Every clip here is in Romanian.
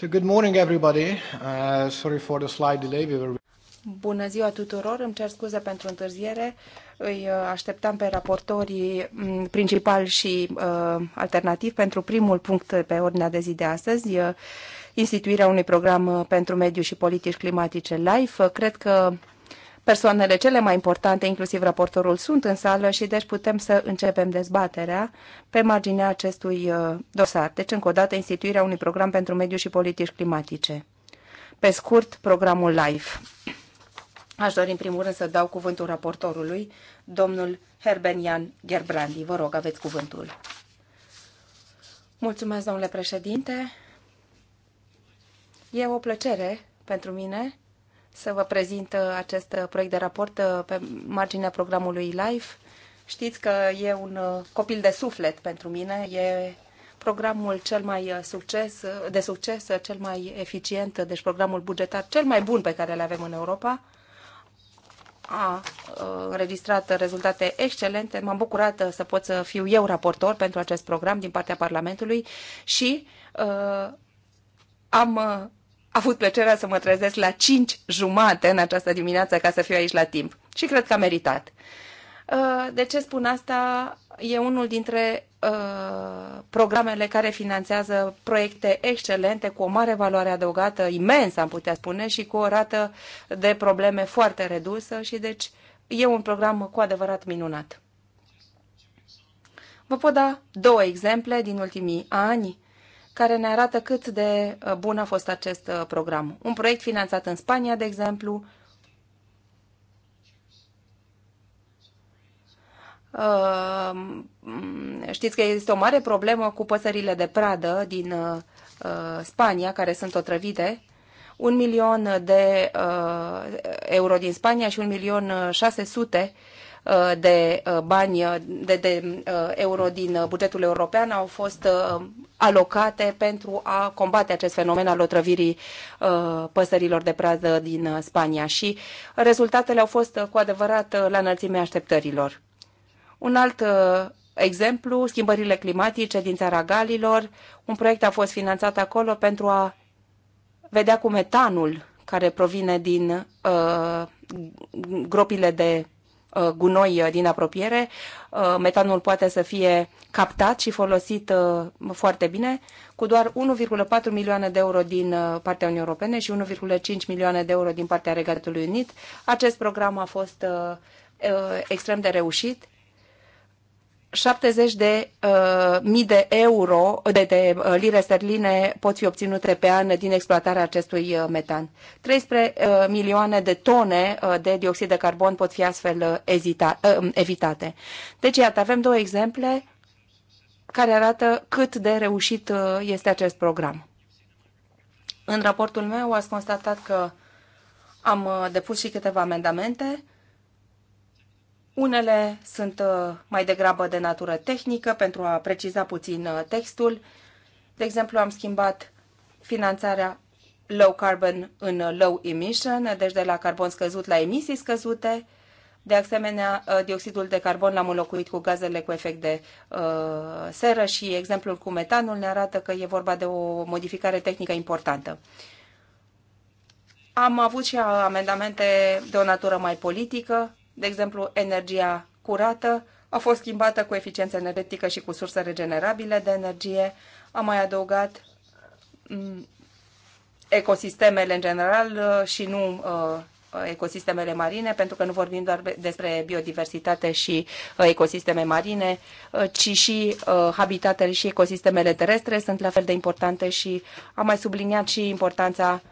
So good morning everybody. Uh, sorry for the slight delay. We were... Bună ziua tuturor, îmi cer scuze pentru întârziere. Îi uh, așteptam pe raportorii mm, principal și uh, alternativ pentru primul punct pe ordinea de zi de astăzi, uh, instituirea unui program uh, pentru mediu și politici climatice LIFE. Cred că Persoanele cele mai importante, inclusiv raportorul, sunt în sală și deci putem să începem dezbaterea pe marginea acestui uh, dosar. Deci, încă o dată, instituirea unui program pentru mediu și politici climatice. Pe scurt, programul LIFE. Aș dori în primul rând să dau cuvântul raportorului, domnul Herbenian Gerbrandi. Vă rog, aveți cuvântul. Mulțumesc, domnule președinte. E o plăcere pentru mine să vă prezint uh, acest uh, proiect de raport uh, pe marginea programului LIFE. Știți că e un copil de suflet pentru mine, e programul cel mai succes, de succes, cel mai eficient, deci programul bugetar cel mai bun pe care le avem în Europa. A înregistrat rezultate excelente. M-am bucurat să pot să fiu eu raportor pentru acest program din partea Parlamentului și uh, am avut plăcerea să mă trezesc la 5 jumate în această dimineață ca să fiu aici la timp. Și cred că a meritat. Uh, de ce spun asta? E unul dintre uh, programele care finanțează proiecte excelente cu o mare valoare adăugată, imensă am putea spune, și cu o rată de probleme foarte redusă și deci e un program cu adevărat minunat. Vă pot da două exemple din ultimii ani care ne arată cât de uh, bun a fost acest uh, program. Un proiect finanțat în Spania, de exemplu, uh, Știți că este o mare problemă cu păsările de pradă din Spania, care sunt otrăvite. Un milion de euro din Spania și un milion șase sute Uh, de uh, bani, uh, de, de euro din bugetul european au fost alocate pentru a combate acest fenomen al otrăvirii păsărilor de pradă din Spania și rezultatele au fost cu adevărat la înălțimea așteptărilor. Un alt exemplu, schimbările climatice din țara Galilor. Un proiect a fost finanțat acolo pentru a vedea cu metanul care provine din uh, gropile de Uh, gunoi uh, din apropiere. Uh, metanul poate să fie captat și folosit foarte bine, cu doar 1,4 milioane de euro din partea Uniunii Europene și 1,5 milioane de euro din partea Regatului Unit. Acest program a fost extrem de reușit 70 de uh, mii de euro, de, de uh, lire sterline pot fi obținute pe an din exploatarea acestui uh, metan. 13 uh, milioane de tone uh, de dioxid de carbon pot fi astfel uh, ezita, uh, evitate. Deci, iată, avem două exemple care arată cât de reușit uh, este acest program. În raportul meu ați constatat că am uh, depus și câteva amendamente unele sunt uh, mai degrabă de natură tehnică, pentru a preciza puțin uh, textul. De exemplu, am schimbat finanțarea low carbon în uh, low emission, deci de la carbon scăzut la emisii scăzute. De asemenea, dioxidul de carbon l-am înlocuit cu gazele cu efect de uh, seră și exemplul cu metanul ne arată că e vorba de o modificare tehnică importantă. Am avut și amendamente de o natură mai politică, de exemplu, energia curată a fost schimbată cu eficiență energetică și cu surse regenerabile de energie. Am mai adăugat mm, ecosistemele în general uh, și nu uh, ecosistemele marine, pentru că nu vorbim doar despre biodiversitate și uh, ecosisteme marine, ci și habitatele și ecosistemele terestre sunt la fel de importante și am mai subliniat și importanța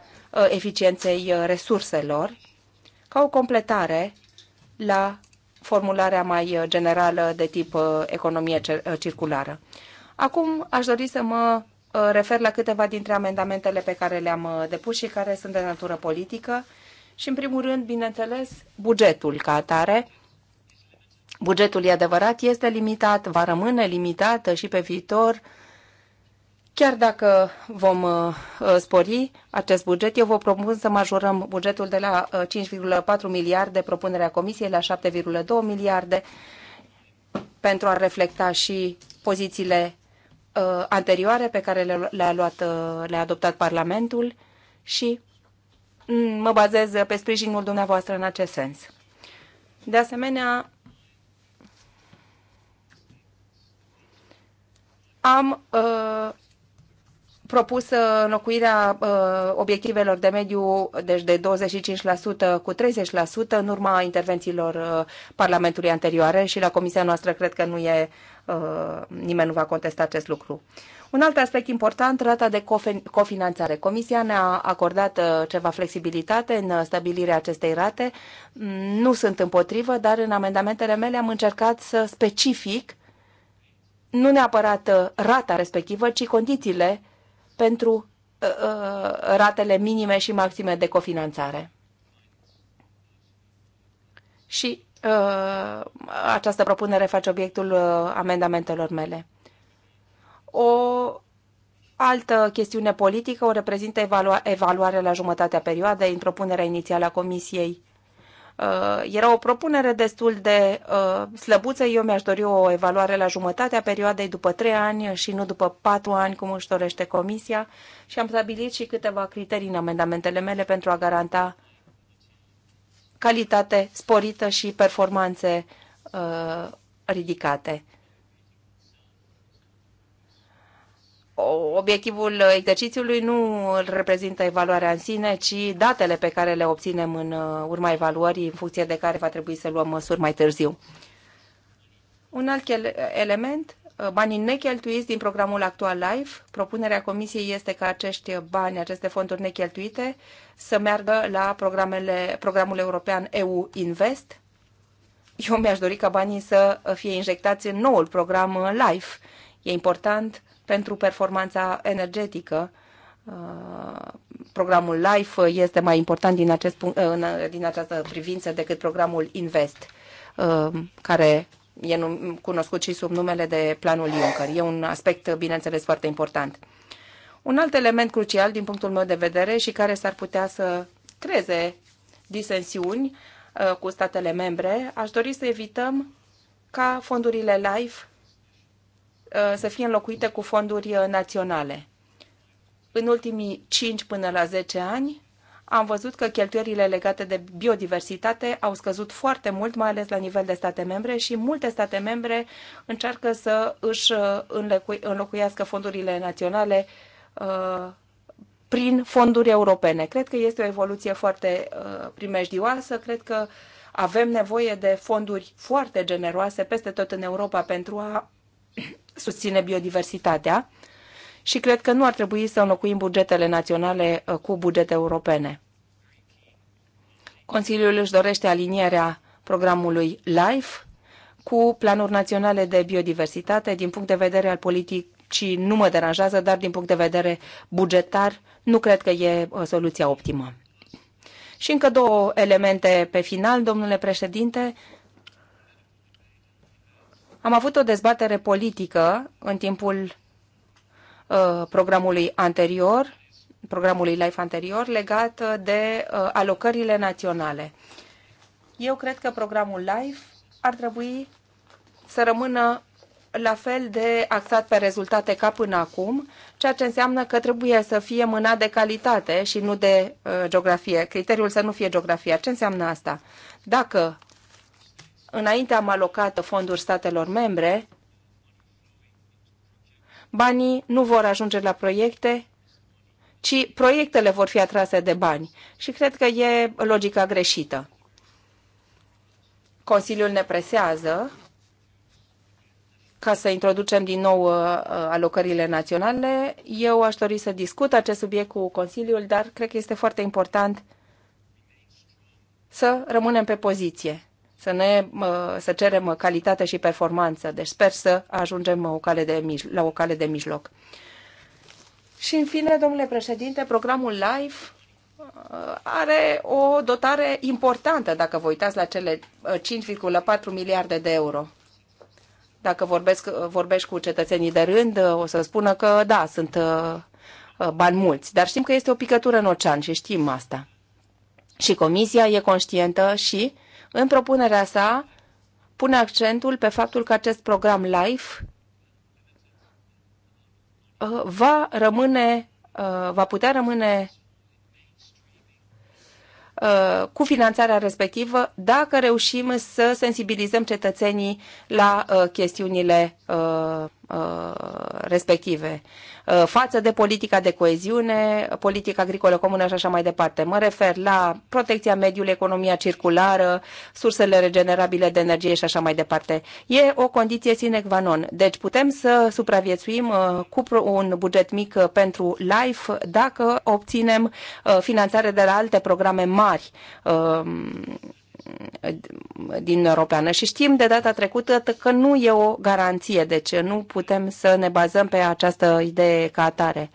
eficienței resurselor. Ca o completare, la formularea mai uh, generală de tip uh, economie uh, circulară. Acum aș dori să mă refer la câteva dintre amendamentele pe care le-am depus și care sunt de natură politică și, în primul rând, bineînțeles, bugetul ca atare. Bugetul, e adevărat, este limitat, va rămâne limitat și pe viitor Chiar dacă vom uh, uh, spori acest buget, eu vă propun să majorăm bugetul de la 5,4 uh, miliarde, propunerea Comisiei, la 7,2 miliarde, pentru a reflecta și pozițiile anterioare pe care le-a, luat, le-a adoptat Parlamentul și mm, mă bazez pe sprijinul dumneavoastră în acest sens. De asemenea, am uh, propus uh, înlocuirea uh, obiectivelor de mediu, deci de 25% cu 30% în urma intervențiilor uh, Parlamentului anterioare și la comisia noastră cred că nu e, nimeni nu va contesta acest lucru. Un alt aspect important, rata de cofinanțare. Comisia ne-a acordat ceva flexibilitate în stabilirea acestei rate. Mm, nu sunt împotrivă, dar în amendamentele mele am încercat să specific nu neapărat rata respectivă, ci condițiile pentru uh, uh, ratele minime și maxime de cofinanțare. Și uh, această propunere face obiectul amendamentelor mele. O altă chestiune politică o reprezintă evalua- evaluarea la jumătatea perioadei în propunerea inițială a Comisiei Uh, era o propunere destul de uh, slăbuță. Eu mi-aș dori o evaluare la jumătatea perioadei, după trei ani și nu după patru ani, cum își dorește Comisia. Și am stabilit și câteva criterii în amendamentele mele pentru a garanta calitate sporită și performanțe uh, ridicate. obiectivul exercițiului nu îl reprezintă evaluarea în sine, ci datele pe care le obținem în uh, urma evaluării, în funcție de care va trebui să luăm măsuri mai târziu. Un alt element, uh, banii necheltuiți din programul actual LIFE. Propunerea Comisiei este ca acești bani, aceste fonduri necheltuite, să meargă la programele, programul european EU Invest. Eu mi-aș dori ca banii să fie injectați în noul program uh, LIFE. E important pentru performanța energetică. Uh, programul LIFE este mai important din, acest punct, uh, din această privință decât programul INVEST, uh, care e cunoscut și sub numele de Planul Juncker. E un aspect, bineînțeles, foarte important. Un alt element crucial din punctul meu de vedere și care s-ar putea să creeze disensiuni cu statele membre, aș dori să evităm ca fondurile LIFE Uh, să fie înlocuite cu fonduri uh, naționale. În ultimii 5 până la 10 ani am văzut că cheltuierile legate de biodiversitate au scăzut foarte mult, mai ales la nivel de state membre și multe state membre încearcă să își uh, înlocuiască fondurile naționale prin fonduri europene. Cred că este o evoluție foarte primejdioasă, cred că avem nevoie de fonduri foarte generoase peste tot în Europa pentru a susține biodiversitatea și cred că nu ar trebui să înlocuim bugetele naționale uh, cu bugete europene. Consiliul își dorește alinierea programului LIFE cu planuri naționale de biodiversitate din punct de vedere al politicii nu mă deranjează, dar din punct de vedere bugetar nu cred că e uh, soluția optimă. Și încă două elemente pe final, domnule președinte. Am avut o dezbatere politică în timpul uh, programului anterior, programului LIFE anterior, legat uh, de uh, alocările naționale. Eu cred că programul LIFE ar trebui să rămână la fel de axat pe rezultate ca până acum, ceea ce înseamnă că trebuie să fie mâna de calitate și nu de uh, geografie. Criteriul să nu fie geografia. Ce înseamnă asta? Dacă înainte am alocat fonduri statelor membre, banii nu vor ajunge la proiecte, ci proiectele vor fi atrase de bani. Și cred că e logica greșită. Consiliul ne presează ca să introducem din nou uh, uh, alocările naționale. Eu aș dori să discut acest subiect cu Consiliul, dar cred că este foarte important să rămânem pe poziție să, ne, să cerem calitate și performanță. Deci sper să ajungem o cale de, la o cale de mijloc. Și în fine, domnule președinte, programul LIFE uh, are o dotare importantă, dacă vă uitați la cele 5,4 uh, miliarde de euro. Dacă vorbesc, uh, vorbești cu cetățenii de rând, o să spună că da, sunt bani mulți, dar știm că este o picătură în ocean și știm asta. Și comisia e conștientă și uh, în propunerea sa, pune accentul pe faptul că acest program LIFE uh, va rămâne, uh, va putea rămâne uh, cu finanțarea respectivă dacă reușim să sensibilizăm cetățenii la chestiunile respective uh, față de politica de coeziune, politica agricolă comună și așa mai departe. Mă refer la protecția mediului, economia circulară, sursele regenerabile de energie și așa mai departe. E o condiție sine qua non. Deci putem să supraviețuim uh, cu un buget mic uh, pentru LIFE dacă obținem finanțare de la alte programe mari din Europeană și știm de data trecută că nu e o garanție, deci nu putem să ne bazăm pe această idee ca atare.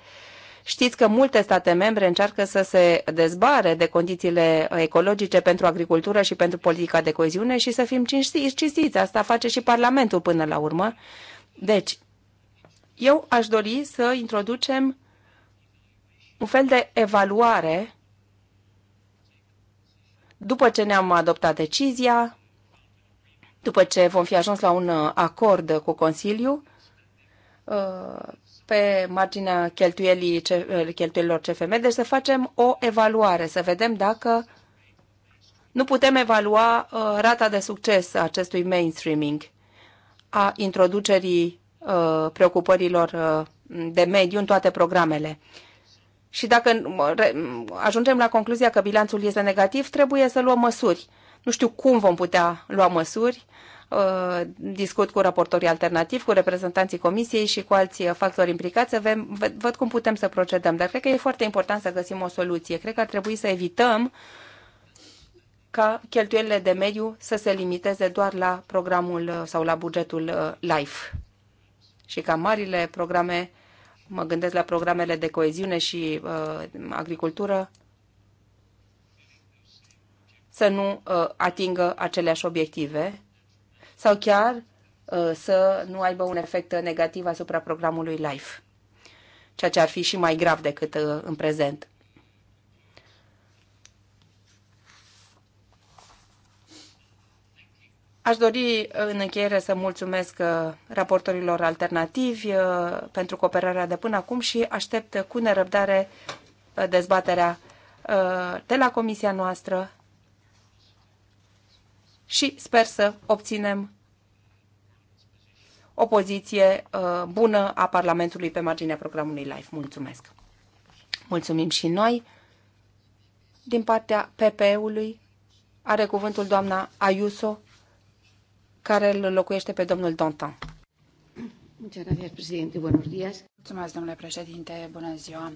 Știți că multe state membre încearcă să se dezbare de condițiile ecologice pentru agricultură și pentru politica de coeziune și să fim cinstiți. Asta face și Parlamentul până la urmă. Deci, eu aș dori să introducem un fel de evaluare după ce ne-am adoptat decizia, după ce vom fi ajuns la un uh, acord cu Consiliu, uh, pe marginea cheltuielii, uh, cheltuielilor CFM, deci să facem o evaluare, să vedem dacă nu putem evalua rata de succes a acestui mainstreaming, a introducerii preocupărilor de mediu în toate programele. Și dacă ajungem la concluzia că bilanțul este negativ, trebuie să luăm măsuri. Nu știu cum vom putea lua măsuri. Uh, discut cu raportorii alternativi, cu reprezentanții comisiei și cu alții factori implicați să văd cum putem să procedăm. Dar cred că e foarte important să găsim o soluție. Cred că ar trebui să evităm ca cheltuielile de mediu să se limiteze doar la programul uh, sau la bugetul uh, LIFE și ca marile programe mă gândesc la programele de coeziune și uh, agricultură, să nu uh, atingă aceleași obiective sau chiar uh, să nu aibă un efect negativ asupra programului LIFE, ceea ce ar fi și mai grav decât uh, în prezent. Aș dori în încheiere să mulțumesc uh, raportorilor alternativi uh, pentru cooperarea de până acum și aștept cu nerăbdare uh, dezbaterea de la comisia noastră și sper să obținem o poziție bună a Parlamentului pe marginea programului LIFE. Mulțumesc! Mulțumim și noi. Din partea PPE-ului are cuvântul doamna Ayuso care îl locuiește pe domnul Dantan. Mulțumesc, domnule președinte. Bună ziua.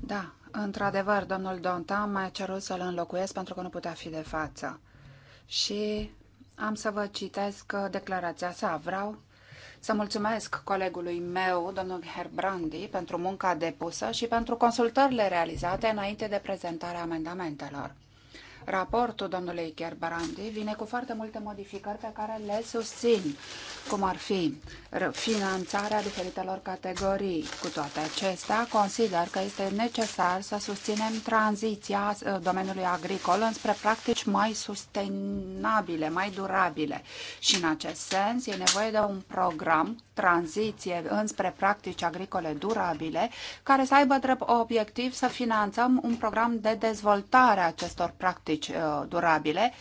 Da, într-adevăr, domnul Dantan m-a cerut să-l înlocuiesc pentru că nu putea fi de față. Și am să vă citesc declarația sa. Vreau să mulțumesc colegului meu, domnul Herbrandi, pentru munca depusă și pentru consultările realizate înainte de prezentarea amendamentelor. Raportul domnului Gerberandi vine cu foarte multe modificări pe care le susțin, cum ar fi finanțarea diferitelor categorii. Cu toate acestea, consider că este necesar să susținem tranziția uh, domeniului agricol înspre practici mai sustenabile, mai durabile. Și în acest sens e nevoie de un program tranziție înspre practici agricole durabile, care să aibă drept obiectiv să finanțăm un program de dezvoltare a acestor practici practici uh, durabile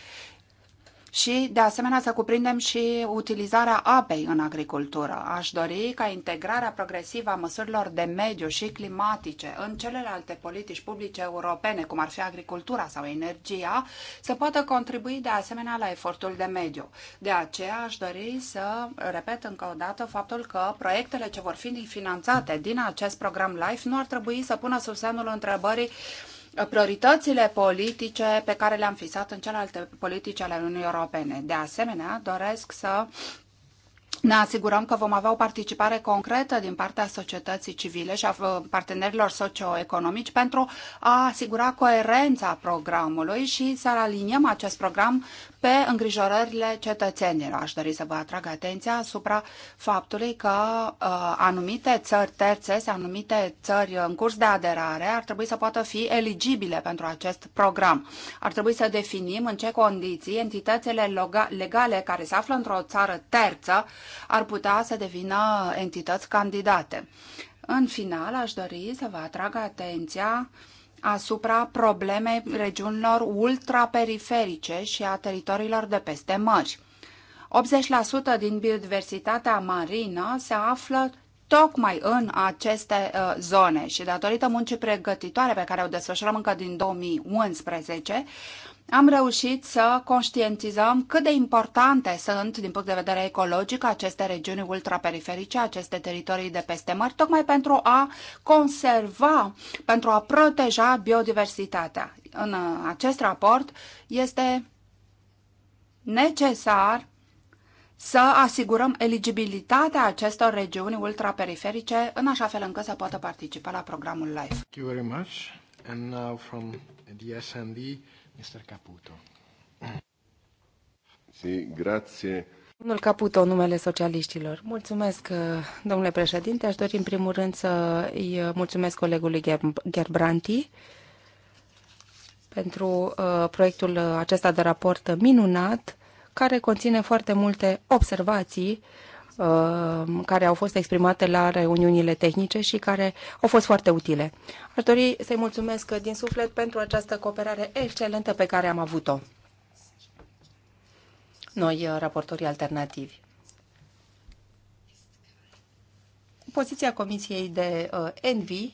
și, de asemenea, să cuprindem și utilizarea apei în agricultură. Aș dori ca integrarea progresivă a măsurilor de mediu și climatice în celelalte politici publice europene, cum ar fi agricultura sau energia, să poată contribui, de asemenea, la efortul de mediu. De aceea aș dori să repet încă o dată faptul că proiectele ce vor fi finanțate din acest program LIFE nu ar trebui să pună sub semnul întrebării uh, prioritățile politice pe care le-am fixat în celelalte politici ale Uniunii Europene. De asemenea, doresc să ne asigurăm că vom avea o participare concretă din partea societății civile și a uh, partenerilor socioeconomici pentru a asigura coerența programului și să aliniem acest program pe îngrijorările cetățenilor. Aș dori să vă atrag atenția asupra faptului că uh, anumite țări terțe sau anumite țări în curs de aderare ar trebui să poată fi eligibile pentru acest program. Ar trebui să definim în ce condiții entitățile legale care se află într-o țară terță ar putea să devină entități candidate. În final, aș dori să vă atrag atenția asupra problemei regiunilor ultraperiferice și a teritoriilor de peste mări. 80% din biodiversitatea marină se află tocmai în aceste uh, zone și datorită muncii pregătitoare pe care o desfășurăm încă din 2011, am reușit să conștientizăm cât de importante sunt, din punct de vedere ecologic, aceste regiuni ultraperiferice, aceste teritorii de peste mări, tocmai pentru a conserva, pentru a proteja biodiversitatea. În uh, acest raport este necesar să asigurăm eligibilitatea acestor regiuni ultraperiferice în așa fel încât să poată participa la programul LIFE. Thank you very much. And now from the SND, Mr. Caputo. Sì, grazie. Domnul Caputo, numele socialiștilor. Mulțumesc, uh, domnule președinte. Aș dori în primul rând să îi uh, mulțumesc colegului Gerbranti pentru uh, proiectul acesta de raport minunat, care conține foarte multe observații Uh, care au fost exprimate la reuniunile tehnice și care au fost foarte utile. Aș dori să-i mulțumesc din suflet pentru această cooperare excelentă pe care am avut-o noi, uh, raportorii alternativi. Poziția Comisiei de uh, Envi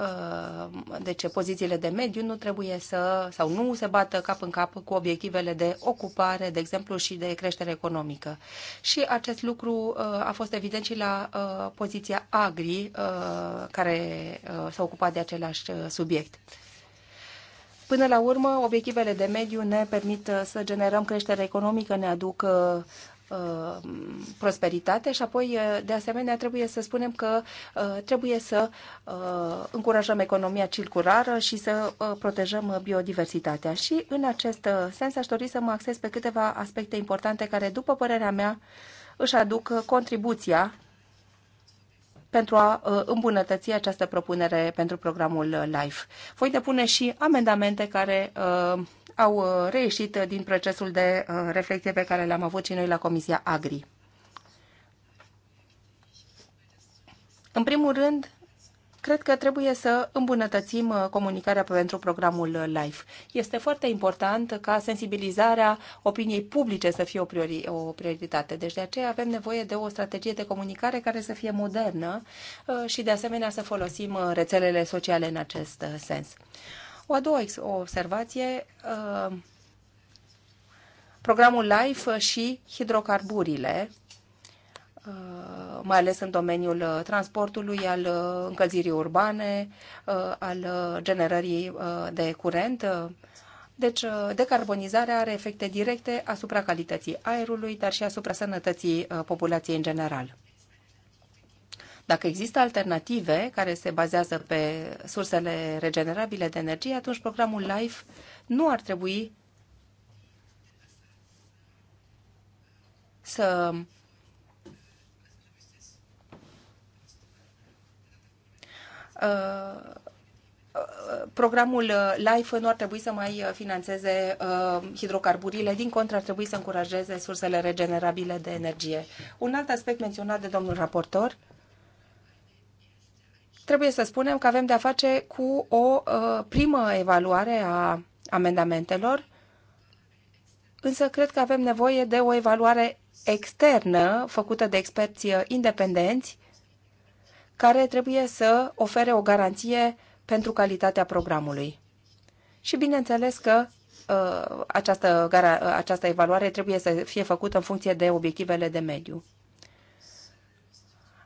Uh, deci pozițiile de mediu nu trebuie să sau nu se bată cap în cap cu obiectivele de ocupare, de exemplu, și de creștere economică. Și acest lucru uh, a fost evident și la uh, poziția Agri, care s-a ocupat de același subiect. Până la urmă, obiectivele de mediu ne permit să generăm creștere economică, ne aduc Uh, prosperitate și apoi, uh, de asemenea, trebuie să spunem că uh, trebuie să încurajăm economia circulară și să protejăm biodiversitatea. Și în acest sens aș dori să mă acces pe câteva aspecte importante care, după părerea mea, își aduc contribuția pentru a îmbunătăți această propunere pentru programul LIFE. Voi depune și amendamente care au uh, reieșit uh, din procesul de uh, reflecție pe care l-am avut și noi la Comisia Agri. În primul rând, cred că trebuie să îmbunătățim comunicarea pentru programul LIFE. Este foarte important ca sensibilizarea opiniei publice să fie o, priori, o prioritate. Deci de aceea avem nevoie de o strategie de comunicare care să fie modernă și de asemenea să folosim rețelele sociale în acest sens. O a doua observație, uh, programul LIFE și hidrocarburile, uh, mai ales în domeniul uh, transportului, al încălzirii urbane, al generării de curent. Deci, decarbonizarea are efecte directe asupra calității aerului, dar și asupra sănătății populației în general. Dacă există alternative care se bazează pe sursele regenerabile de energie, atunci programul LIFE nu ar trebui să uh, programul uh, LIFE nu ar trebui să mai uh, financeze hidrocarburile, din contră ar trebui să încurajeze sursele regenerabile de energie. Un alt aspect menționat de domnul raportor trebuie să spunem că avem de-a face cu o uh, primă evaluare a amendamentelor, însă cred că avem nevoie de o evaluare externă făcută de experți uh, independenți care trebuie să ofere o garanție pentru calitatea programului. Și bineînțeles că uh, această, gara, uh, această evaluare trebuie să fie făcută în funcție de obiectivele de mediu.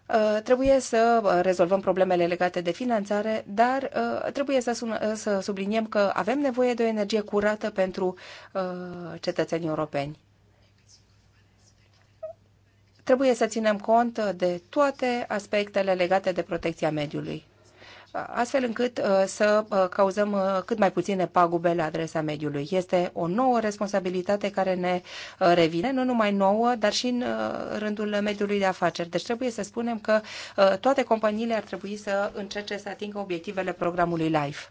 Uh, trebuie să uh, rezolvăm problemele legate de finanțare, dar uh, trebuie să, sun- să subliniem că avem nevoie de o energie curată pentru cetățenii europeni trebuie să ținem cont de toate aspectele legate de protecția mediului astfel încât uh, să uh, cauzăm uh, cât mai puține pagube la adresa mediului. Este o nouă responsabilitate care ne revine, nu numai nouă, dar și în rândul mediului de afaceri. Deci trebuie să spunem că toate companiile ar trebui să încerce să atingă obiectivele programului LIFE.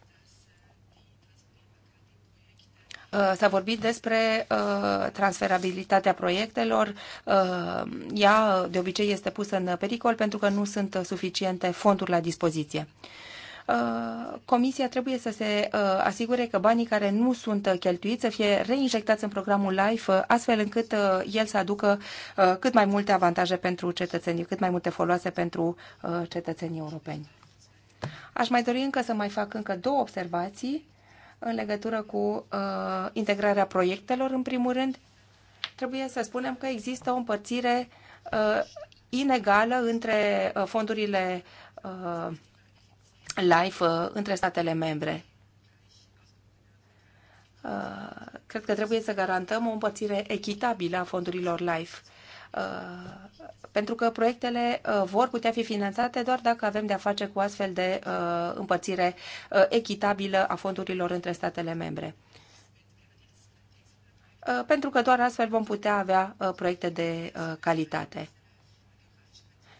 S-a vorbit despre transferabilitatea proiectelor. Ea de obicei este pusă în pericol pentru că nu sunt suficiente fonduri la dispoziție. Uh, comisia trebuie să se uh, asigure că banii care nu sunt cheltuiți să fie reinjectați în programul LIFE, uh, astfel încât el să aducă cât mai multe avantaje pentru cetățenii, cât mai multe foloase pentru cetățenii europeni. Aș mai dori încă să mai fac încă două observații în legătură cu integrarea proiectelor, în primul rând, trebuie să spunem că există o împărțire inegală între fondurile uh, Life uh, între statele membre. Uh, cred că trebuie să garantăm o împărțire echitabilă a fondurilor LIFE uh, pentru că proiectele vor putea fi finanțate doar dacă avem de-a face cu astfel de împărțire echitabilă a fondurilor între statele membre. Pentru că doar astfel vom putea avea proiecte de calitate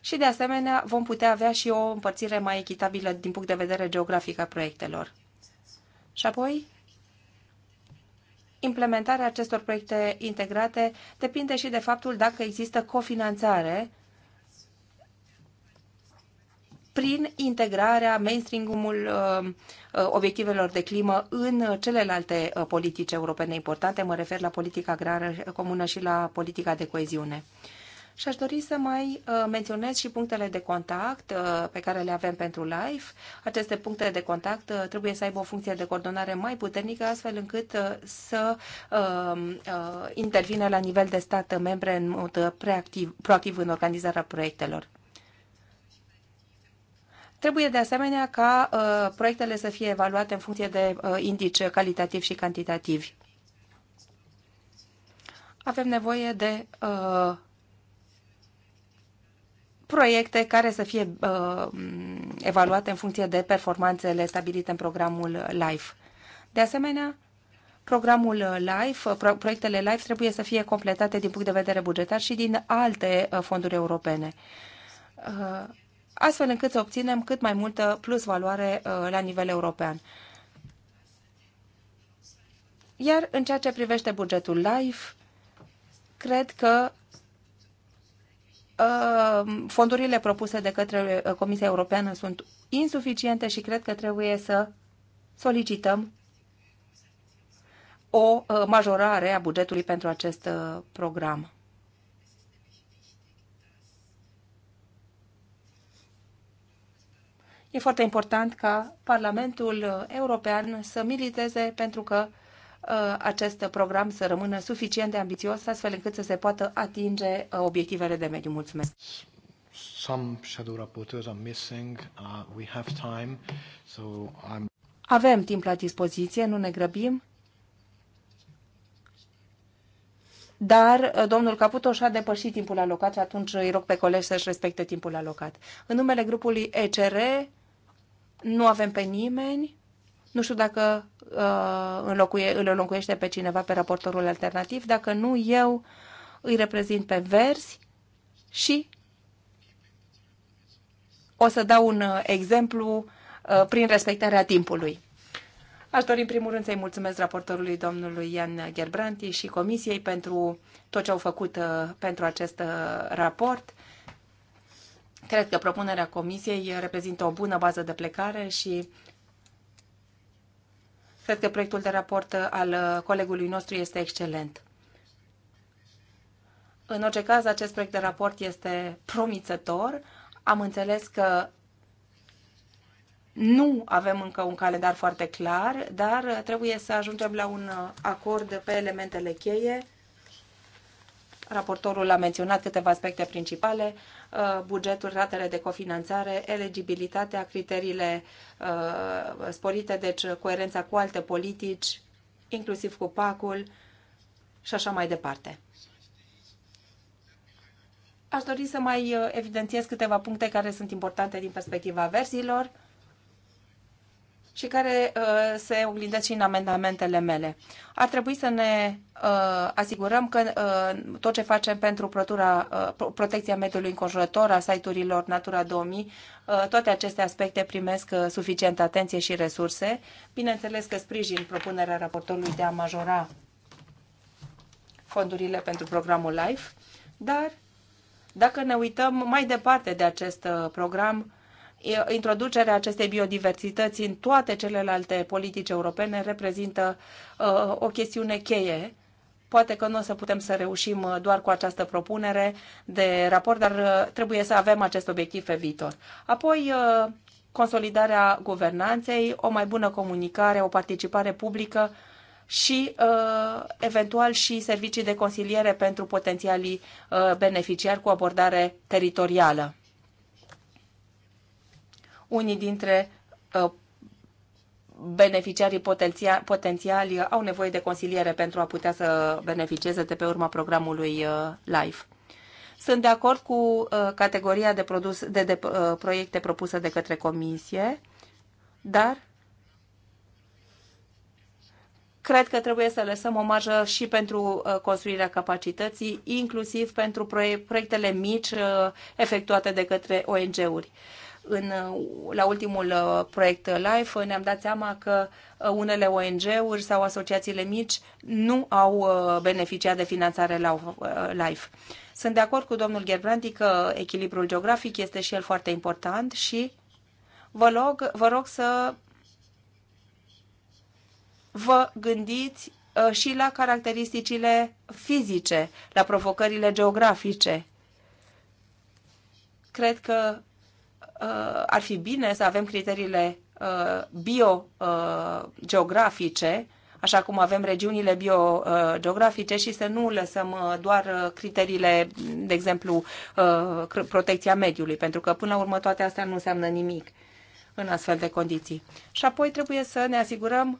și, de asemenea, vom putea avea și o împărțire mai echitabilă din punct de vedere geografic a proiectelor. Și apoi, implementarea acestor proiecte integrate depinde și de faptul dacă există cofinanțare prin integrarea mainstream-ul uh, uh, obiectivelor de climă în celelalte uh, politici europene importante, mă refer la politica agrară comună și la politica de coeziune. Și aș dori să mai uh, menționez și punctele de contact uh, pe care le avem pentru live. Aceste puncte de contact uh, trebuie să aibă o funcție de coordonare mai puternică, astfel încât să um, intervină la nivel de stat membre în mod preactiv, proactiv în organizarea proiectelor. Trebuie de asemenea ca uh, proiectele să fie evaluate în funcție de uh, indici calitativ și cantitativ. Avem nevoie de uh, proiecte care să fie uh, evaluate în funcție de performanțele stabilite în programul LIFE. De asemenea, programul LIFE, pro proiectele LIFE trebuie să fie completate din punct de vedere bugetar și din alte uh, fonduri europene, uh, astfel încât să obținem cât mai multă plus valoare uh, la nivel european. Iar în ceea ce privește bugetul LIFE, cred că Ehm, fondurile propuse de către eh, Comisia Europeană sunt insuficiente și cred că trebuie să solicităm o eh, majorare a bugetului pentru acest eh, program. E foarte important ca Parlamentul European să militeze pentru că Uh, acest program să rămână suficient de ambițios, astfel încât să se poată atinge uh, obiectivele de mediu. Mulțumesc! Some shadow rapporteurs are missing. Uh, we have time, so I'm... Avem timp la dispoziție, nu ne grăbim. Dar uh, domnul Caputo și-a depășit timpul alocat și atunci îi rog pe colegi să-și respecte timpul alocat. În numele grupului ECR nu avem pe nimeni. Nu știu dacă uh, înlocuie, îl înlocuiește pe cineva pe raportorul alternativ. Dacă nu, eu îi reprezint pe verzi și o să dau un uh, exemplu uh, prin respectarea timpului. Aș dori în primul rând să-i mulțumesc raportorului domnului Ian Gerbranti și comisiei pentru tot ce au făcut uh, pentru acest uh, raport. Cred că propunerea comisiei reprezintă o bună bază de plecare și uh, Cred că proiectul de raport uh, al uh, colegului nostru este excelent. În orice caz, acest proiect de raport este promițător. Am înțeles că nu avem încă un calendar foarte clar, dar uh, trebuie să ajungem la un acord pe elementele cheie. Raportorul a menționat câteva aspecte principale. Uh, bugetul, ratele de cofinanțare, eligibilitatea, criteriile uh, sporite, deci uh, coerența cu alte politici, inclusiv cu PAC-ul și așa mai departe. Aș dori să mai evidențiez câteva puncte care sunt importante din perspectiva verzilor și care uh, se oglindesc și în amendamentele mele. Ar trebui să ne uh, asigurăm că uh, tot ce facem pentru protura, uh, protecția mediului înconjurător, a site-urilor Natura 2000, uh, toate aceste aspecte primesc uh, suficientă atenție și resurse. Bineînțeles că sprijin propunerea raportorului de a majora fondurile pentru programul LIFE, dar dacă ne uităm mai departe de acest uh, program, introducerea acestei biodiversități în toate celelalte politici europene reprezintă uh, o chestiune cheie. Poate că nu o să putem să reușim uh, doar cu această propunere de raport, dar uh, trebuie să avem acest obiectiv pe viitor. Apoi, uh, consolidarea guvernanței, o mai bună comunicare, o participare publică și eventual și servicii de consiliere pentru potențialii beneficiari cu abordare teritorială unii dintre uh, beneficiarii potențiali, au nevoie de consiliere pentru a putea să beneficieze de pe urma programului uh, LIFE. Sunt de acord cu uh, categoria de, produs, de, de proiecte propuse de către comisie, dar cred că trebuie să lăsăm o marjă și pentru construirea capacității, inclusiv pentru proiectele mici efectuate de către ONG-uri în, uh, la ultimul uh, proiect LIFE ne-am dat seama că uh, unele ONG-uri sau asociațiile mici nu au beneficiat de finanțare la LIFE. Sunt de acord cu domnul Gerbrandi că echilibrul geografic este și el foarte important și vă rog, vă rog să vă gândiți și la caracteristicile fizice, la provocările geografice. Cred că Uh, ar fi bine să avem criteriile uh, biogeografice, uh, așa cum avem regiunile biogeografice și să nu lăsăm doar criteriile, de exemplu, protecția mediului, pentru că până la urmă toate astea nu înseamnă nimic în astfel de condiții. Și apoi trebuie să ne asigurăm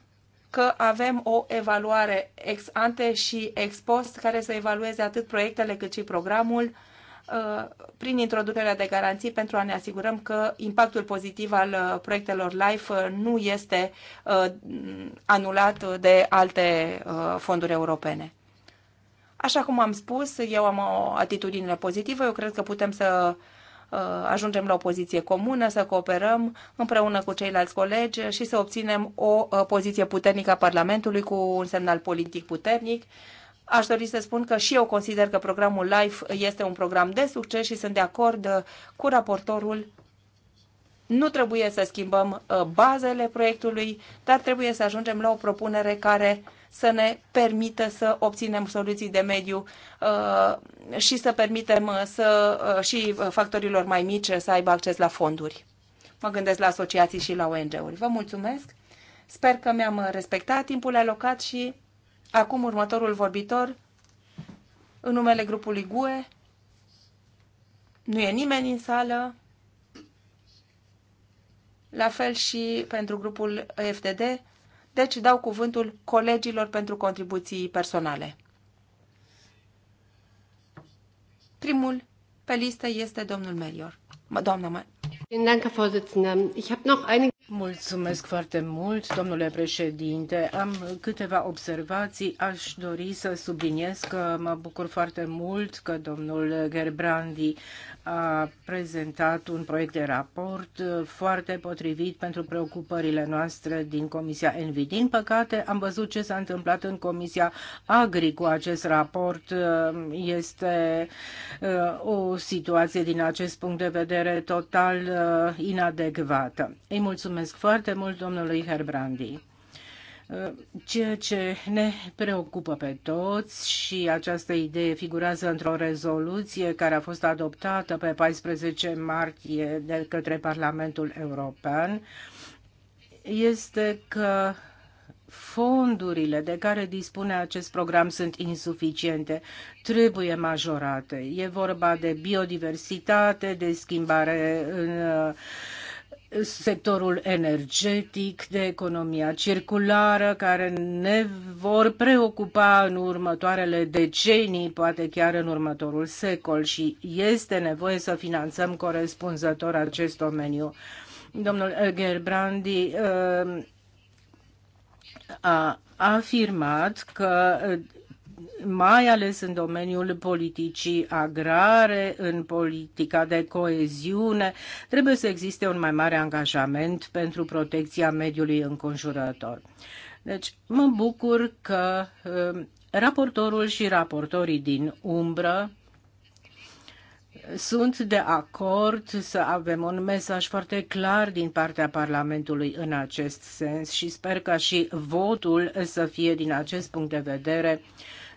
că avem o evaluare ex ante și ex post care să evalueze atât proiectele cât și programul Uh, prin introducerea de garanții pentru a ne asigurăm că impactul pozitiv al uh, proiectelor LIFE uh, nu este anulat de alte fonduri europene. Așa cum am spus, eu am o atitudine pozitivă, eu cred că putem să ajungem la o poziție comună, să cooperăm împreună cu ceilalți colegi și să obținem o poziție puternică a Parlamentului cu un semnal politic puternic Aș dori să spun că și eu consider că programul LIFE este un program de succes și sunt de acord uh, cu raportorul. Nu trebuie să schimbăm uh, bazele proiectului, dar trebuie să ajungem la o propunere care să ne permită să obținem soluții de mediu uh, și să permitem să, și factorilor mai mici să aibă acces la fonduri. Mă gândesc la asociații și la ONG-uri. Vă mulțumesc! Sper că mi-am respectat timpul alocat și Acum următorul vorbitor, în numele grupului GUE, nu e nimeni în sală, la fel și pentru grupul FDD, deci dau cuvântul colegilor pentru contribuții personale. Primul pe listă este domnul Melior. Doamna Melior. Mulțumesc foarte mult, domnule președinte. Am câteva observații. Aș dori să subliniez că mă bucur foarte mult că domnul Gerbrandi a prezentat un proiect de raport foarte potrivit pentru preocupările noastre din Comisia Envi. Din păcate, am văzut ce s-a întâmplat în Comisia Agri cu acest raport. Este uh, o situație din acest punct de vedere total uh, inadecvată. Îi mulțumesc mulțumesc foarte mult domnului Herbrandi. Ceea ce ne preocupă pe toți și această idee figurează într-o rezoluție care a fost adoptată pe 14 martie de către Parlamentul European, este că fondurile de care dispune acest program sunt insuficiente, trebuie majorate. E vorba de biodiversitate, de schimbare în sectorul energetic, de economia circulară, care ne vor preocupa în următoarele decenii, poate chiar în următorul secol și este nevoie să finanțăm corespunzător acest domeniu. Domnul Gerbrandi uh, a afirmat că mai ales în domeniul politicii agrare, în politica de coeziune, trebuie să existe un mai mare angajament pentru protecția mediului înconjurător. Deci mă bucur că um, raportorul și raportorii din umbră sunt de acord să avem un mesaj foarte clar din partea Parlamentului în acest sens și sper ca și votul să fie din acest punct de vedere uh,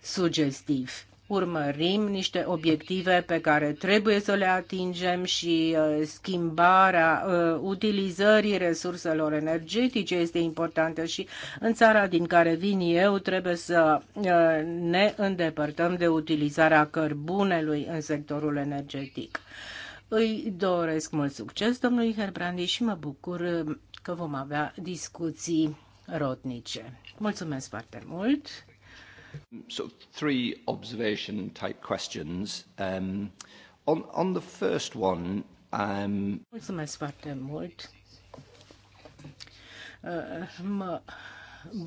sugestiv. Urmărim niște obiective pe care trebuie să le atingem și uh, schimbarea uh, utilizării resurselor energetice este importantă și în țara din care vin eu trebuie să uh, ne îndepărtăm de utilizarea cărbunelui în sectorul energetic. Îi doresc mult succes domnului Herbrandi și mă bucur că vom avea discuții rotnice. Mulțumesc foarte mult! of three observation type questions. Um, on, on the first one, um... Mulțumesc foarte mult. Uh, mă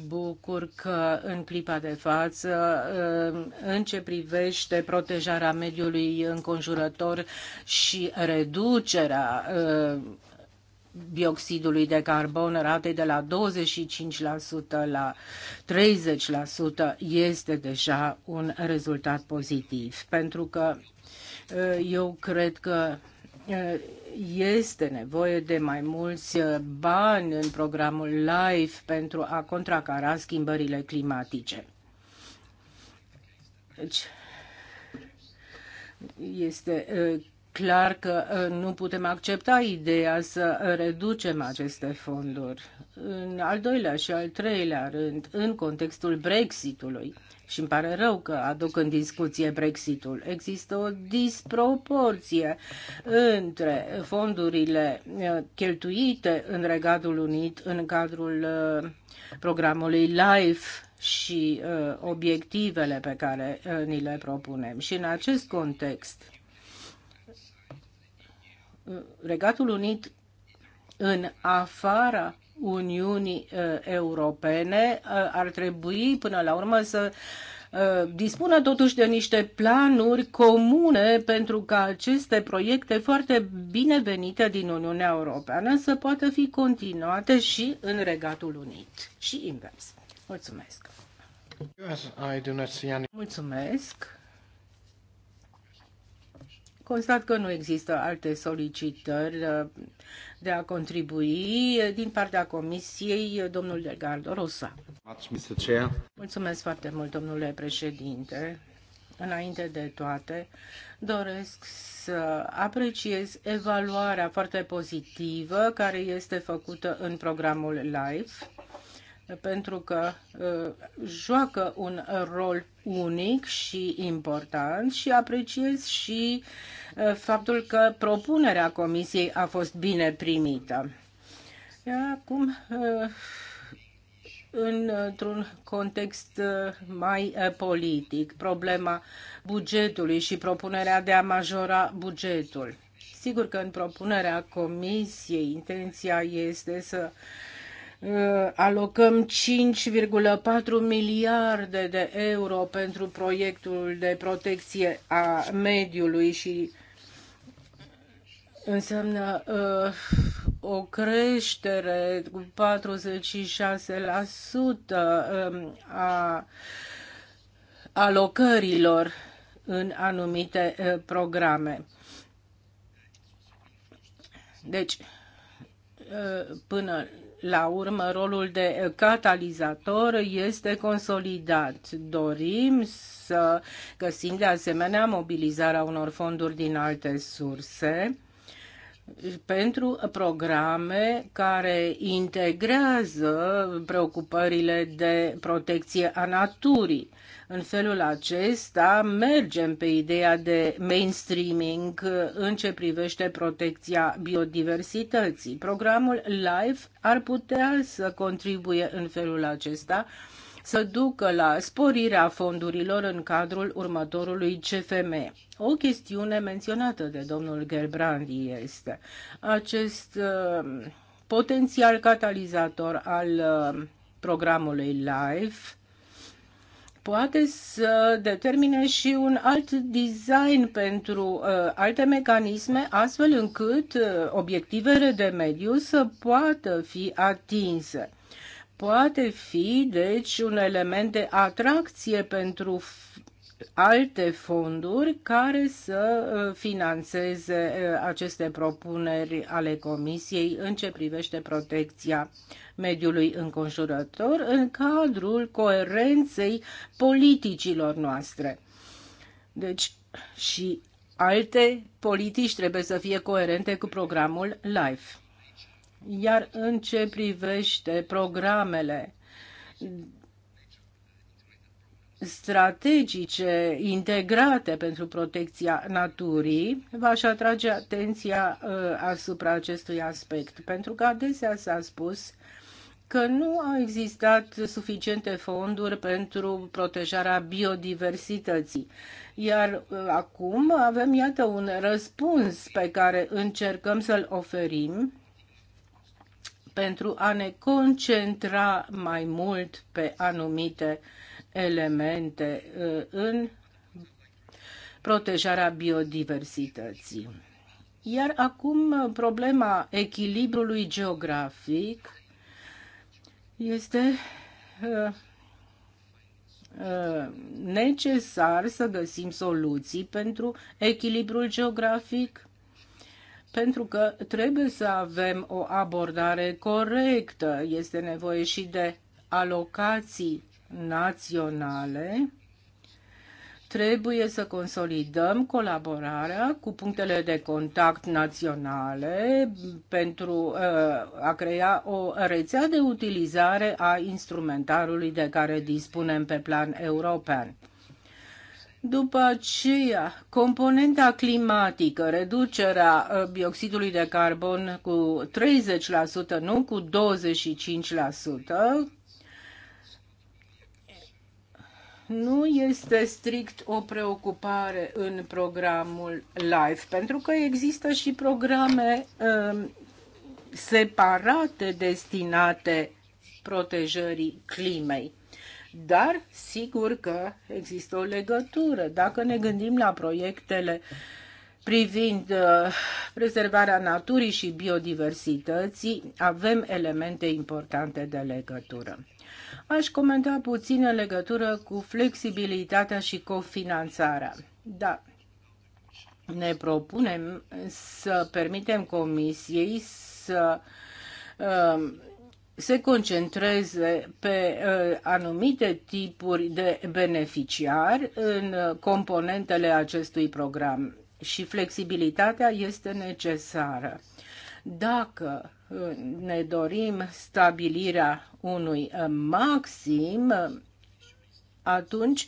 bucur că în clipa de față, uh, în ce privește protejarea mediului înconjurător și reducerea uh, dioxidului de carbon, rate de la 25% la 30%, este deja un rezultat pozitiv. Pentru că uh, eu cred că uh, este nevoie de mai mulți uh, bani în programul LIFE pentru a contracara schimbările climatice. Deci, este clar că uh, nu putem accepta ideea să reducem aceste fonduri. În al doilea și al treilea rând, în contextul Brexitului, și îmi pare rău că aduc în discuție Brexitul. Există o disproporție între fondurile uh, cheltuite în Regatul Unit în cadrul uh, programului LIFE și obiectivele pe care ni le propunem. Și în acest context, Regatul Unit în afara Uniunii uh, Europene uh, ar trebui până la urmă să uh, dispună totuși de niște planuri comune pentru ca aceste proiecte foarte binevenite din Uniunea Europeană să poată fi continuate și în Regatul Unit și invers. Mulțumesc! Mulțumesc! Constat că nu există alte solicitări uh, de a contribui uh, din partea Comisiei, uh, domnul Delgado Rosa. Mulțumesc foarte mult, domnule președinte. Înainte de toate, doresc să apreciez evaluarea foarte pozitivă care este făcută în programul LIFE pentru că ă, joacă un rol unic și important și apreciez și ă, faptul că propunerea comisiei a fost bine primită. Acum, ă, într-un context mai politic, problema bugetului și propunerea de a majora bugetul. Sigur că în propunerea comisiei intenția este să uh, Uh, alocăm 5,4 miliarde de euro pentru proiectul de protecție a mediului și înseamnă uh, o creștere cu 46% um, a alocărilor în anumite uh, programe. Deci, uh, până la urmă, rolul de catalizator este consolidat. Dorim să găsim de asemenea mobilizarea unor fonduri din alte surse pentru programe care integrează preocupările de protecție a naturii. În felul acesta mergem pe ideea de mainstreaming în ce privește protecția biodiversității. Programul LIFE ar putea să contribuie în felul acesta să ducă la sporirea fondurilor în cadrul următorului CFM. O chestiune menționată de domnul Gerbrandi este acest uh, potențial catalizator al uh, programului LIFE poate să determine și un alt design pentru uh, alte mecanisme, astfel încât uh, obiectivele de mediu să poată fi atinse poate fi, deci, un element de atracție pentru alte fonduri care să uh, financeze uh, aceste propuneri ale Comisiei în ce privește protecția mediului înconjurător în cadrul coerenței politicilor noastre. Deci și alte politici trebuie să fie coerente cu programul LIFE. Iar în ce privește programele strategice integrate pentru protecția naturii, v-aș atrage atenția uh, asupra acestui aspect, pentru că adesea s-a spus că nu au existat suficiente fonduri pentru protejarea biodiversității. Iar uh, acum avem, iată, un răspuns pe care încercăm să-l oferim pentru a ne concentra mai mult pe anumite elemente uh, în protejarea biodiversității. Iar acum uh, problema echilibrului geografic este uh, necesar să găsim soluții pentru echilibrul geografic pentru că trebuie să avem o abordare corectă. Este nevoie și de alocații naționale. Trebuie să consolidăm colaborarea cu punctele de contact naționale pentru uh, a crea o rețea de utilizare a instrumentarului de care dispunem pe plan european. După aceea, componenta climatică, reducerea bioxidului uh, de carbon cu 30%, nu cu 25%, nu este strict o preocupare în programul LIFE, pentru că există și programe um, separate destinate protejării climei. Dar sigur că există o legătură. Dacă ne gândim la proiectele privind uh, prezervarea naturii și biodiversității, avem elemente importante de legătură. Aș comenta puțin în legătură cu flexibilitatea și cofinanțarea. Da, ne propunem să permitem Comisiei să uh, se concentreze pe uh, anumite tipuri de beneficiari în componentele acestui program și flexibilitatea este necesară. Dacă uh, ne dorim stabilirea unui uh, maxim, atunci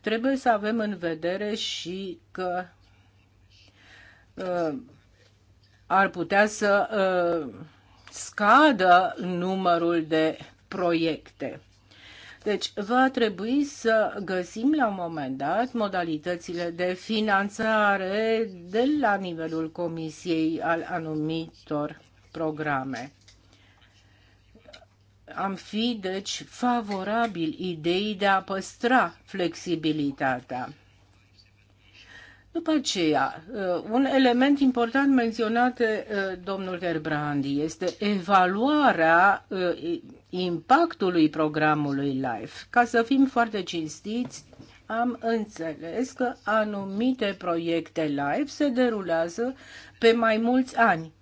trebuie să avem în vedere și că ar putea să scadă numărul de proiecte. Deci va trebui să găsim la un moment dat modalitățile de finanțare de la nivelul Comisiei al anumitor programe. Am fi, deci, favorabil ideii de a păstra flexibilitatea. După aceea, uh, un element important menționat de uh, domnul Gerbrandi este evaluarea uh, impactului programului LIFE. Ca să fim foarte cinstiți, am înțeles că anumite proiecte LIFE se derulează pe mai mulți ani.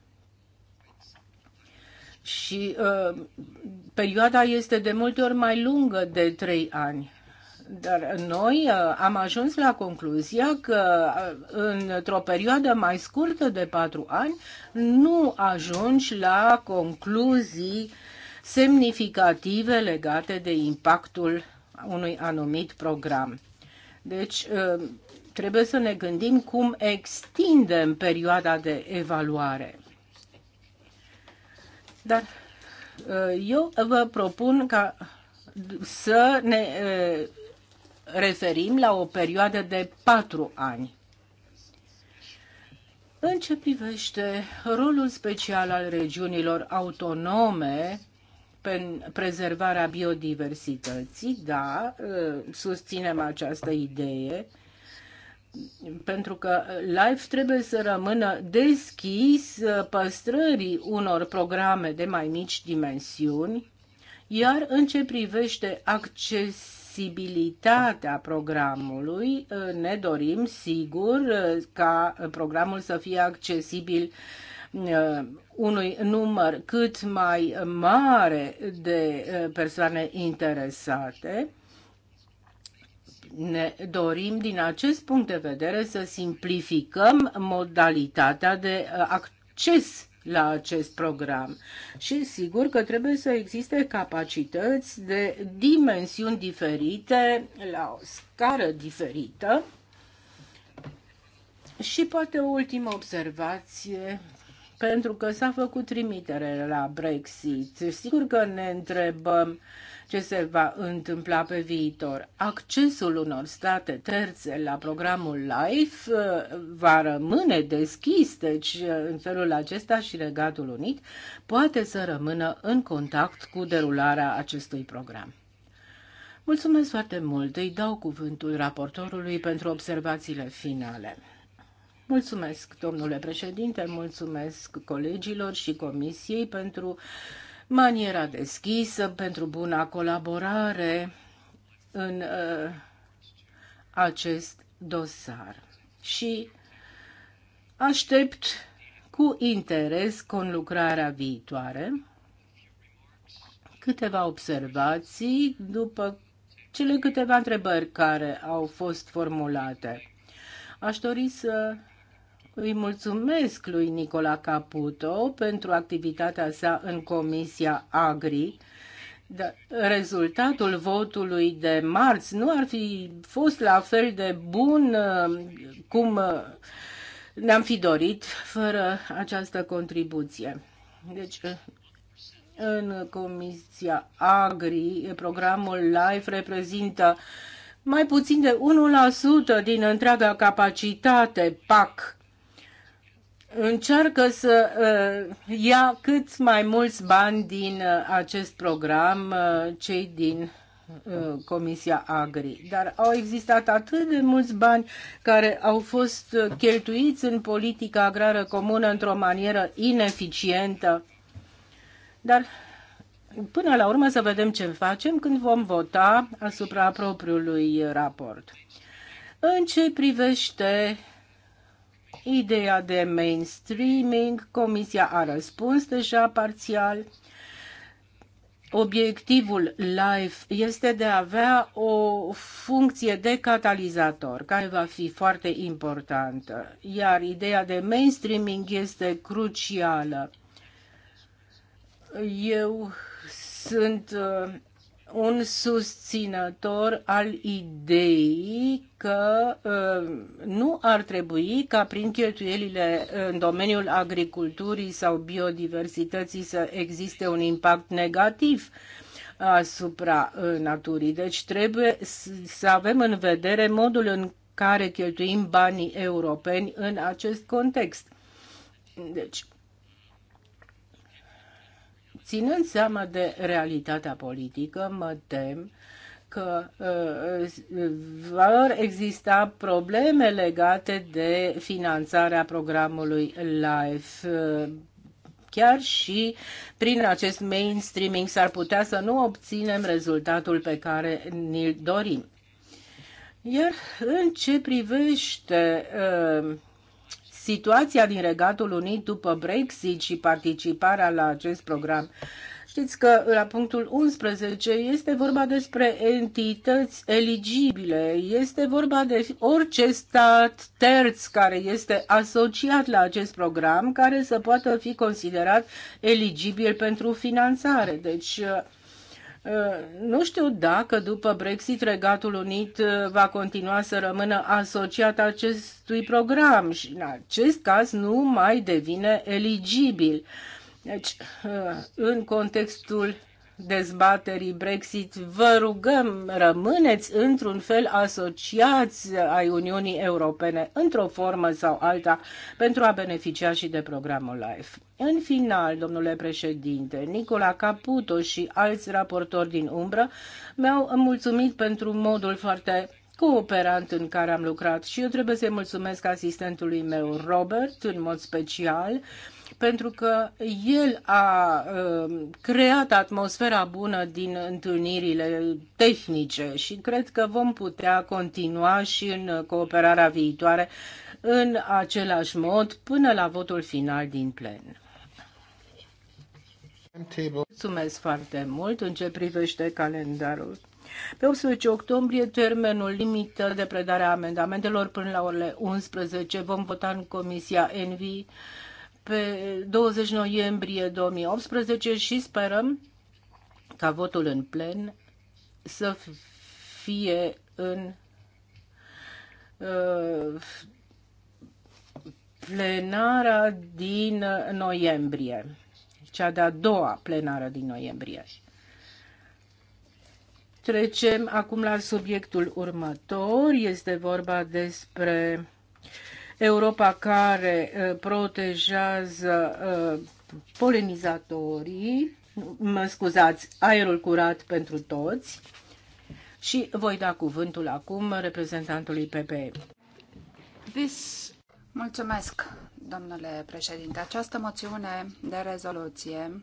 Și uh, perioada este de multe ori mai lungă de trei ani. Dar noi uh, am ajuns la concluzia că uh, într-o perioadă mai scurtă de patru ani nu ajungi la concluzii semnificative legate de impactul unui anumit program. Deci uh, trebuie să ne gândim cum extindem perioada de evaluare. Dar eu vă propun ca să ne referim la o perioadă de patru ani. În ce privește rolul special al regiunilor autonome pentru prezervarea biodiversității, da, ă, susținem această idee, pentru că LIFE trebuie să rămână deschis păstrării unor programe de mai mici dimensiuni, iar în ce privește acces flexibilitatea programului. Uh, ne dorim, sigur, uh, ca programul să fie accesibil uh, unui număr cât mai mare de persoane interesate. Ne dorim din acest punct de vedere să simplificăm modalitatea de acces la acest program. Și sigur că trebuie să existe capacități de dimensiuni diferite, la o scară diferită. Și poate o ultimă observație, pentru că s-a făcut trimitere la Brexit. Sigur că ne întrebăm ce se va întâmpla pe viitor. Accesul unor state terțe la programul LIFE uh, va rămâne deschis, deci uh, în felul acesta și Regatul Unit poate să rămână în contact cu derularea acestui program. Mulțumesc foarte mult. Îi dau cuvântul raportorului pentru observațiile finale. Mulțumesc, domnule președinte, mulțumesc colegilor și comisiei pentru maniera deschisă pentru buna colaborare în uh, acest dosar. Și aștept cu interes conlucrarea viitoare. Câteva observații după cele câteva întrebări care au fost formulate. Aș dori să îi mulțumesc lui Nicola Caputo pentru activitatea sa în Comisia Agri. Da, rezultatul votului de marți nu ar fi fost la fel de bun uh, cum uh, ne-am fi dorit fără această contribuție. Deci, uh, în Comisia Agri, programul LIFE reprezintă mai puțin de 1% din întreaga capacitate PAC încearcă să uh, ia cât mai mulți bani din uh, acest program uh, cei din Comisia Agri. Dar au existat atât de mulți bani care au fost cheltuiți în politica agrară comună într-o manieră ineficientă. Dar până la urmă să vedem ce facem când vom vota asupra propriului raport. În ce privește ideea de mainstreaming, Comisia a răspuns deja parțial. Obiectivul LIFE este de a avea o funcție de catalizator, care va fi foarte importantă, iar ideea de mainstreaming este crucială. Eu sunt uh, un susținător al ideii că uh, nu ar trebui ca prin cheltuielile uh, în domeniul agriculturii sau biodiversității să existe un impact negativ asupra uh, naturii. Deci trebuie să avem în vedere modul în care cheltuim banii europeni în acest context. Deci, ținând seama de realitatea politică, mă tem că uh, vor exista probleme legate de finanțarea programului LIFE. chiar și prin acest mainstreaming s-ar putea să nu obținem rezultatul pe care ni-l dorim. Iar în ce privește uh, situația din Regatul Unit după Brexit și participarea la acest program. Știți că la punctul 11 este vorba despre entități eligibile, este vorba de orice stat terț care este asociat la acest program, care să poată fi considerat eligibil pentru finanțare. Deci Uh, nu știu dacă după Brexit Regatul Unit uh, va continua să rămână asociat acestui program și în acest caz nu mai devine eligibil. Deci, uh, în contextul dezbaterii Brexit, vă rugăm, rămâneți într-un fel asociați ai Uniunii Europene, într-o formă sau alta, pentru a beneficia și de programul LIFE. În final, domnule președinte, Nicola Caputo și alți raportori din umbră mi-au mulțumit pentru modul foarte cooperant în care am lucrat și eu trebuie să-i mulțumesc asistentului meu Robert în mod special pentru că el a um, creat atmosfera bună din întâlnirile tehnice și cred că vom putea continua și în cooperarea viitoare în același mod până la votul final din plen. Mulțumesc foarte mult în ce privește calendarul. Pe 18 octombrie, termenul limită de predare a amendamentelor până la orele 11, vom vota în Comisia Envi pe 20 noiembrie 2018 și sperăm ca votul în plen să fie în uh, plenara din noiembrie, cea de-a doua plenară din noiembrie. Trecem acum la subiectul următor. Este vorba despre Europa care uh, protejează uh, polenizatorii, mă scuzați, aerul curat pentru toți. Și voi da cuvântul acum reprezentantului PPE. This... Mulțumesc, domnule președinte. Această moțiune de rezoluție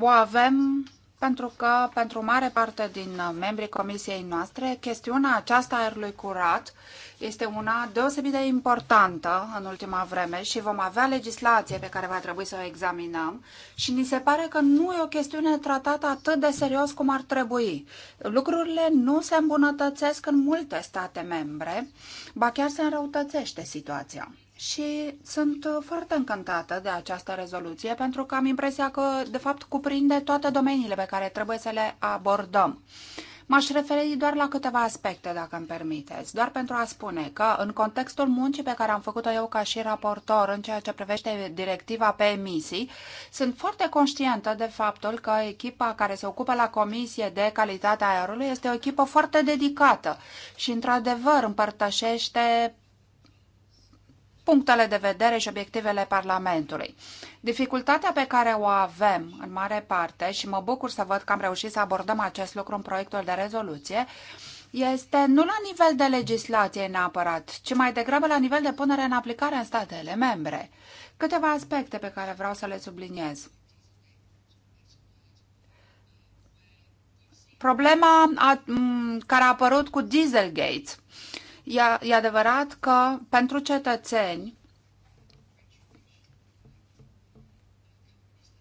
o avem pentru că pentru o mare parte din uh, membrii comisiei noastre, chestiunea aceasta a aerului curat este una deosebit de importantă în ultima vreme și vom avea legislație pe care va trebui să o examinăm și ni se pare că nu e o chestiune tratată atât de serios cum ar trebui. Lucrurile nu se îmbunătățesc în multe state membre, ba chiar se înrăutățește situația și sunt uh, foarte încântată de această rezoluție pentru că am impresia că, de fapt, cuprinde toate domeniile pe care trebuie să le abordăm. M-aș referi doar la câteva aspecte, dacă îmi permiteți, doar pentru a spune că, în contextul muncii pe care am făcut-o eu ca și raportor în ceea ce privește directiva pe emisii, sunt foarte conștientă de faptul că echipa care se ocupă la Comisie de Calitatea Aerului este o echipă foarte dedicată și, într-adevăr, împărtășește punctele de vedere și obiectivele Parlamentului. Dificultatea pe care o avem în mare parte, și mă bucur să văd că am reușit să abordăm acest lucru în proiectul de rezoluție, este nu la nivel de legislație neapărat, ci mai degrabă la nivel de punere în aplicare în statele membre. Câteva aspecte pe care vreau să le subliniez. Problema a, care a apărut cu Dieselgate E, e adevărat că pentru cetățeni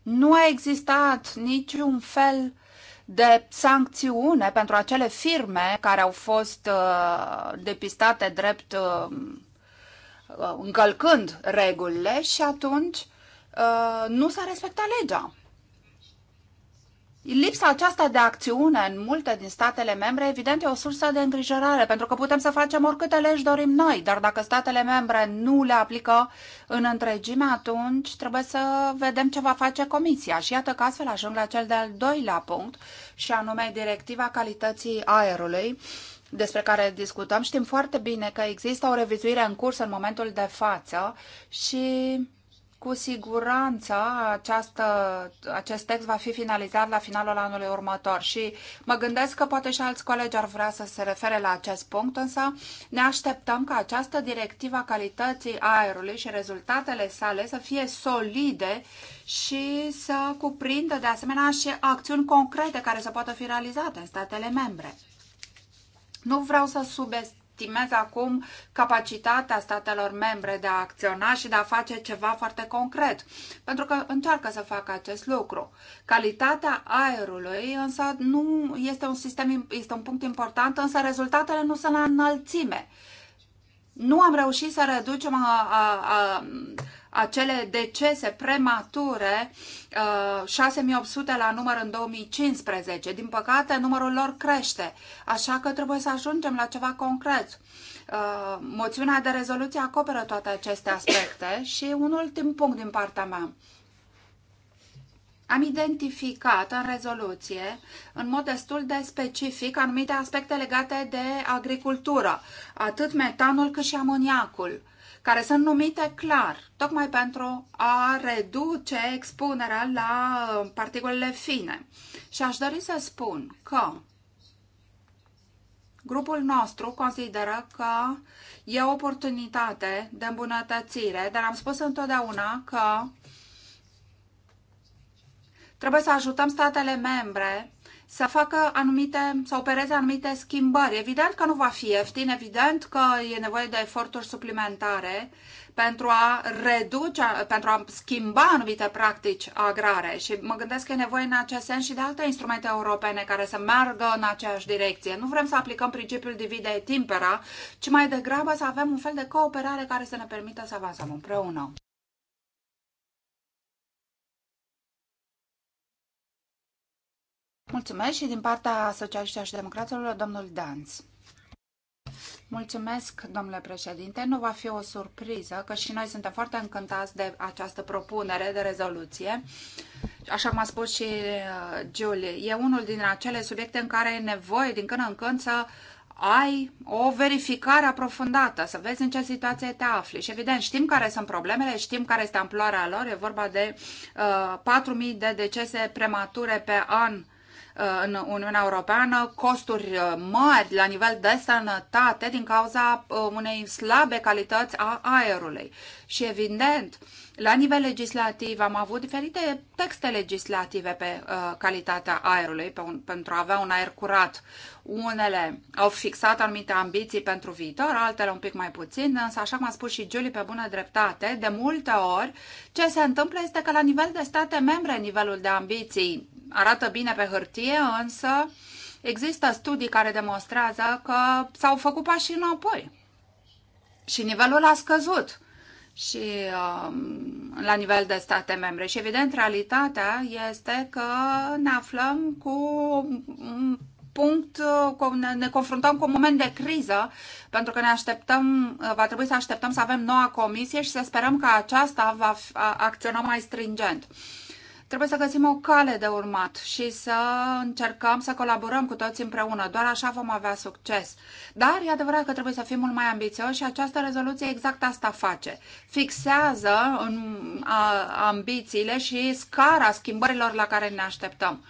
nu a existat niciun fel de sancțiune pentru acele firme care au fost uh, depistate drept uh, uh încălcând regulile și atunci uh, nu s-a respectat legea. Lipsa aceasta de acțiune în multe din statele membre, evident, e o sursă de îngrijorare, pentru că putem să facem oricâte legi dorim noi, dar dacă statele membre nu le aplică în întregime, atunci trebuie să vedem ce va face Comisia. Și iată că astfel ajung la cel de-al doilea punct, și anume directiva calității aerului, despre care discutăm. Știm foarte bine că există o revizuire în curs în momentul de față și cu siguranță această, acest text va fi finalizat la finalul anului următor și mă gândesc că poate și alți colegi ar vrea să se refere la acest punct, însă ne așteptăm ca această directivă a calității aerului și rezultatele sale să fie solide și să cuprindă de asemenea și acțiuni concrete care să poată fi realizate în statele membre. Nu vreau să subestim subestimez acum capacitatea statelor membre de a acționa și de a face ceva foarte concret, pentru că încearcă să facă acest lucru. Calitatea aerului însă nu este un sistem, este un punct important, însă rezultatele nu sunt la înălțime. Nu am reușit să reducem a, a, a, acele decese premature, 6800 uh, la număr în 2015. Din păcate, numărul lor crește, așa că trebuie să ajungem la ceva concret. Uh, moțiunea de rezoluție acoperă toate aceste aspecte și un ultim punct din partea mea. Am identificat în rezoluție, în mod destul de specific, anumite aspecte legate de agricultură, atât metanul cât și amoniacul. Uh, care sunt numite clar, tocmai pentru a reduce expunerea la particulele fine. Și aș dori să spun că Grupul nostru consideră că e o oportunitate de îmbunătățire, dar am spus întotdeauna că trebuie să ajutăm statele membre să facă anumite, să opereze anumite schimbări. Evident că nu va fi ieftin, evident că e nevoie de eforturi suplimentare pentru a reduce, pentru a schimba anumite practici agrare și mă gândesc că e nevoie în acest sens și de alte instrumente europene care să meargă în aceeași direcție. Nu vrem să aplicăm principiul divide timpera, ci mai degrabă să avem un fel de cooperare care să ne permită să avansăm împreună. Mulțumesc și din partea Socialiștilor și Democraților, domnul Danț. Mulțumesc, domnule președinte. Nu va fi o surpriză că și noi suntem foarte încântați de această propunere de rezoluție. Așa cum a spus și Julie, uh, e unul din acele subiecte în care e nevoie din când în când să ai o verificare aprofundată, să vezi în ce situație te afli. Și evident, știm care sunt problemele, știm care este amploarea lor, e vorba de uh, 4.000 de decese premature pe an uh, Uh, în Uniunea Europeană costuri uh, mari la nivel de sănătate din cauza uh, unei slabe calități a aerului. Și evident, la nivel legislativ am avut diferite texte legislative pe uh, calitatea aerului, pe un, pentru a avea un aer curat. Unele au fixat anumite ambiții pentru viitor, altele un pic mai puțin, însă așa cum a spus și Julie pe bună dreptate, de multe ori ce se întâmplă este că la nivel de state membre nivelul de ambiții arată bine pe hârtie, însă există studii care demonstrează că s-au făcut pași înapoi și nivelul a scăzut și um, la nivel de state membre. Și evident, realitatea este că ne aflăm cu un punct, cu, ne, ne confruntăm cu un moment de criză, pentru că ne așteptăm, va trebui să așteptăm să avem noua comisie și să sperăm că aceasta va acționa mai stringent. Uh, Trebuie să găsim o cale de urmat și să încercăm să colaborăm cu toți împreună. Doar așa vom avea succes. Dar e adevărat că trebuie să fim mult mai ambițioși și această rezoluție exact asta face. Fixează în, a, ambițiile și scara schimbărilor la care ne așteptăm.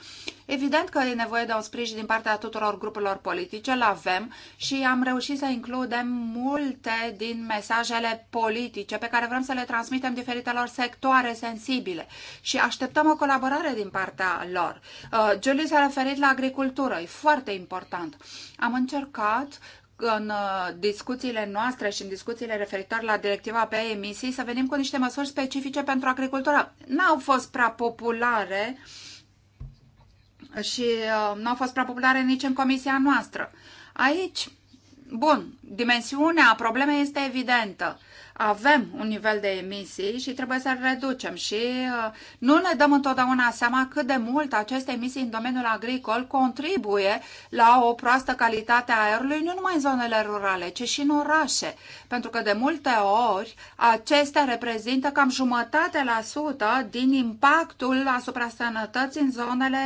Evident că e nevoie de un sprijin din partea tuturor grupurilor politice, îl avem și am reușit să includem multe din mesajele politice pe care vrem să le transmitem diferitelor sectoare sensibile și așteptăm o colaborare din partea lor. Uh, Julie s-a referit la agricultură, e foarte important. Am încercat în uh, discuțiile noastre și în discuțiile referitoare la directiva pe emisii să venim cu niște măsuri specifice pentru agricultură. N-au fost prea populare uh, și uh, nu au fost prea populare nici în comisia noastră. Aici, bun, dimensiunea problemei este evidentă avem un nivel de emisii și trebuie să-l reducem și uh, nu ne dăm întotdeauna seama cât de mult aceste emisii în domeniul agricol contribuie la o proastă calitate a aerului, nu numai în zonele rurale, ci și în orașe. Pentru că de multe ori acestea reprezintă cam jumătate la sută din impactul asupra sănătății în zonele,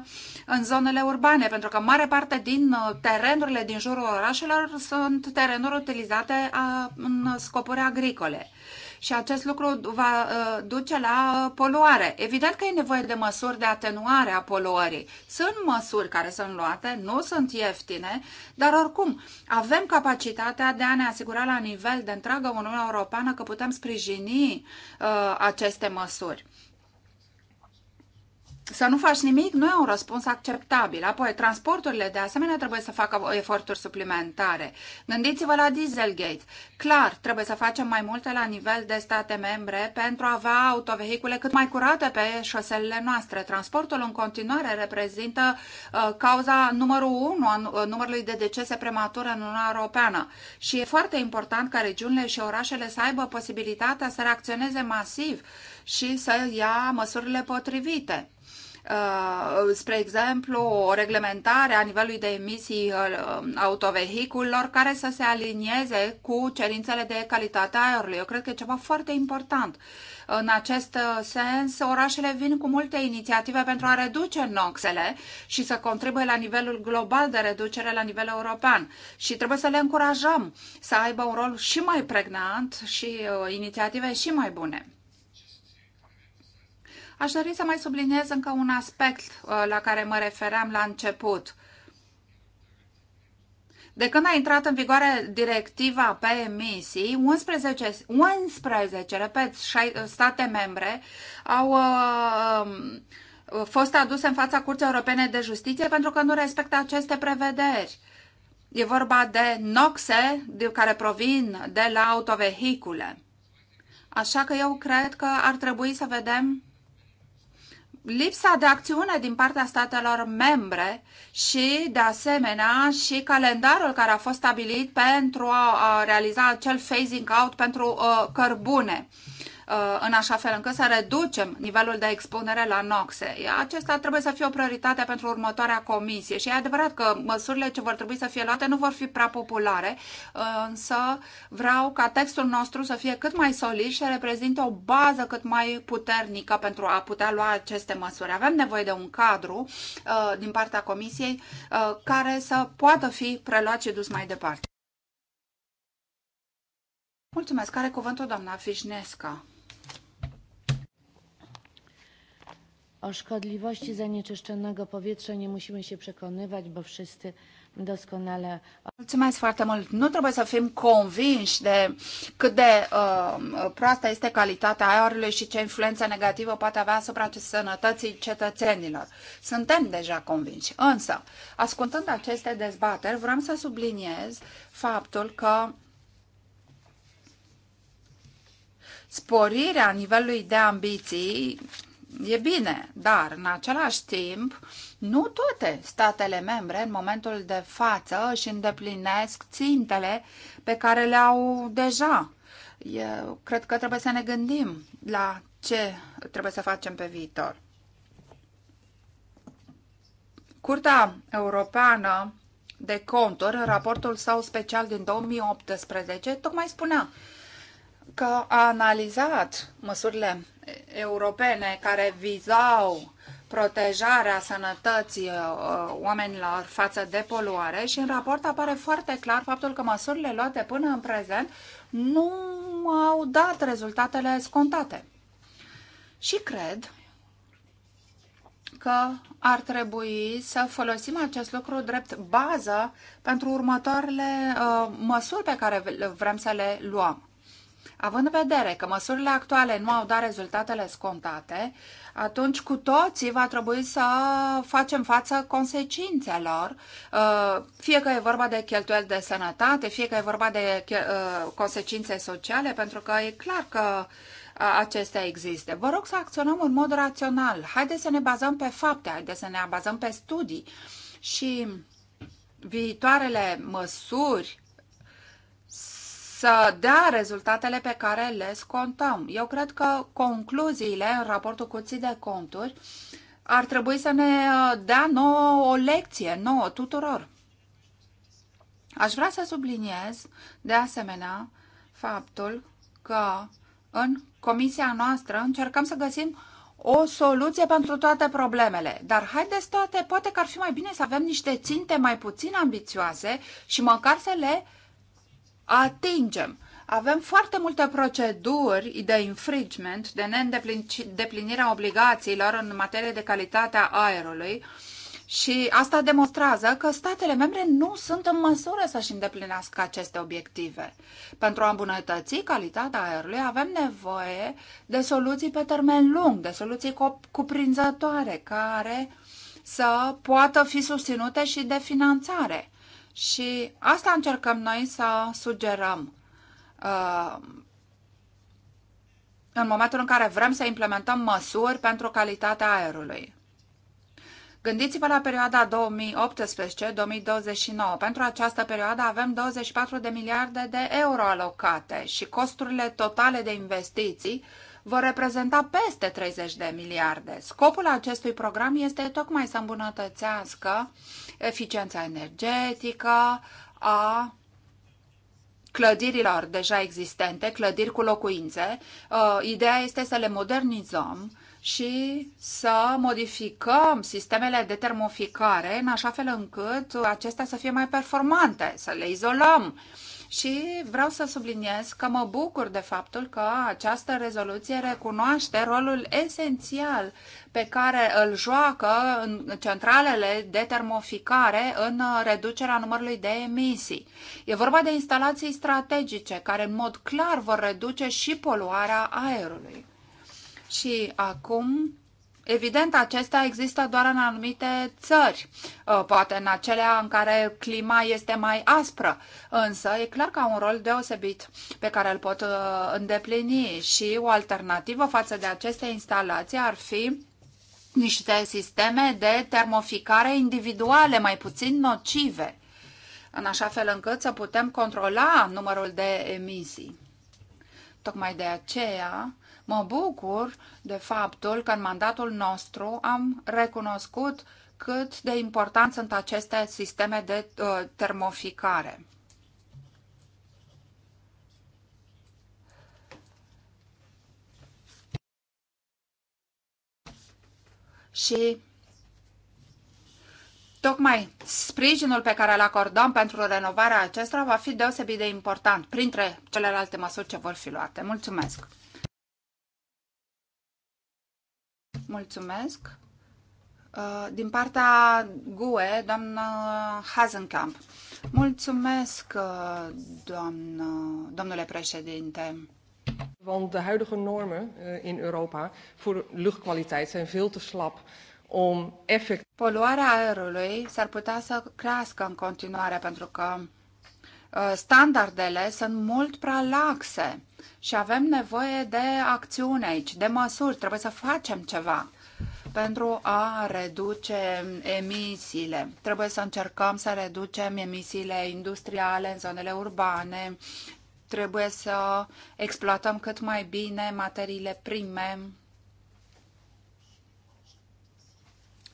uh, în zonele urbane, pentru că mare parte din uh, terenurile din jurul orașelor sunt terenuri utilizate în scopuri agricole agricole. Și acest lucru va uh, duce la uh, poluare. Evident că e nevoie de măsuri de atenuare a poluării. Sunt măsuri care sunt luate, nu sunt ieftine, dar oricum avem capacitatea de a ne asigura la nivel de întreagă Uniunea Europeană că putem sprijini uh, aceste măsuri să nu faci nimic nu e un răspuns acceptabil. Apoi, transporturile de asemenea trebuie să facă eforturi suplimentare. Gândiți-vă la Dieselgate. Clar, trebuie să facem mai multe la nivel de state membre pentru a avea autovehicule cât mai curate pe șoselele noastre. Transportul în continuare reprezintă uh, cauza numărul 1 a uh, numărului de decese premature în Uniunea Europeană. Și e foarte important ca regiunile și orașele să aibă posibilitatea să reacționeze masiv și să ia măsurile potrivite. Uh, spre exemplu, o reglementare a nivelului de emisii uh, autovehiculelor care să se alinieze cu cerințele de calitate a aerului. Eu cred că e ceva foarte important. În acest uh, sens, orașele vin cu multe inițiative pentru a reduce noxele și să contribuie la nivelul global de reducere la nivel european. Și trebuie să le încurajăm să aibă un rol și mai pregnant și inițiative și mai bune. Aș dori să mai subliniez încă un aspect uh, la care mă refeream la început. De când a intrat în vigoare directiva pe emisii, 11, 11 repet, uh, state membre au uh, um, uh, fost aduse în fața Curții Europene de Justiție pentru că nu respectă aceste prevederi. E vorba de noxe care provin de la autovehicule. Așa că eu cred că ar trebui să vedem lipsa de acțiune din partea statelor membre și, de asemenea, și calendarul care a fost stabilit pentru a realiza acel phasing out pentru uh, cărbune. Uh, în așa fel încât să reducem nivelul de expunere la noxe. Acesta trebuie să fie o prioritate pentru următoarea comisie și e adevărat că măsurile ce vor trebui să fie luate nu vor fi prea populare, uh, însă vreau ca textul nostru să fie cât mai solid și să reprezinte o bază cât mai puternică pentru a putea lua aceste măsuri. Avem nevoie de un cadru uh, din partea comisiei care să poată fi preluat și dus mai departe. Mulțumesc. Care cuvântul doamna Fișnesca. O szkodliwości zanieczyszczonego powietrza nie musimy się przekonywać, bo wszyscy doskonale... Mulțumesc foarte mult! Nu trebuie să fim convinși de cât de uh, proastă este calitatea aerului și ce influență negativă poate avea asupra sănătății cetățenilor. Suntem deja convinși, însă, ascultând aceste dezbateri, vreau să subliniez faptul că sporirea nivelului de ambiții E bine, dar în același timp, nu toate statele membre în momentul de față își îndeplinesc țintele pe care le-au deja. Eu cred că trebuie să ne gândim la ce trebuie să facem pe viitor. Curtea Europeană de Conturi, raportul său special din 2018, tocmai spunea că a analizat măsurile europene care vizau protejarea sănătății uh, oamenilor față de poluare și în raport apare foarte clar faptul că măsurile luate până în prezent nu au dat rezultatele scontate. Și cred că ar trebui să folosim acest lucru drept bază pentru următoarele uh, măsuri pe care vrem să le luăm. Având în vedere că măsurile actuale nu au dat rezultatele scontate, atunci cu toții va trebui să facem față consecințelor, uh, fie că e vorba de cheltuieli de sănătate, fie că e vorba de uh, consecințe sociale, pentru că e clar că uh, acestea există. Vă rog să acționăm în mod rațional. Haideți să ne bazăm pe fapte, haideți să ne bazăm pe studii și viitoarele măsuri să dea rezultatele pe care le scontăm. Eu cred că concluziile în raportul Curții de Conturi ar trebui să ne uh, dea nouă o lecție, nouă tuturor. Aș vrea să subliniez, de asemenea, faptul că în comisia noastră încercăm să găsim o soluție pentru toate problemele. Dar haideți toate, poate că ar fi mai bine să avem niște ținte mai puțin ambițioase și măcar să le atingem. Avem foarte multe proceduri de infringement, de neîndeplinirea obligațiilor în materie de calitate a aerului și asta demonstrează că statele membre nu sunt în măsură să-și îndeplinească aceste obiective. Pentru a îmbunătăți calitatea aerului avem nevoie de soluții pe termen lung, de soluții cuprinzătoare care să poată fi susținute și de finanțare. Și asta încercăm noi să sugerăm. Uh, în momentul în care vrem să implementăm măsuri pentru calitatea aerului. Gândiți-vă la perioada 2018-2029. Pentru această perioadă avem 24 de miliarde de euro alocate și costurile totale de investiții uh, vor reprezenta peste 30 de miliarde. Scopul acestui program este tocmai să îmbunătățească eficiența energetică a clădirilor deja existente, clădiri cu locuințe. Uh, ideea este să le modernizăm și să modificăm sistemele de termoficare în așa fel încât acestea să fie mai performante, să le izolăm, și vreau să subliniez că mă bucur de faptul că această rezoluție recunoaște rolul esențial pe care îl joacă în centralele de termoficare în reducerea numărului de emisii. E vorba de instalații strategice care în mod clar vor reduce și poluarea aerului. Și acum Evident, acestea există doar în anumite țări, ă, poate în acelea în care clima este mai aspră, însă e clar că au un rol deosebit pe care îl pot ă, îndeplini și o alternativă față de aceste instalații ar fi niște sisteme de termoficare individuale, mai puțin nocive, în așa fel încât să putem controla numărul de emisii. Tocmai de aceea, Mă bucur de faptul că în mandatul nostru am recunoscut cât de important sunt aceste sisteme de uh, termoficare. Și Tocmai sprijinul pe care îl acordăm pentru renovarea acestora va fi deosebit de important, printre celelalte măsuri ce vor fi luate. Mulțumesc! Mulțumesc. Uh, din partea GUE, doamna Hazenkamp. Mulțumesc, uh, doamnă, domnule președinte. Want de huidige normen uh, in Europa voor luchtkwaliteit zijn veel te slap om effect. Poluarea aerului s-ar putea să crească în continuare pentru că Uh, standardele sunt mult prea laxe și avem nevoie de acțiune aici, de măsuri, trebuie să facem ceva pentru a reduce emisiile. Trebuie să încercăm să reducem emisiile industriale în zonele urbane, trebuie să exploatăm cât mai bine materiile prime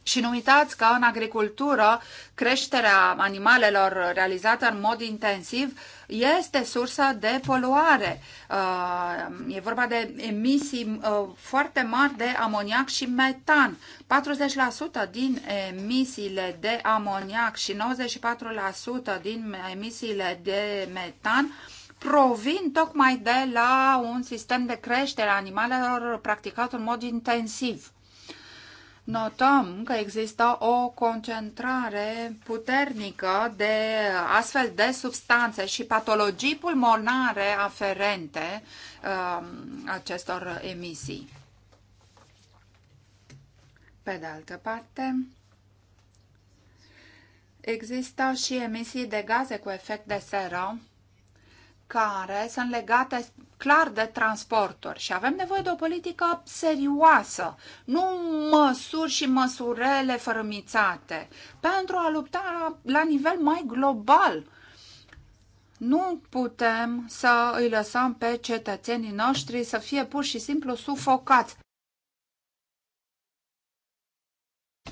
Și nu uitați că în agricultură creșterea animalelor realizată în mod intensiv este sursa de poluare. Uh, e vorba de emisii uh, foarte mari de amoniac și metan. 40% din emisiile de amoniac și 94% din emisiile de metan provin tocmai de la un sistem de creștere a animalelor practicat în mod intensiv notăm că există o concentrare puternică de astfel de substanțe și patologii pulmonare aferente uh, acestor emisii. Pe de altă parte, există și emisii de gaze cu efect de seră care sunt legate clar de transporturi și avem nevoie de o politică serioasă, nu măsuri și măsurele fărâmițate, pentru a lupta la nivel mai global. Nu putem să îi lăsăm pe cetățenii noștri să fie pur și simplu sufocați.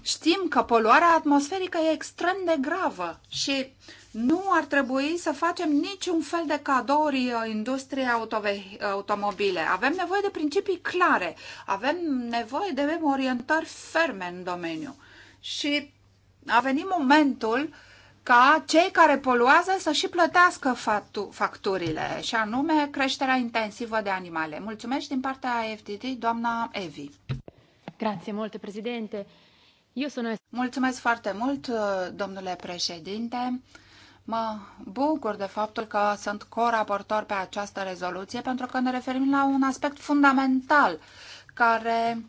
Știm că poluarea atmosferică e extrem de gravă și nu ar trebui să facem niciun fel de cadouri uh, industriei automobile. Avem nevoie de principii clare, avem nevoie de orientări ferme în domeniu. Și a venit momentul ca cei care poluează să și plătească facturile, și anume creșterea intensivă de animale. Mulțumesc din partea FTT, doamna Evi. Grazie mult, președinte. Eu sunt... Mulțumesc foarte mult, uh, domnule președinte. Mă bucur de faptul că sunt coraportor pe această rezoluție pentru că ne referim la un aspect fundamental care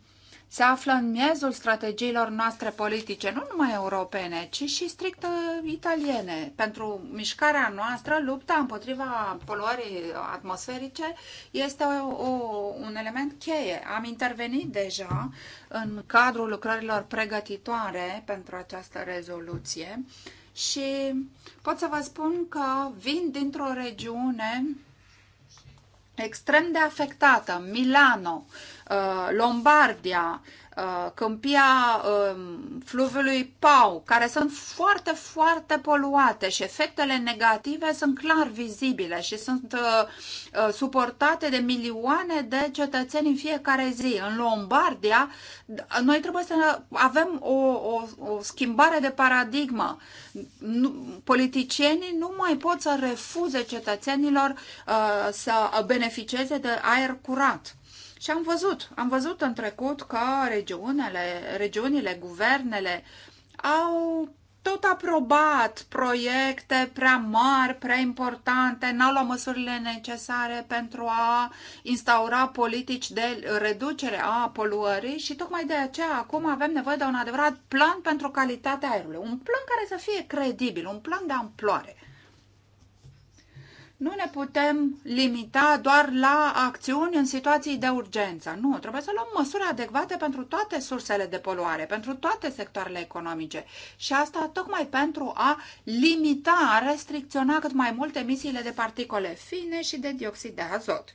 se află în miezul strategiilor noastre politice, nu numai europene, ci și strict uh, italiene. Pentru mișcarea noastră, lupta împotriva poluării atmosferice este o, o, un element cheie. Am intervenit deja în cadrul lucrărilor pregătitoare pentru această rezoluție și pot să vă spun că vin dintr-o regiune extrem de afectată, Milano, uh, Lombardia, Uh, câmpia um, fluviului Pau, care sunt foarte, foarte poluate și efectele negative sunt clar vizibile și sunt uh, uh, suportate de milioane de cetățeni în fiecare zi. În Lombardia, noi trebuie să avem o, o, o schimbare de paradigmă. Politicienii nu mai pot să refuze cetățenilor să beneficieze de aer curat. Și am văzut, am văzut în trecut că regiunile, regiunile guvernele au tot aprobat proiecte prea mari, prea importante, n-au luat măsurile necesare pentru a instaura politici de reducere a poluării și tocmai de aceea acum avem nevoie de un adevărat plan pentru calitatea aerului, un plan care să fie credibil, un plan de amploare nu ne putem limita doar la acțiuni în situații de urgență. Nu, trebuie să luăm măsuri adecvate pentru toate sursele de poluare, pentru toate sectoarele economice. Și asta tocmai pentru a limita, a restricționa cât mai mult emisiile de particole fine și de dioxid de azot.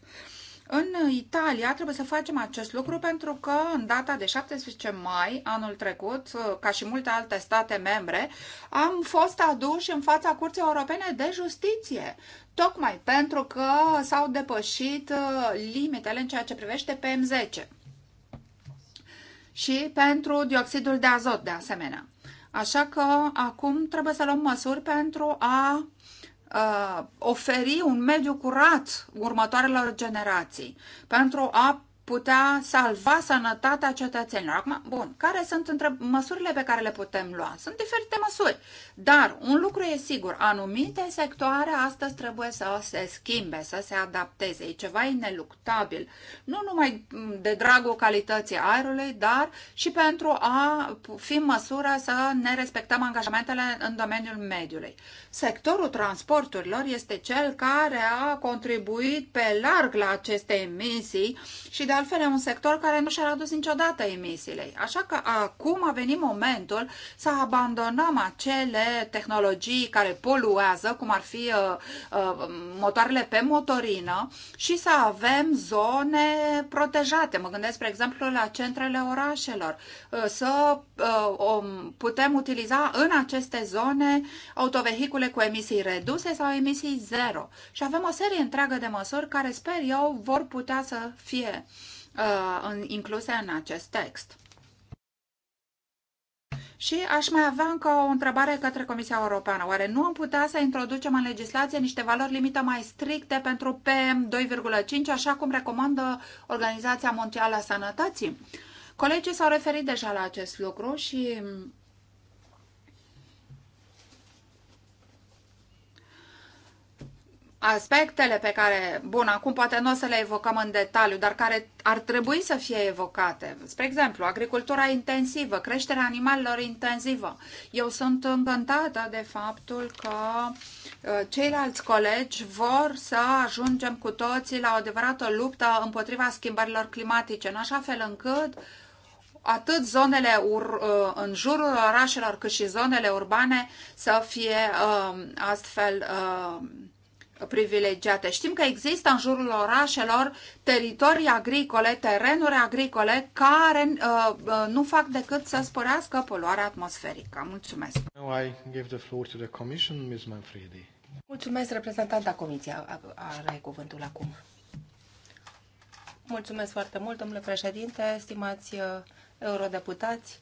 În Italia trebuie să facem acest lucru pentru că în data de 17 mai anul trecut, uh, ca și multe alte state membre, am fost aduși în fața Curții Europene de Justiție, tocmai pentru că s-au depășit uh, limitele în ceea ce privește PM10 și pentru dioxidul de azot de asemenea. Așa că acum trebuie să luăm măsuri pentru a Uh, oferi un mediu curat următoarelor generații pentru a putea salva sănătatea cetățenilor. Acum, bun, care sunt între măsurile pe care le putem lua? Sunt diferite măsuri, dar un lucru e sigur, anumite sectoare astăzi trebuie să se schimbe, să se adapteze. E ceva ineluctabil, nu numai de dragul calității aerului, dar și pentru a fi în măsură să ne respectăm angajamentele în domeniul mediului. Sectorul transporturilor este cel care a contribuit pe larg la aceste emisii și de altfel, e un sector care nu și-a redus niciodată emisiile. Așa că acum a venit momentul să abandonăm acele tehnologii care poluează, cum ar fi uh, uh, motoarele pe motorină, și să avem zone protejate. Mă gândesc, spre exemplu, la centrele orașelor. Uh, să uh, um, putem utiliza în aceste zone autovehicule cu emisii reduse sau emisii zero. Și avem o serie întreagă de măsuri care, sper eu, vor putea să fie uh, incluse în acest text. Și aș mai avea încă o întrebare către Comisia Europeană. Oare nu am putea să introducem în legislație niște valori limită mai stricte pentru PM2,5, așa cum recomandă Organizația Mondială a Sănătății? Colegii s-au referit deja la acest lucru și aspectele pe care, bun, acum poate nu o să le evocăm în detaliu, dar care ar trebui să fie evocate. Spre exemplu, agricultura intensivă, creșterea animalelor intensivă. Eu sunt încântată de faptul că uh, ceilalți colegi vor să ajungem cu toții la o adevărată luptă împotriva schimbărilor climatice, în așa fel încât atât zonele ur, uh, în jurul orașelor, cât și zonele urbane să fie uh, astfel privilegiate. Știm că există în jurul orașelor teritorii agricole, terenuri agricole care uh, uh, nu fac decât să sporească poluarea atmosferică. Mulțumesc. Now I give the floor to the commission, Ms. Manfredi. Mulțumesc, reprezentanta Comisiei are cuvântul acum. Mulțumesc foarte mult, domnule președinte, stimați uh, eurodeputați.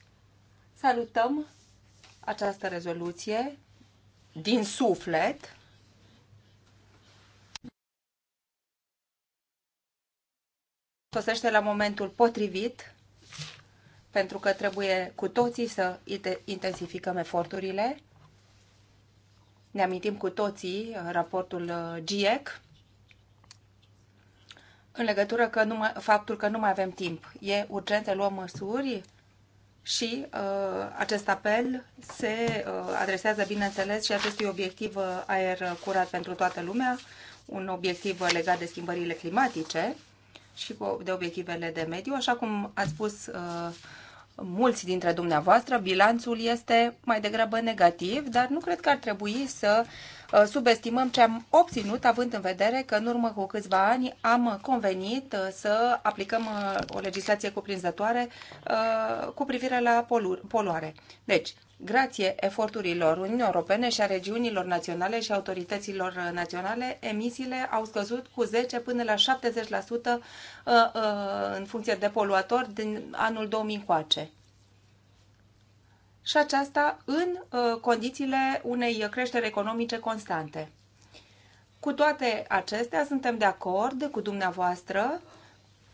Salutăm această rezoluție din suflet sosește la momentul potrivit, pentru că trebuie cu toții să intensificăm eforturile. Ne amintim cu toții raportul uh, GIEC în legătură că nu mai, faptul că nu mai avem timp. E urgent să luăm măsuri și uh, acest apel se uh, adresează, bineînțeles, și acestui obiectiv uh, aer curat pentru toată lumea, un obiectiv uh, legat de schimbările climatice și de obiectivele de mediu. Așa cum ați spus uh, mulți dintre dumneavoastră, bilanțul este mai degrabă negativ, dar nu cred că ar trebui să Uh, subestimăm ce am obținut, având în vedere că în urmă cu câțiva ani am convenit uh, să aplicăm uh, o legislație cuprinzătoare cu privire la poluare. Deci, Grație eforturilor Uniunii Europene și a regiunilor naționale și autorităților naționale, emisiile au scăzut cu 10 până la 70% în funcție de poluator din anul 2000 încoace și aceasta în uh, condițiile unei creșteri economice constante. Cu toate acestea, suntem de acord cu dumneavoastră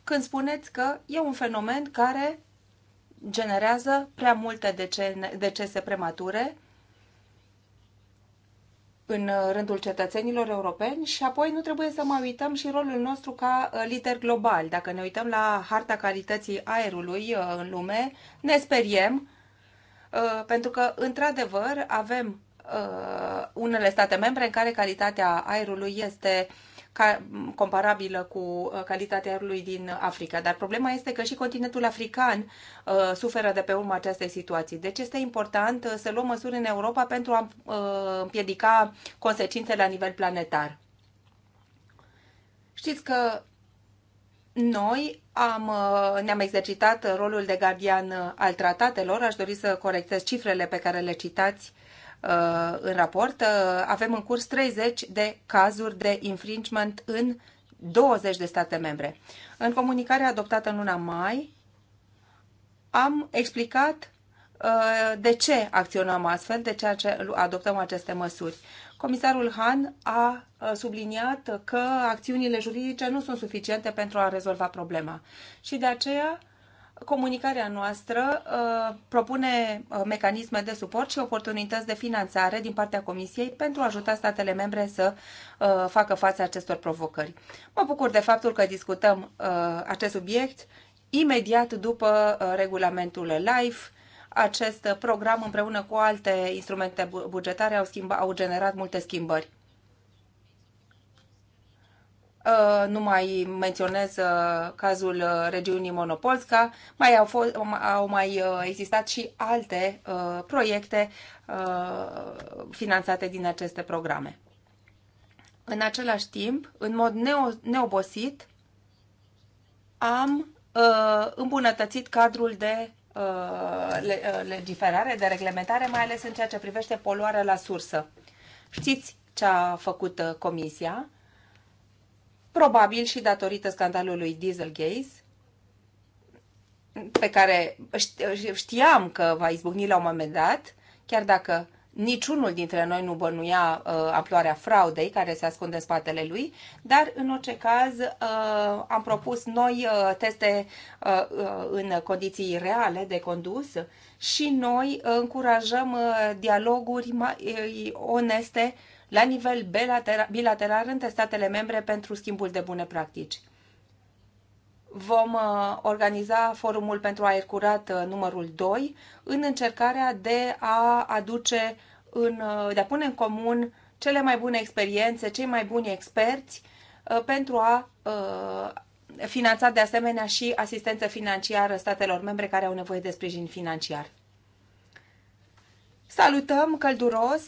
când spuneți că e un fenomen care generează prea multe decese premature în uh, rândul cetățenilor europeni și apoi nu trebuie să mai uităm și rolul nostru ca uh, lider global. Dacă ne uităm la harta calității aerului în lume, ne speriem Uh, pentru că, într-adevăr, avem uh, unele state membre în care calitatea aerului este ca, comparabilă cu uh, calitatea aerului din Africa. Dar problema este că și continentul african uh, suferă de pe urma acestei situații. Deci este important să luăm măsuri în Europa pentru a uh, împiedica consecințele la nivel planetar. Știți că noi am, uh, ne-am exercitat uh, rolul de gardian uh, al tratatelor. Aș dori să corectez cifrele pe care le citați în raport. Avem în curs 30 de cazuri de infringement în 20 de state membre. În comunicarea adoptată în luna mai, am explicat de ce acționăm astfel, de ce adoptăm aceste măsuri. Comisarul Han a subliniat că acțiunile juridice nu sunt suficiente pentru a rezolva problema și de aceea comunicarea noastră propune mecanisme de suport și oportunități de finanțare din partea Comisiei pentru a ajuta statele membre să facă față acestor provocări. Mă bucur de faptul că discutăm acest subiect imediat după regulamentul LIFE acest program împreună cu alte instrumente bugetare au, schimba, au generat multe schimbări. Uh, nu mai menționez uh, cazul uh, regiunii Monopolska, mai au, fost, au mai existat și alte proiecte finanțate din aceste programe. În același timp, în mod neobosit, am îmbunătățit cadrul de Uh, uh, legiferare, de reglementare, mai ales în ceea ce privește poluarea la sursă. Știți ce a făcut uh, Comisia? Probabil și datorită scandalului Dieselgate, pe care știam că va izbucni la un moment dat, chiar dacă Niciunul dintre noi nu bănuia uh, amploarea fraudei care se ascunde în spatele lui, dar în orice caz uh, am propus noi uh, teste uh, uh, în condiții reale de condus și noi uh, încurajăm uh, dialoguri uh, oneste la nivel bilateral între statele membre pentru schimbul de bune practici vom uh, organiza forumul pentru aer curat uh, numărul 2 în încercarea de a aduce în, uh, de a pune în comun cele mai bune experiențe, cei mai buni experți pentru a finanța de asemenea și asistență financiară statelor membre care au nevoie de sprijin financiar. Salutăm călduros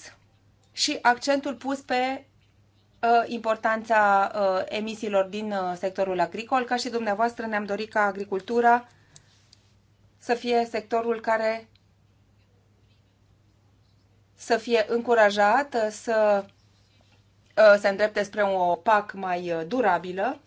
și accentul pus pe Uh, importanța uh, emisiilor din uh, sectorul agricol. Ca și dumneavoastră ne-am dorit ca agricultura să fie sectorul care să fie încurajat să se îndrepte spre o PAC mai durabilă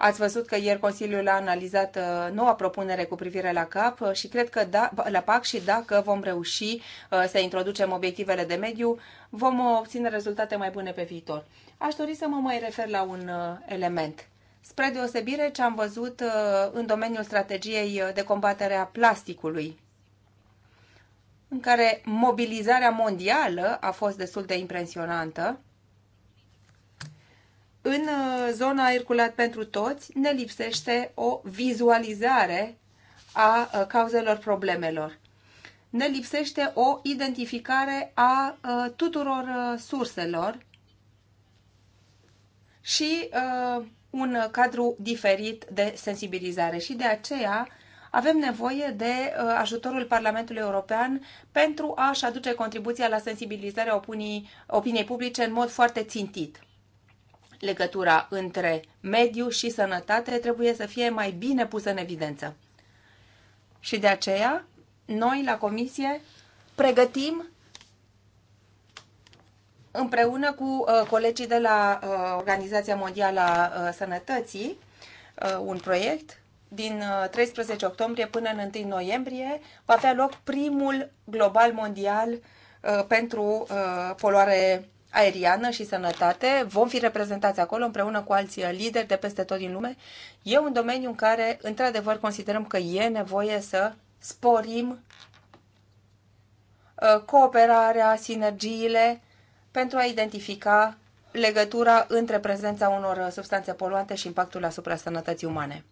Ați văzut că ieri Consiliul a analizat uh, noua propunere cu privire la CAP și cred că da, la PAC și dacă vom reuși uh, să introducem obiectivele de mediu, vom obține rezultate mai bune pe viitor. Aș dori să mă mai refer la un uh, element spre deosebire ce am văzut în domeniul strategiei de combatere a plasticului, în care mobilizarea mondială a fost destul de impresionantă în uh, zona Aerculat pentru toți ne lipsește o vizualizare a uh, cauzelor problemelor. Ne lipsește o identificare a uh, tuturor surselor și un cadru diferit de sensibilizare și de aceea avem nevoie de ajutorul Parlamentului European pentru a-și aduce contribuția la sensibilizarea opinii, opiniei publice în mod foarte țintit legătura între mediu și sănătate trebuie să fie mai bine pusă în evidență. Și de aceea, noi la comisie pregătim împreună cu uh, colegii de la uh, Organizația Mondială a uh, Sănătății un proiect din 13 octombrie până în 1 noiembrie va avea loc primul global mondial pentru poluare aeriană și sănătate. Vom fi reprezentați acolo împreună cu alții lideri de peste tot din lume. E un domeniu în care, într-adevăr, considerăm că e nevoie să sporim uh, cooperarea, sinergiile pentru a identifica legătura între prezența unor uh, substanțe poluante și impactul asupra sănătății umane.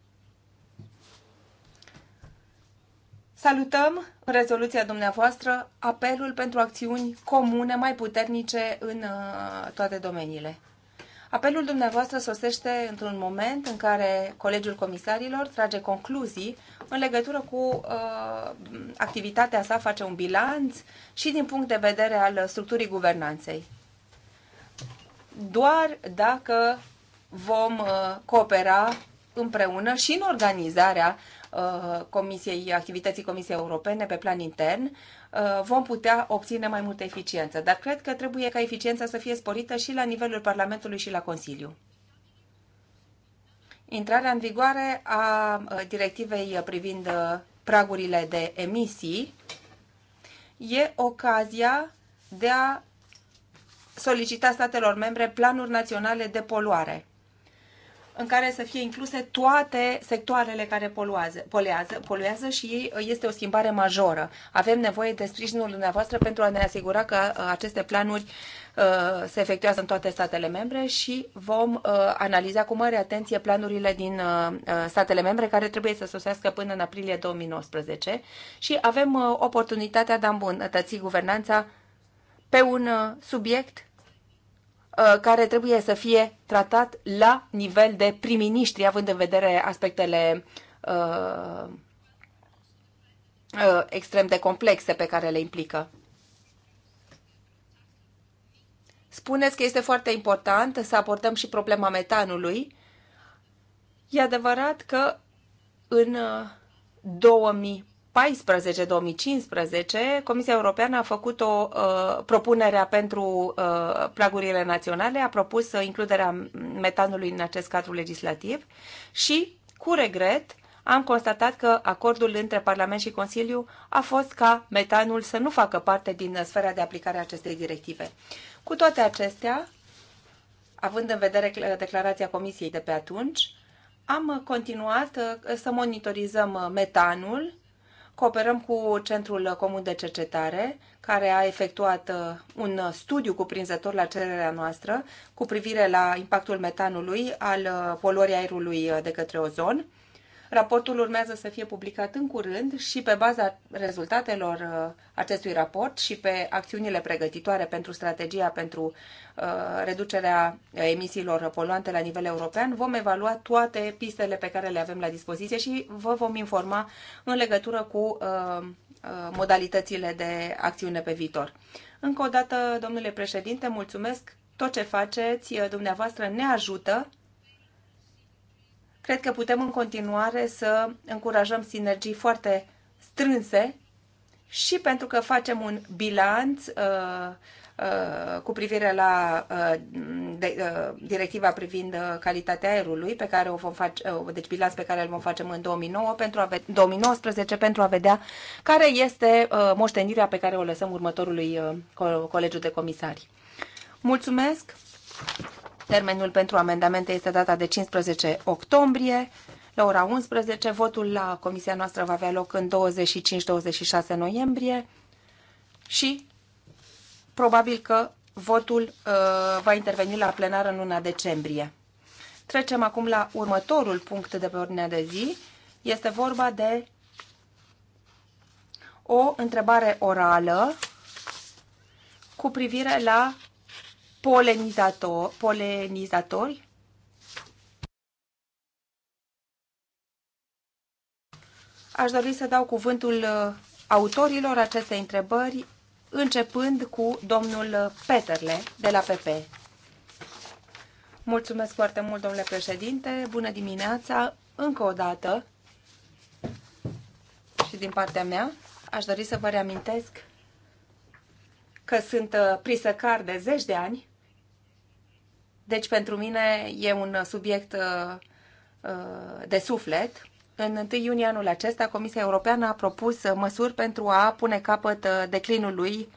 Salutăm în rezoluția dumneavoastră apelul pentru acțiuni comune mai puternice în uh, toate domeniile. Apelul dumneavoastră sosește într-un moment în care Colegiul Comisarilor trage concluzii în legătură cu uh, activitatea sa, face un bilanț și din punct de vedere al structurii guvernanței. Doar dacă vom uh, coopera împreună și în organizarea uh, Uh, comisiei, activității Comisiei Europene pe plan intern, uh, vom putea obține mai multă eficiență. Dar cred că trebuie ca eficiența să fie sporită și la nivelul Parlamentului și la Consiliu. Intrarea în vigoare a uh, directivei privind pragurile de emisii e ocazia de a solicita statelor membre planuri naționale de poluare în care să fie incluse toate sectoarele care poluează, poluează, poluează și uh, este o schimbare majoră. Avem nevoie de sprijinul dumneavoastră pentru a ne asigura că uh, aceste planuri uh, se efectuează în toate statele membre și vom analiza cu mare atenție planurile din statele membre care trebuie să sosească până în aprilie 2019 și avem oportunitatea de a îmbunătăți guvernanța pe un subiect Uh, care trebuie să fie tratat la nivel de prim-ministri, având în vedere aspectele uh, uh, extrem de complexe pe care le implică. Spuneți că este foarte important să abordăm și problema metanului. E adevărat că în 2000 uh, 2014-2015, Comisia Europeană a făcut o uh, propunere pentru uh, pragurile naționale, a propus uh, includerea metanului în acest cadru legislativ și, cu regret, am constatat că acordul între Parlament și Consiliu a fost ca metanul să nu facă parte din sfera de aplicare a acestei directive. Cu toate acestea, având în vedere declarația Comisiei de pe atunci, am continuat uh, să monitorizăm metanul Cooperăm cu Centrul Comun de Cercetare, care a efectuat uh, un studiu cuprinzător la cererea noastră cu privire la impactul metanului al uh, poluării aerului uh, de către ozon. Raportul urmează să fie publicat în curând și pe baza rezultatelor uh, acestui raport și pe acțiunile pregătitoare pentru strategia pentru uh, reducerea emisiilor poluante la nivel european, vom evalua toate pistele pe care le avem la dispoziție și vă vom informa în legătură cu uh, modalitățile de acțiune pe viitor. Încă o dată, domnule președinte, mulțumesc. Tot ce faceți dumneavoastră ne ajută cred că putem în continuare să încurajăm sinergii foarte strânse și pentru că facem un bilanț uh, uh, cu privire la uh, de, uh, directiva privind uh, calitatea aerului, pe care o vom face, uh, deci bilanț pe care îl vom face în 2009 pentru a 2019 pentru a vedea care este moștenirea pe care o lăsăm următorului co colegiu de comisari. Mulțumesc! Termenul pentru amendamente este data de 15 octombrie la ora 11. Votul la comisia noastră va avea loc în 25-26 noiembrie și probabil că votul uh, va interveni la plenară în luna decembrie. Trecem acum la următorul punct de pe ordinea de zi. Este vorba de o întrebare orală cu privire la polenizator, polenizatori Aș dori să dau cuvântul uh, autorilor acestei întrebări, începând cu domnul Peterle de la PP. Mulțumesc foarte mult, domnule președinte. Bună dimineața, încă o dată. Și din partea mea, aș dori să vă reamintesc că sunt uh, prisăcar de zeci de ani deci pentru mine e un subiect uh, uh, de suflet. În 1 iunie anul acesta, Comisia Europeană a propus măsuri pentru a pune capăt uh, declinului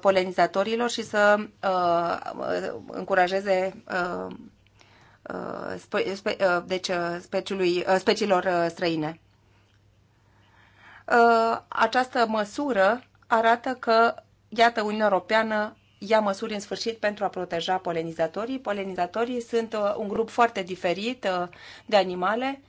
polenizatorilor și să încurajeze deci, speciului, speciilor străine. Această măsură arată că, iată, Uniunea Europeană ia măsuri în sfârșit pentru a proteja polenizatorii. Polenizatorii sunt uh, un grup foarte diferit uh, de animale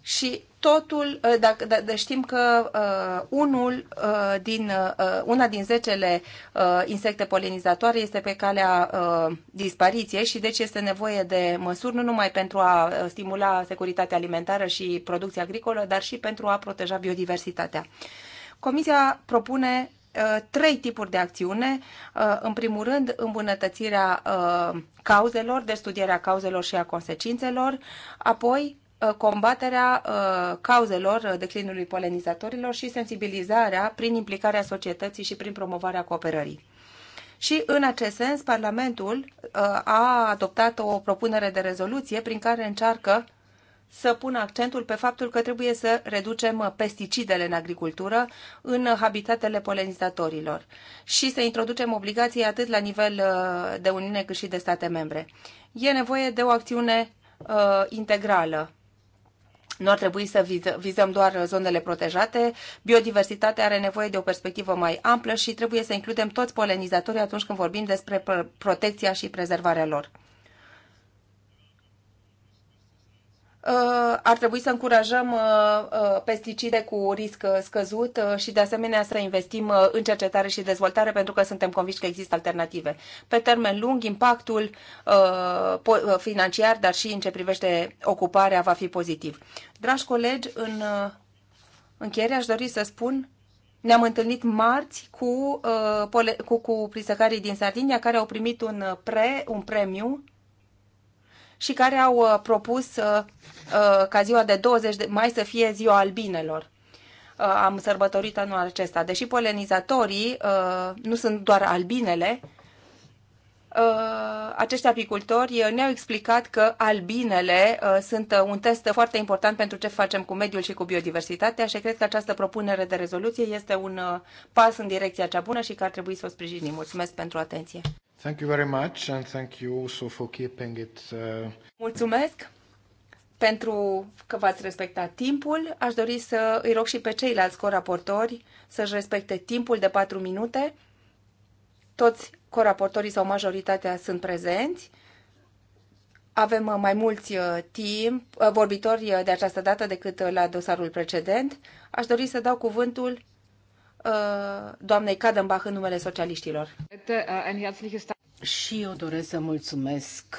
și totul, uh, dacă, dacă da, știm că uh, unul uh, din, uh, una din zecele uh, insecte polenizatoare este pe calea uh, dispariției și deci este nevoie de măsuri nu numai pentru a stimula securitatea alimentară și producția agricolă, dar și pentru a proteja biodiversitatea. Uh, Comisia propune uh, trei tipuri de acțiune. Uh, în primul rând, îmbunătățirea uh, cauzelor, de studierea cauzelor și a consecințelor, apoi combaterea cauzelor declinului polenizatorilor și sensibilizarea prin implicarea societății și prin promovarea cooperării. Și în acest sens, Parlamentul a adoptat o propunere de rezoluție prin care încearcă să pună accentul pe faptul că trebuie să reducem pesticidele în agricultură, în habitatele polenizatorilor și să introducem obligații atât la nivel uh, de Uniune cât și de state membre. E nevoie de o acțiune uh, integrală. Nu ar trebui să vizăm doar zonele protejate. Biodiversitatea are nevoie de o perspectivă mai amplă și trebuie să includem toți polenizatorii atunci când vorbim despre protecția și prezervarea lor. Uh, ar trebui să încurajăm uh, uh, pesticide cu risc scăzut și de asemenea să investim în cercetare și dezvoltare pentru că suntem conviști că există alternative. Pe termen lung, impactul financiar, dar și în ce privește ocuparea, va fi pozitiv. Dragi colegi, în încheiere aș dori să spun ne-am întâlnit marți cu, cu, cu prisăcarii din Sardinia care au primit un, pre, un premiu și care au uh, propus uh, uh, ca ziua de 20 de mai să fie ziua albinelor. Am sărbătorit anul acesta. Deși polenizatorii nu sunt doar albinele, acești apicultori ne-au explicat că albinele sunt un test foarte important pentru ce facem cu mediul și cu biodiversitatea și cred că această propunere de rezoluție este un pas în direcția cea bună și că ar trebui să o sprijinim. Mulțumesc pentru atenție! Thank you very much and thank you also for keeping it. Uh... Mulțumesc pentru că v-ați respectat timpul. Aș dori să îi rog și pe ceilalți coraportori să-și respecte timpul de 4 minute. Toți coraportorii sau majoritatea sunt prezenți. Avem mai mulți uh, timp, uh, vorbitori uh, de această dată decât la dosarul precedent. Aș dori să dau cuvântul Uh, doamnei Kadenbach în numele socialiștilor. Uh, Și eu doresc să mulțumesc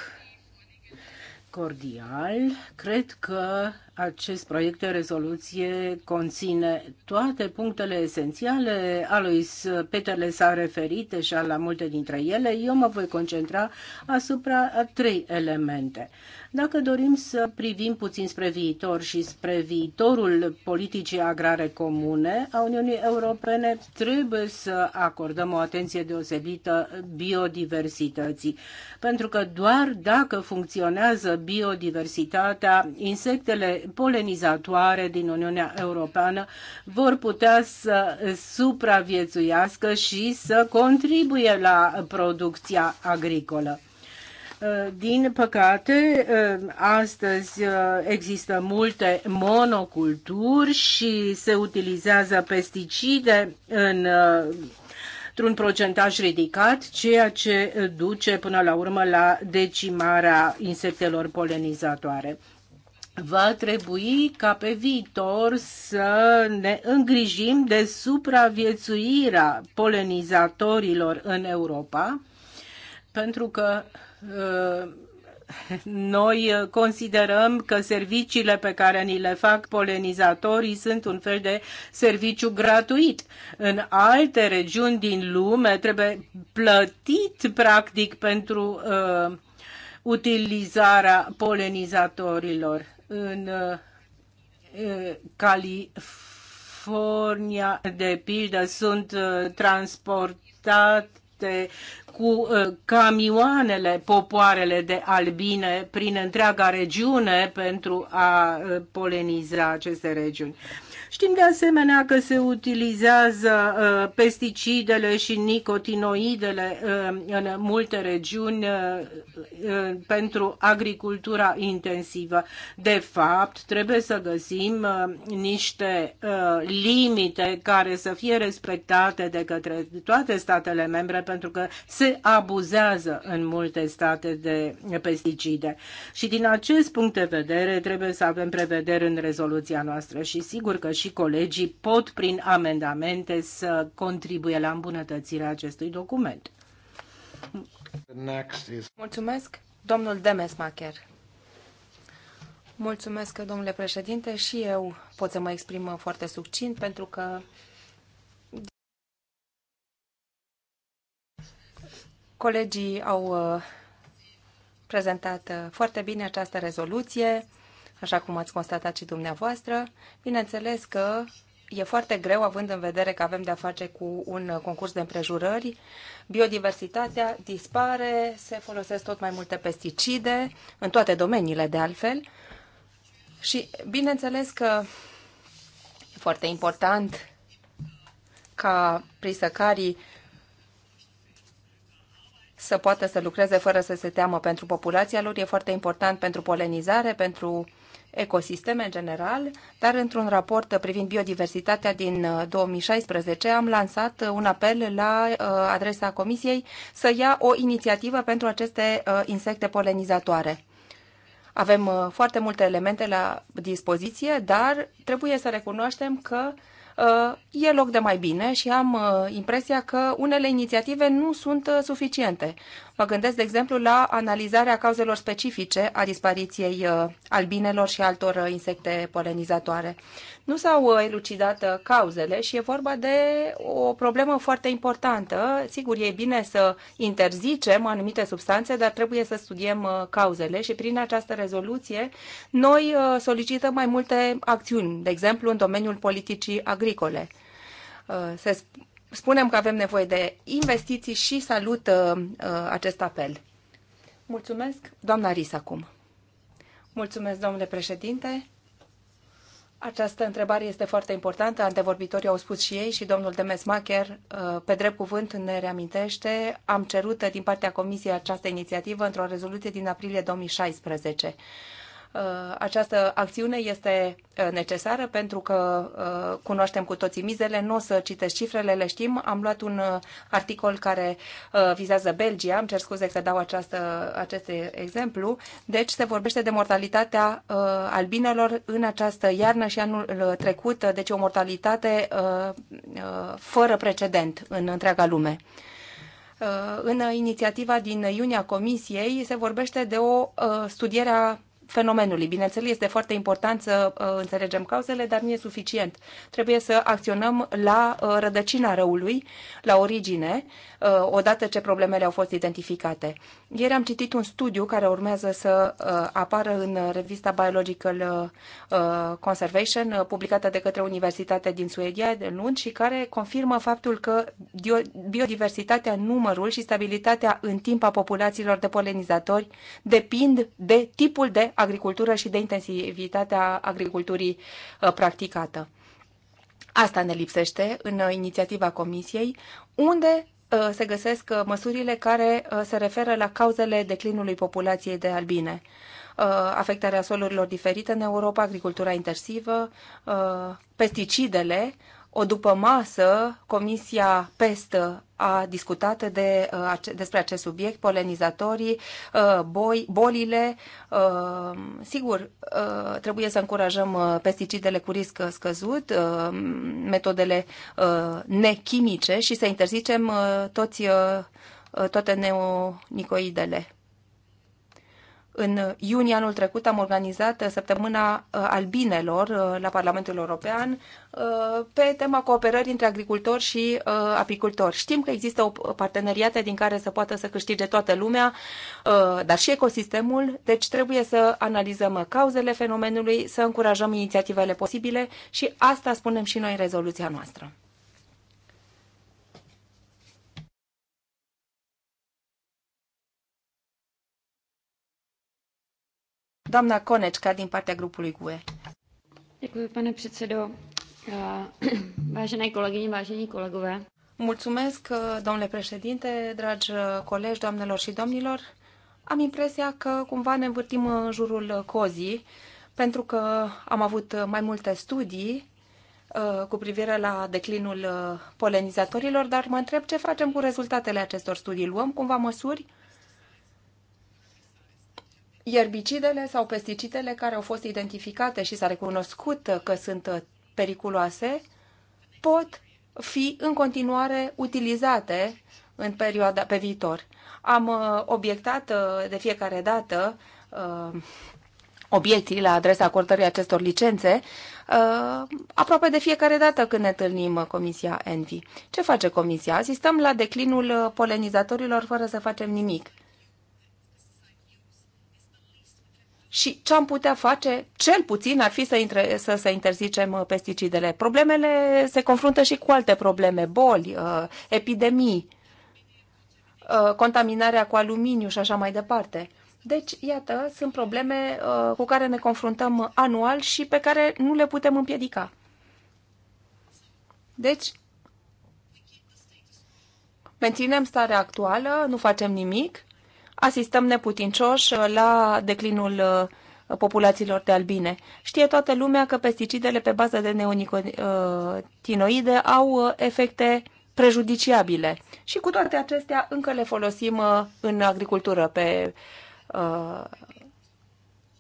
cordial. Cred că acest proiect de rezoluție conține toate punctele esențiale. lui Peterle s-a referit deja la multe dintre ele. Eu mă voi concentra asupra trei elemente. Dacă dorim să privim puțin spre viitor și spre viitorul politicii agrare comune a Uniunii Europene, trebuie să acordăm o atenție deosebită biodiversității. Pentru că doar dacă funcționează biodiversitatea, insectele polenizatoare din Uniunea Europeană vor putea să supraviețuiască și să contribuie la producția agricolă. Din păcate, astăzi există multe monoculturi și se utilizează pesticide în într-un procentaj ridicat, ceea ce duce până la urmă la decimarea insectelor polenizatoare va trebui ca pe viitor să ne îngrijim de supraviețuirea polenizatorilor în Europa, pentru că uh, noi considerăm că serviciile pe care ni le fac polenizatorii sunt un fel de serviciu gratuit. În alte regiuni din lume trebuie plătit practic pentru uh, utilizarea polenizatorilor. În eh, California, de pildă, sunt eh, transportate cu eh, camioanele popoarele de albine prin întreaga regiune pentru a poleniza aceste regiuni. Știm de asemenea că se utilizează uh, pesticidele și nicotinoidele uh, în multe regiuni uh, uh pentru agricultura intensivă. De fapt, trebuie să găsim uh, niște uh, limite care să fie respectate de către toate statele membre pentru că se abuzează în multe state de pesticide. Și din acest punct de vedere trebuie să avem prevederi în rezoluția noastră și sigur că și și colegii pot prin amendamente să contribuie la îmbunătățirea acestui document. Is... Mulțumesc, domnul Demesmacher. Mulțumesc, domnule președinte, și eu pot să mă exprim foarte succint pentru că colegii au uh, prezentat uh, foarte bine această rezoluție așa cum ați constatat și dumneavoastră. Bineînțeles că e foarte greu, având în vedere că avem de-a face cu un concurs de împrejurări. Biodiversitatea dispare, se folosesc tot mai multe pesticide, în toate domeniile de altfel. Și bineînțeles că e foarte important ca prisăcarii să poată să lucreze fără să se teamă pentru populația lor. E foarte important pentru polenizare, pentru uh, ecosisteme în general, dar într-un raport privind biodiversitatea din 2016 uh, am lansat uh, un apel la uh, adresa Comisiei să ia o inițiativă pentru aceste insecte polenizatoare. Avem foarte multe elemente la dispoziție, dar trebuie să recunoaștem că e loc de mai bine și am impresia că unele inițiative nu sunt suficiente. Mă gândesc, de exemplu, la analizarea cauzelor specifice a dispariției uh, albinelor și altor uh, insecte polenizatoare. Nu s-au uh, elucidat cauzele și e vorba de o problemă foarte importantă. Sigur, e bine să interzicem anumite substanțe, dar trebuie să studiem cauzele și prin această rezoluție noi solicităm mai multe acțiuni, de exemplu, în domeniul politicii agricole se spunem că avem nevoie de investiții și salut uh, uh, acest apel. Mulțumesc, doamna Ris, acum. Mulțumesc, domnule președinte. Această întrebare este foarte importantă. Antevorbitorii au spus și ei și domnul Demesmacher, uh, pe drept cuvânt, ne reamintește. Am cerut uh, din partea Comisiei această inițiativă într-o rezoluție din aprilie 2016. Uh, această acțiune este uh, necesară pentru că uh, cunoaștem cu toții mizele, nu o să citesc cifrele, le știm. Am luat un articol care vizează Belgia, îmi cer scuze că dau această, acest exemplu. Deci se vorbește de mortalitatea albinelor în această iarnă și anul trecut, deci o mortalitate fără precedent în întreaga lume în inițiativa din iunie a Comisiei se vorbește de o studiere a fenomenului. Bineînțeles, este foarte important să uh, înțelegem cauzele, dar nu e suficient. Trebuie să acționăm la uh, rădăcina răului, la origine, Uh, odată ce problemele au fost identificate. Ieri am citit un studiu care urmează să uh, apară în revista Biological uh, Conservation, publicată de către Universitatea din Suedia de Lund și care confirmă faptul că biodiversitatea, numărul și stabilitatea în timp a populațiilor de polenizatori depind de tipul de agricultură și de intensivitatea agriculturii practicată. Asta ne lipsește în inițiativa Comisiei, unde Uh, se găsesc uh, măsurile care uh, se referă la cauzele declinului populației de albine. Afectarea solurilor diferite în Europa, agricultura intensivă, pesticidele o după masă, Comisia Pestă a discutat de, uh, despre acest subiect, polenizatorii, uh, boi, bolile. Uh, sigur, trebuie să încurajăm pesticidele cu risc scăzut, metodele nechimice și să interzicem toți, toate neonicoidele. În iunie anul trecut am organizat uh, săptămâna uh, albinelor uh, la Parlamentul European pe tema cooperării între agricultori și apicultori. Știm că există o parteneriate din care să poate să câștige toată lumea, dar și ecosistemul, deci trebuie să analizăm cauzele fenomenului, să încurajăm inițiativele posibile și asta spunem și noi în rezoluția noastră. Doamna Conecica, din partea grupului GUE. Děkuji, pane předsedo. Eh, vážené kolegyně, vážení kolegové. Mulțumesc, eh, domnule președinte, dragi eh, colegi, doamnelor și domnilor. Am impresia că cumva ne învârtim în jurul cozii, pentru că am avut mai multe studii cu privire la declinul polenizatorilor, dar mă întreb ce facem cu rezultatele acestor studii. Luăm cumva măsuri? Ierbicidele sau pesticidele care au fost identificate și s-a recunoscut că sunt periculoase pot fi în continuare utilizate în perioada pe viitor. Am uh, obiectat uh, de fiecare dată uh, obiectii la adresa acordării acestor licențe aproape de fiecare dată când ne întâlnim Comisia Envi. Ce face Comisia? Asistăm la declinul polenizatorilor fără să facem nimic. și ce am putea face, cel puțin, ar fi să, intre, să, să interzicem uh, pesticidele. Problemele se confruntă și cu alte probleme, boli, uh, epidemii, uh, contaminarea cu aluminiu și așa mai departe. Deci, iată, sunt probleme cu care ne confruntăm anual și pe care nu le putem împiedica. Deci, menținem starea actuală, nu facem nimic asistăm neputincioși la declinul uh, populațiilor de albine. Știe toată lumea că pesticidele pe bază de neonicotinoide au uh, efecte prejudiciabile și cu toate acestea încă le folosim uh, în agricultură pe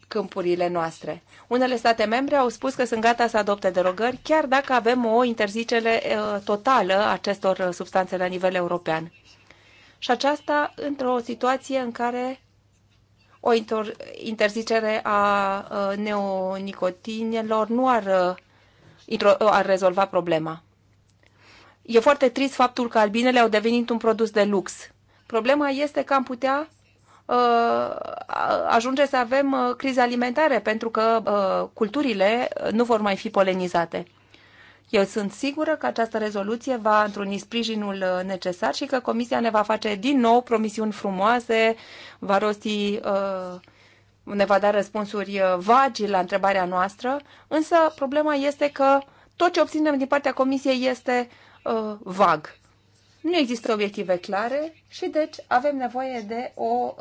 câmpurile noastre. Unele state membre au spus că sunt gata să adopte derogări, chiar dacă avem o interzicere totală acestor substanțe la nivel european și aceasta într-o situație în care o interzicere a neonicotinelor nu ar, ar rezolva problema. E foarte trist faptul că albinele au devenit un produs de lux. Problema este că am putea ajunge să avem crize alimentare pentru că culturile nu vor mai fi polenizate. Eu sunt sigură că această rezoluție va întruni sprijinul uh, necesar și că Comisia ne va face din nou promisiuni frumoase, va rosti, uh, ne va da răspunsuri uh, vagi la întrebarea noastră, însă problema este că tot ce obținem din partea Comisiei este vag. Nu există obiective clare și deci avem nevoie de o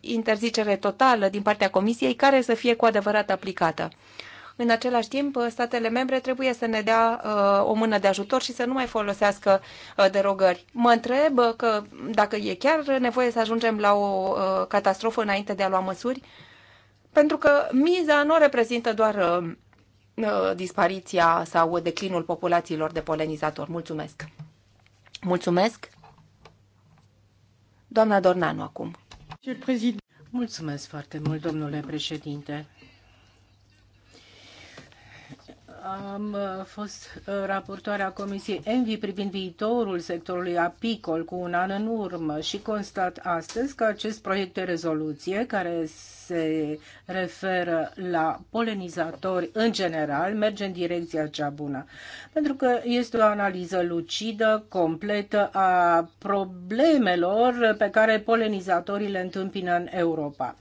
interzicere totală din partea Comisiei care să fie cu adevărat aplicată. În același timp, statele membre trebuie să ne dea uh, o mână de ajutor și să nu mai folosească uh, derogări. Mă întreb uh, că dacă e chiar nevoie să ajungem la o catastrofă înainte de a lua măsuri, pentru că miza nu reprezintă doar dispariția sau declinul populațiilor de polenizator. Mulțumesc! Mulțumesc! Doamna Dornanu acum. Mulțumesc foarte mult, domnule președinte am uh, fost uh, raportoarea Comisiei Envi privind viitorul sectorului apicol cu un an în urmă și constat astăzi că acest proiect de rezoluție care se referă la polenizatori în general merge în direcția cea bună. Pentru că este o analiză lucidă, completă a problemelor pe care polenizatorii le întâmpină în Europa.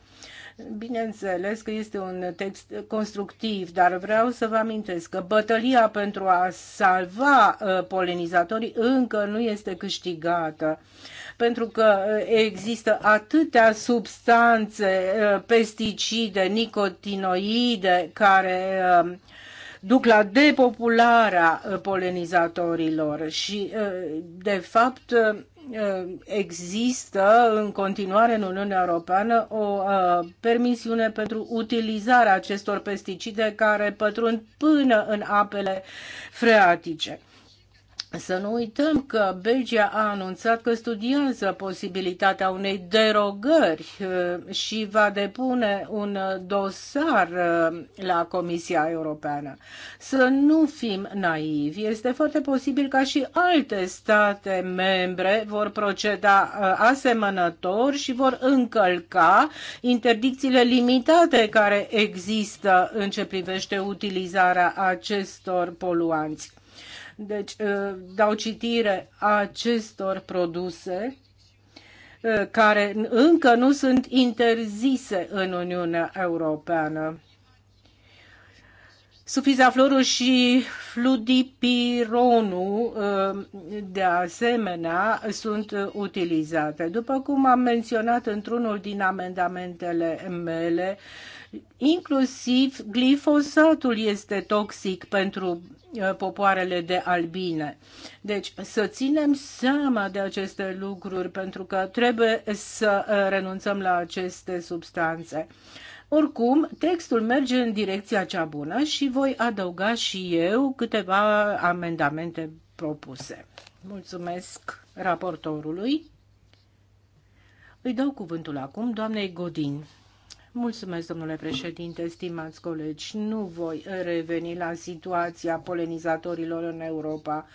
Bineînțeles că este un text constructiv, dar vreau să vă amintesc că bătălia pentru a salva uh, polenizatorii încă nu este câștigată, pentru că uh, există atâtea substanțe, uh, pesticide, nicotinoide care duc la depopularea polenizatorilor și, de fapt, Uh, există în continuare în Uniunea Europeană o uh, permisiune pentru utilizarea acestor pesticide care pătrund până în apele freatice. Să nu uităm că Belgia a anunțat că studiază posibilitatea unei derogări uh, și va depune un dosar uh, la Comisia Europeană. Să nu fim naivi. Este foarte posibil ca și alte state membre vor proceda uh, asemănător și vor încălca interdicțiile limitate care există în ce privește utilizarea acestor poluanți deci uh, dau citire acestor produse uh, care încă nu sunt interzise în Uniunea Europeană. Sufizaflorul și fludipironul uh, de asemenea sunt utilizate. După cum am menționat într-unul din amendamentele mele, inclusiv glifosatul este toxic pentru Uh, popoarele de albine. Deci să ținem seama de aceste lucruri pentru că trebuie să uh, renunțăm la aceste substanțe. Oricum, textul merge în direcția cea bună și voi adăuga și eu câteva amendamente propuse. Mulțumesc raportorului. Îi dau cuvântul acum doamnei Godin. Mulțumesc, domnule președinte, stimați colegi. Nu voi reveni la situația polenizatorilor în Europa,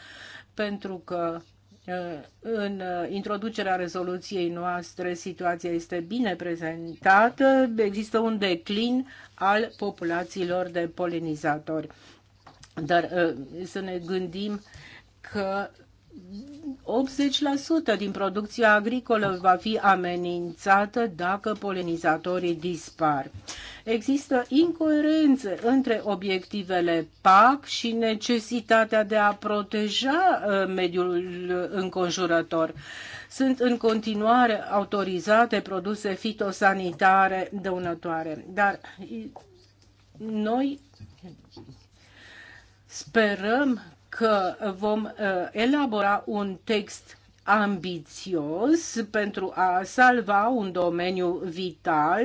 pentru că eh, în introducerea rezoluției noastre, situația este bine prezentată, există un declin al populațiilor de polenizatori. Dar eh, să ne gândim că 80% din producția agricolă va fi amenințată dacă polenizatorii dispar. Există incoerențe între obiectivele PAC și necesitatea de a proteja uh, mediul înconjurător. Sunt în continuare autorizate produse fitosanitare dăunătoare, dar noi sperăm că vom uh, elabora un text ambițios pentru a salva un domeniu vital,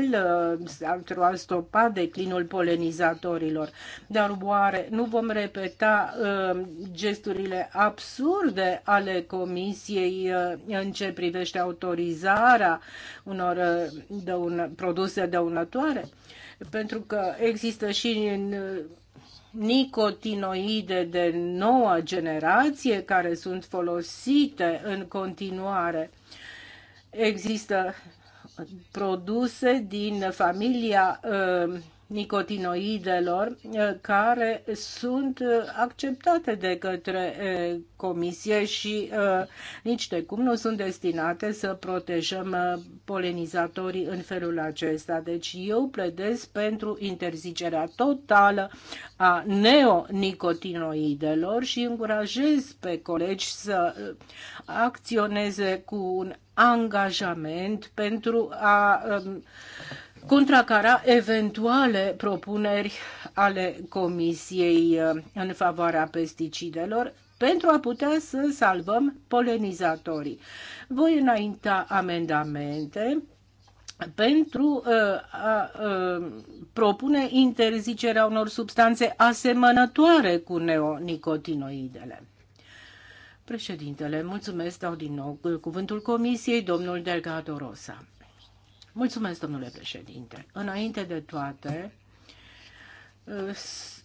uh, pentru a stopa declinul polenizatorilor. Dar oare nu vom repeta uh, gesturile absurde ale Comisiei în ce privește autorizarea unor dăun- produse dăunătoare? Pentru că există și în nicotinoide de noua generație care sunt folosite în continuare. Există produse din familia uh, nicotinoidelor eh, care sunt eh, acceptate de către eh, comisie și nici de cum nu sunt destinate să protejăm polenizatorii în felul acesta. Deci eu pledez pentru interzicerea totală a neonicotinoidelor și încurajez pe colegi să acționeze cu un angajament pentru a contracara eventuale propuneri ale Comisiei eh, în favoarea pesticidelor pentru a putea să salvăm polenizatorii. Voi înainta amendamente pentru uh, a uh, propune interzicerea unor substanțe asemănătoare cu neonicotinoidele. Președintele, mulțumesc, dau din nou cuvântul Comisiei, domnul Delgado Rosa. Mulțumesc, domnule președinte. Înainte de toate, uh,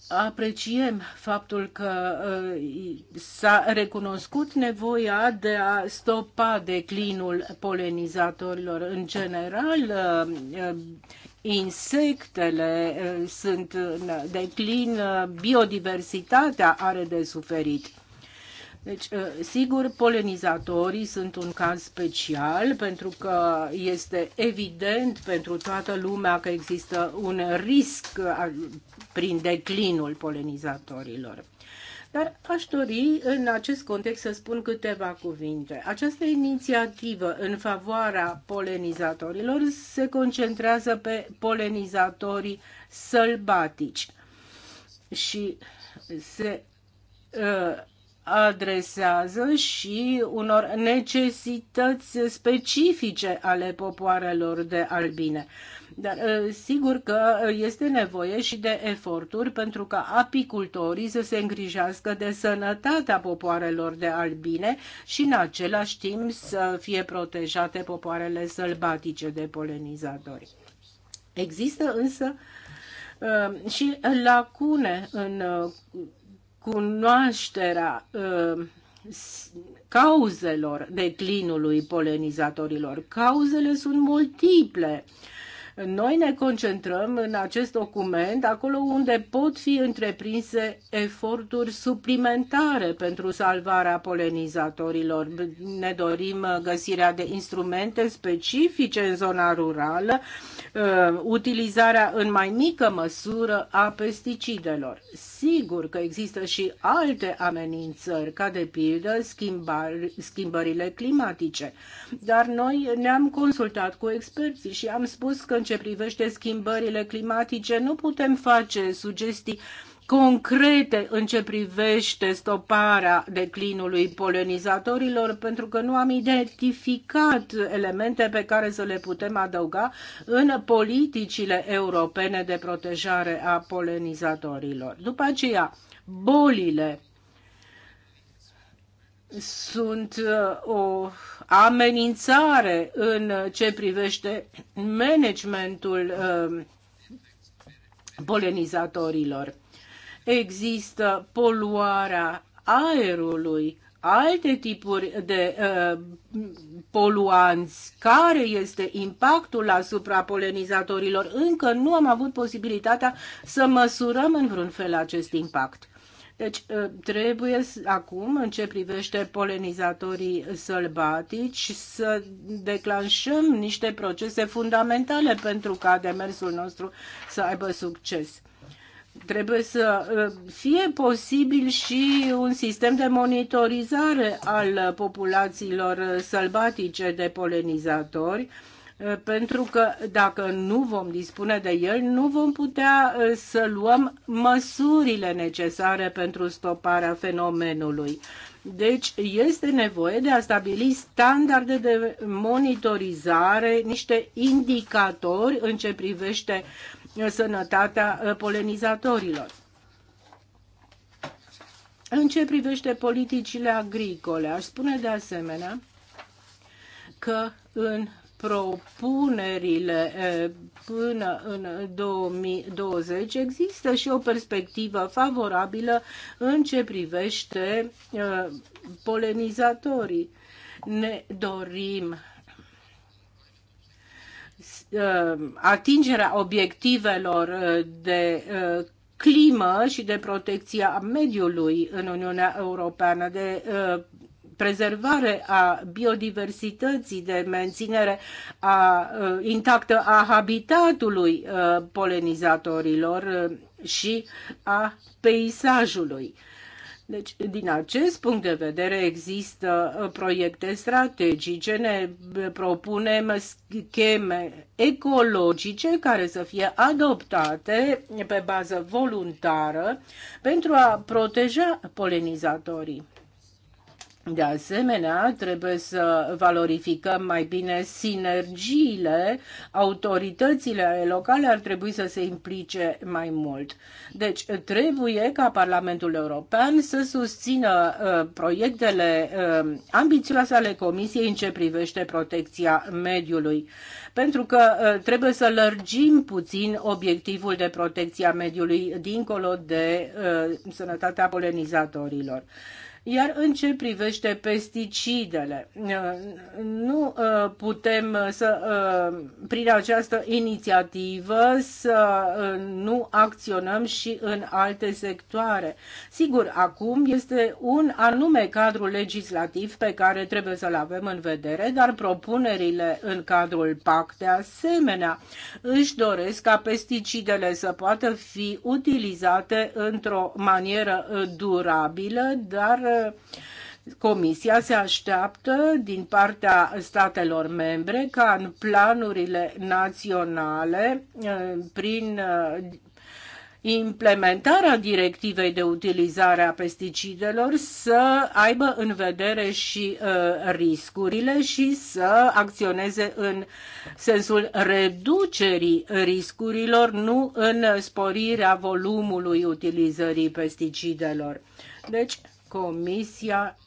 apreciem faptul că uh, s-a recunoscut nevoia de a stopa declinul polenizatorilor. În general, uh, insectele sunt în declin, biodiversitatea are de suferit. Deci, uh, sigur, polenizatorii sunt un caz special pentru că este evident pentru toată lumea că există un risc uh, prin declinul polenizatorilor. Dar aș dori în acest context să spun câteva cuvinte. Această inițiativă în favoarea polenizatorilor se concentrează pe polenizatorii sălbatici și se uh, adresează și unor necesități specifice ale popoarelor de albine. Dar uh, sigur că este nevoie și de eforturi pentru ca apicultorii să se îngrijească de sănătatea popoarelor de albine și în același timp să fie protejate popoarele sălbatice de polenizatori. Există însă uh, și lacune în uh, cunoașterea uh, cauzelor declinului polenizatorilor. Cauzele sunt multiple. Uh, noi ne concentrăm în acest document acolo unde pot fi întreprinse eforturi suplimentare pentru salvarea polenizatorilor. Ne dorim uh, găsirea de instrumente specifice în zona rurală, uh, utilizarea în mai mică măsură a pesticidelor. Sigur că există și alte amenințări, ca de pildă schimbările climatice, dar noi ne-am consultat cu experții și am spus că în ce privește schimbările climatice, nu putem face sugestii concrete în ce privește stoparea declinului polenizatorilor, pentru că nu am identificat elemente pe care să le putem adăuga în politicile europene de protejare a polenizatorilor. După aceea, bolile sunt uh, o amenințare în ce privește managementul um, polenizatorilor. Există poluarea aerului, alte tipuri de uh, poluanți, care este impactul asupra polenizatorilor. Încă nu am avut posibilitatea să măsurăm în vreun fel acest impact. Deci ă, trebuie acum, în ce privește polenizatorii sălbatici, să declanșăm niște procese fundamentale pentru ca demersul nostru să aibă succes trebuie să ă, fie posibil și un sistem de monitorizare al populațiilor sălbatice de polenizatori Eh, pentru că dacă nu vom dispune de el, nu vom putea eh, să luăm măsurile necesare pentru stoparea fenomenului. Deci este nevoie de a stabili standarde de monitorizare, niște indicatori în ce privește eh, sănătatea polenizatorilor. În ce privește politicile agricole, aș spune de asemenea că în propunerile până în 2020, există și o perspectivă favorabilă în ce privește polenizatorii. Ne dorim atingerea obiectivelor de climă și de protecția mediului în Uniunea Europeană, de prezervare a biodiversității, de menținere a, uh, intactă a habitatului uh, polenizatorilor uh, și a peisajului. Deci, din acest punct de vedere, există proiecte strategice, ne propunem scheme ecologice care să fie adoptate pe bază voluntară pentru a proteja polenizatorii. De asemenea, trebuie să valorificăm mai bine sinergiile, autoritățile locale ar trebui să se implice mai mult. Deci, trebuie ca Parlamentul European să susțină uh, proiectele uh, ambițioase ale Comisiei în ce privește protecția mediului, pentru că uh, trebuie să lărgim puțin obiectivul de protecția mediului dincolo de uh, sănătatea polenizatorilor. Uh, iar în ce privește pesticidele, nu uh, putem uh, să, uh, prin această inițiativă să nu acționăm și în alte sectoare. Sigur, acum este un anume cadru legislativ pe care trebuie să-l avem în vedere, dar propunerile în cadrul PAC de asemenea își doresc ca pesticidele să poată fi utilizate într-o manieră durabilă, dar Comisia se așteaptă din partea statelor membre ca în planurile naționale, eh, prin eh, implementarea directivei de utilizare a pesticidelor să aibă în vedere și eh, riscurile și să acționeze în sensul reducerii riscurilor, nu în sporirea volumului utilizării pesticidelor. Deci, Comisia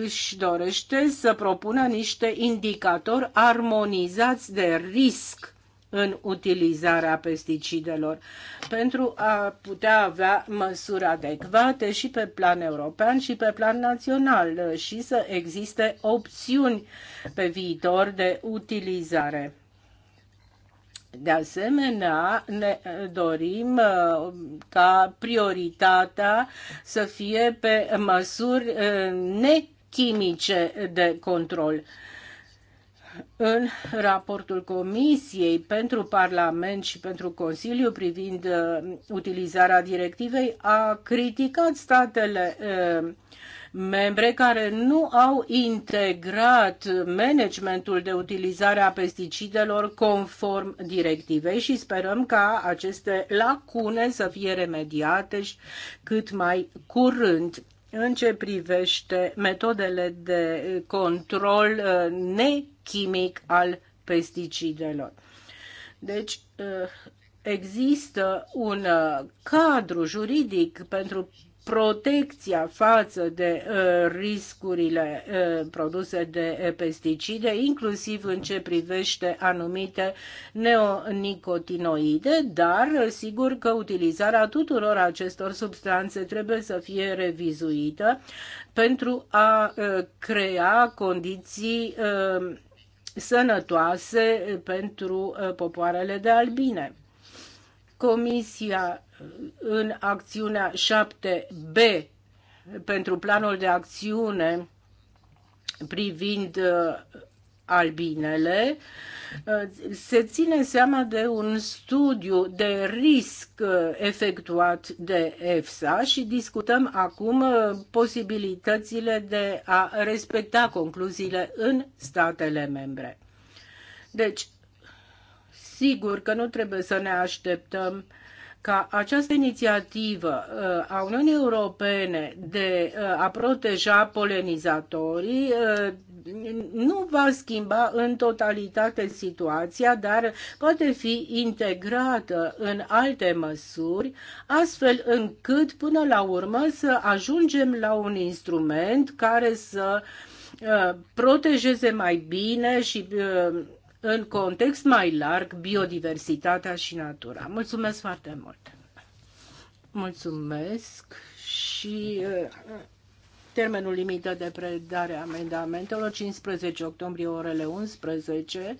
își dorește să propună niște indicatori armonizați de risc în utilizarea pesticidelor pentru a putea avea măsuri adecvate și pe plan european și pe plan național și să existe opțiuni pe viitor de utilizare. De asemenea, ne dorim uh, ca prioritatea să fie pe măsuri uh, nechimice de control. În raportul Comisiei pentru Parlament și pentru Consiliu privind uh, utilizarea directivei a criticat statele membre care nu au integrat managementul de utilizare a pesticidelor conform directivei și sperăm ca aceste lacune să fie remediate și cât mai curând în ce privește metodele de control uh, nechimic al pesticidelor. Deci uh, există un uh, cadru juridic pentru protecția față de uh, riscurile uh, produse de uh, pesticide, inclusiv în ce privește anumite neonicotinoide, dar uh, sigur că utilizarea tuturor acestor substanțe trebuie să fie revizuită pentru a uh, crea condiții uh, sănătoase pentru popoarele de albine. Comisia în acțiunea 7B pentru planul de acțiune privind uh, albinele, uh, se ține seama de un studiu de risc uh, efectuat de EFSA și discutăm acum posibilitățile de a respecta concluziile în statele membre. Deci, sigur că nu trebuie să ne așteptăm ca această inițiativă uh, a Uniunii Europene de uh, a proteja polenizatorii uh, nu va schimba în totalitate situația, dar poate fi integrată în alte măsuri, astfel încât până la urmă să ajungem la un instrument care să protejeze mai bine și în context mai larg biodiversitatea și natura. Mulțumesc foarte mult! Mulțumesc și uh, termenul limită de predare a amendamentelor 15 octombrie orele 11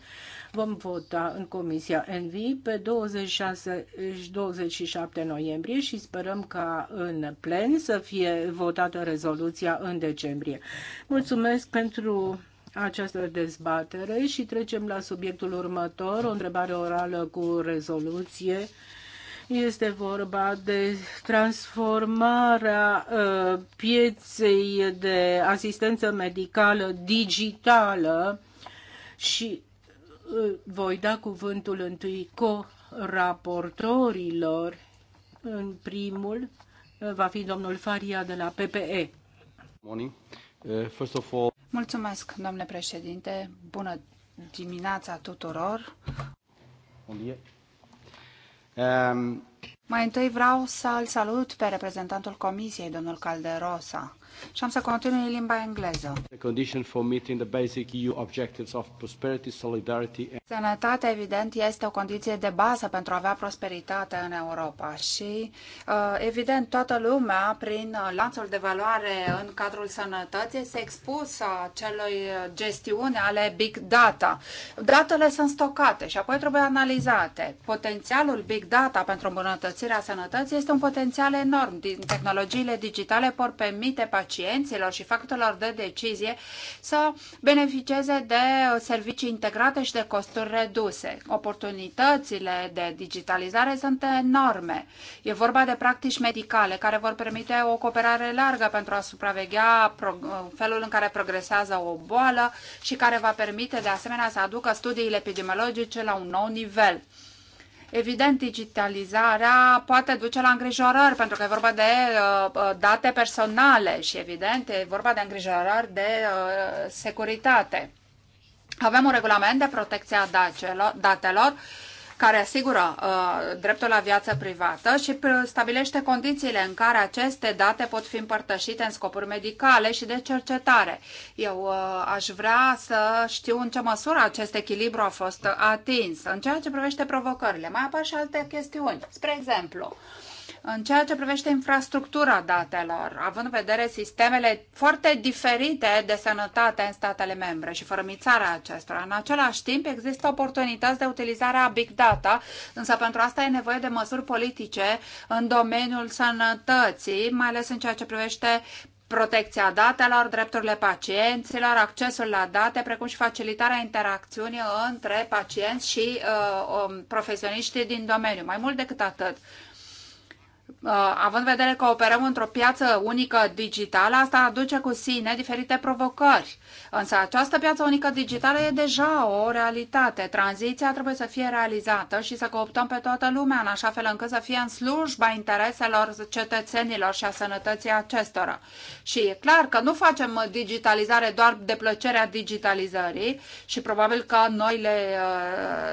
vom vota în Comisia NV pe 26 27 noiembrie și sperăm ca în plen să fie votată rezoluția în decembrie. Mulțumesc pentru această dezbatere și trecem la subiectul următor, o întrebare orală cu rezoluție. Este vorba de transformarea uh, pieței de asistență medicală digitală și uh, voi da cuvântul întâi co-raportorilor. În primul uh, va fi domnul Faria de la PPE. Morning. Eh, first of all... Mulțumesc, domnule președinte. Bună dimineața tuturor. Bun Um... Mai întâi vreau să-l salut pe reprezentantul Comisiei, domnul Calderosa și am să continui în limba engleză. Sănătatea, evident, este o condiție de bază pentru a avea prosperitate în Europa și, uh, evident, toată lumea, prin uh, lanțul de valoare în cadrul sănătății, este expusă acelui uh, gestiune ale Big Data. Datele sunt stocate și apoi trebuie analizate. Potențialul Big Data pentru îmbunătățirea sănătății este un potențial enorm. Din tehnologiile digitale pot permite pacienților pacienților și factorilor de decizie să beneficieze de servicii integrate și de costuri reduse. Oportunitățile de digitalizare sunt enorme. E vorba de practici medicale care vor permite o cooperare largă pentru a supraveghea felul în care progresează o boală și care va permite de asemenea să aducă studiile epidemiologice la un nou nivel. Evident, digitalizarea poate duce la îngrijorări, pentru că e vorba de uh, uh, date personale și, evident, e vorba de îngrijorări de uh, securitate. Avem un regulament de protecție a datelor care asigură uh, dreptul la viață privată și stabilește condițiile în care aceste date pot fi împărtășite în scopuri medicale și de cercetare. Eu uh, aș vrea să știu în ce măsură acest echilibru a fost atins. În ceea ce privește provocările, mai apar și alte chestiuni. Spre exemplu, uh, în ceea ce privește infrastructura datelor, având în vedere sistemele foarte diferite de sănătate în statele membre și fărămițarea acestora, în același timp există oportunități de utilizare a big data, însă pentru asta e nevoie de măsuri politice în domeniul sănătății, mai ales în ceea ce privește protecția datelor, drepturile pacienților, accesul la date, precum și facilitarea interacțiunii între pacienți și uh, um, profesioniștii din domeniu. Mai mult decât atât, Uh, având în vedere că operăm într-o piață unică digitală, asta aduce cu sine diferite provocări Însă această piață unică digitală e deja o realitate. Tranziția trebuie să fie realizată și să cooptăm pe toată lumea în așa fel încât să fie în slujba intereselor cetățenilor și a sănătății acestora. Și e clar că nu facem digitalizare doar de plăcerea digitalizării și probabil că noile,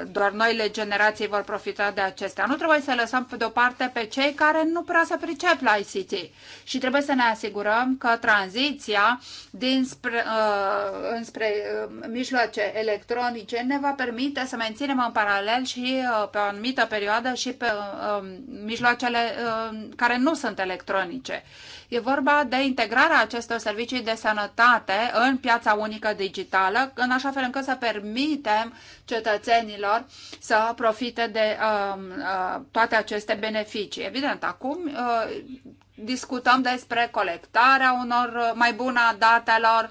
uh, doar noile generații vor profita de acestea. Nu trebuie să lăsăm deoparte pe cei care nu prea se pricep la ICT și trebuie să ne asigurăm că tranziția dinspre, uh, înspre uh, mijloace electronice ne va permite să menținem în paralel și uh, pe o anumită perioadă și pe uh, um, mijloacele care nu sunt electronice. E vorba de integrarea acestor servicii de sănătate în piața unică digitală, în așa fel încât să permitem cetățenilor să profite de toate aceste beneficii. Evident, acum discutăm despre colectarea unor mai bună a datelor,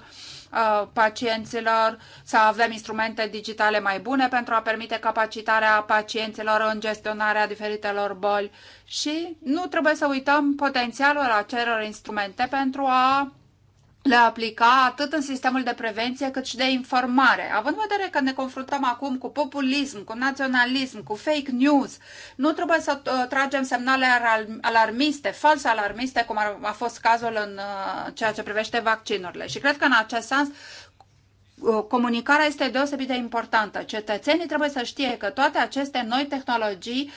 Uh, pacienților, să avem instrumente digitale mai bune pentru a permite capacitarea pacienților în gestionarea diferitelor boli și nu trebuie să uităm potențialul acelor instrumente pentru a le aplica atât în sistemul de prevenție cât și de informare. Având în vedere că ne confruntăm acum cu populism, cu naționalism, cu fake news, nu trebuie să uh, tragem semnale alarmiste, false alarmiste, cum a fost cazul în uh, ceea ce privește vaccinurile. Și cred că în acest sens Uh, comunicarea este deosebit de importantă. Cetățenii trebuie să știe că toate aceste noi tehnologii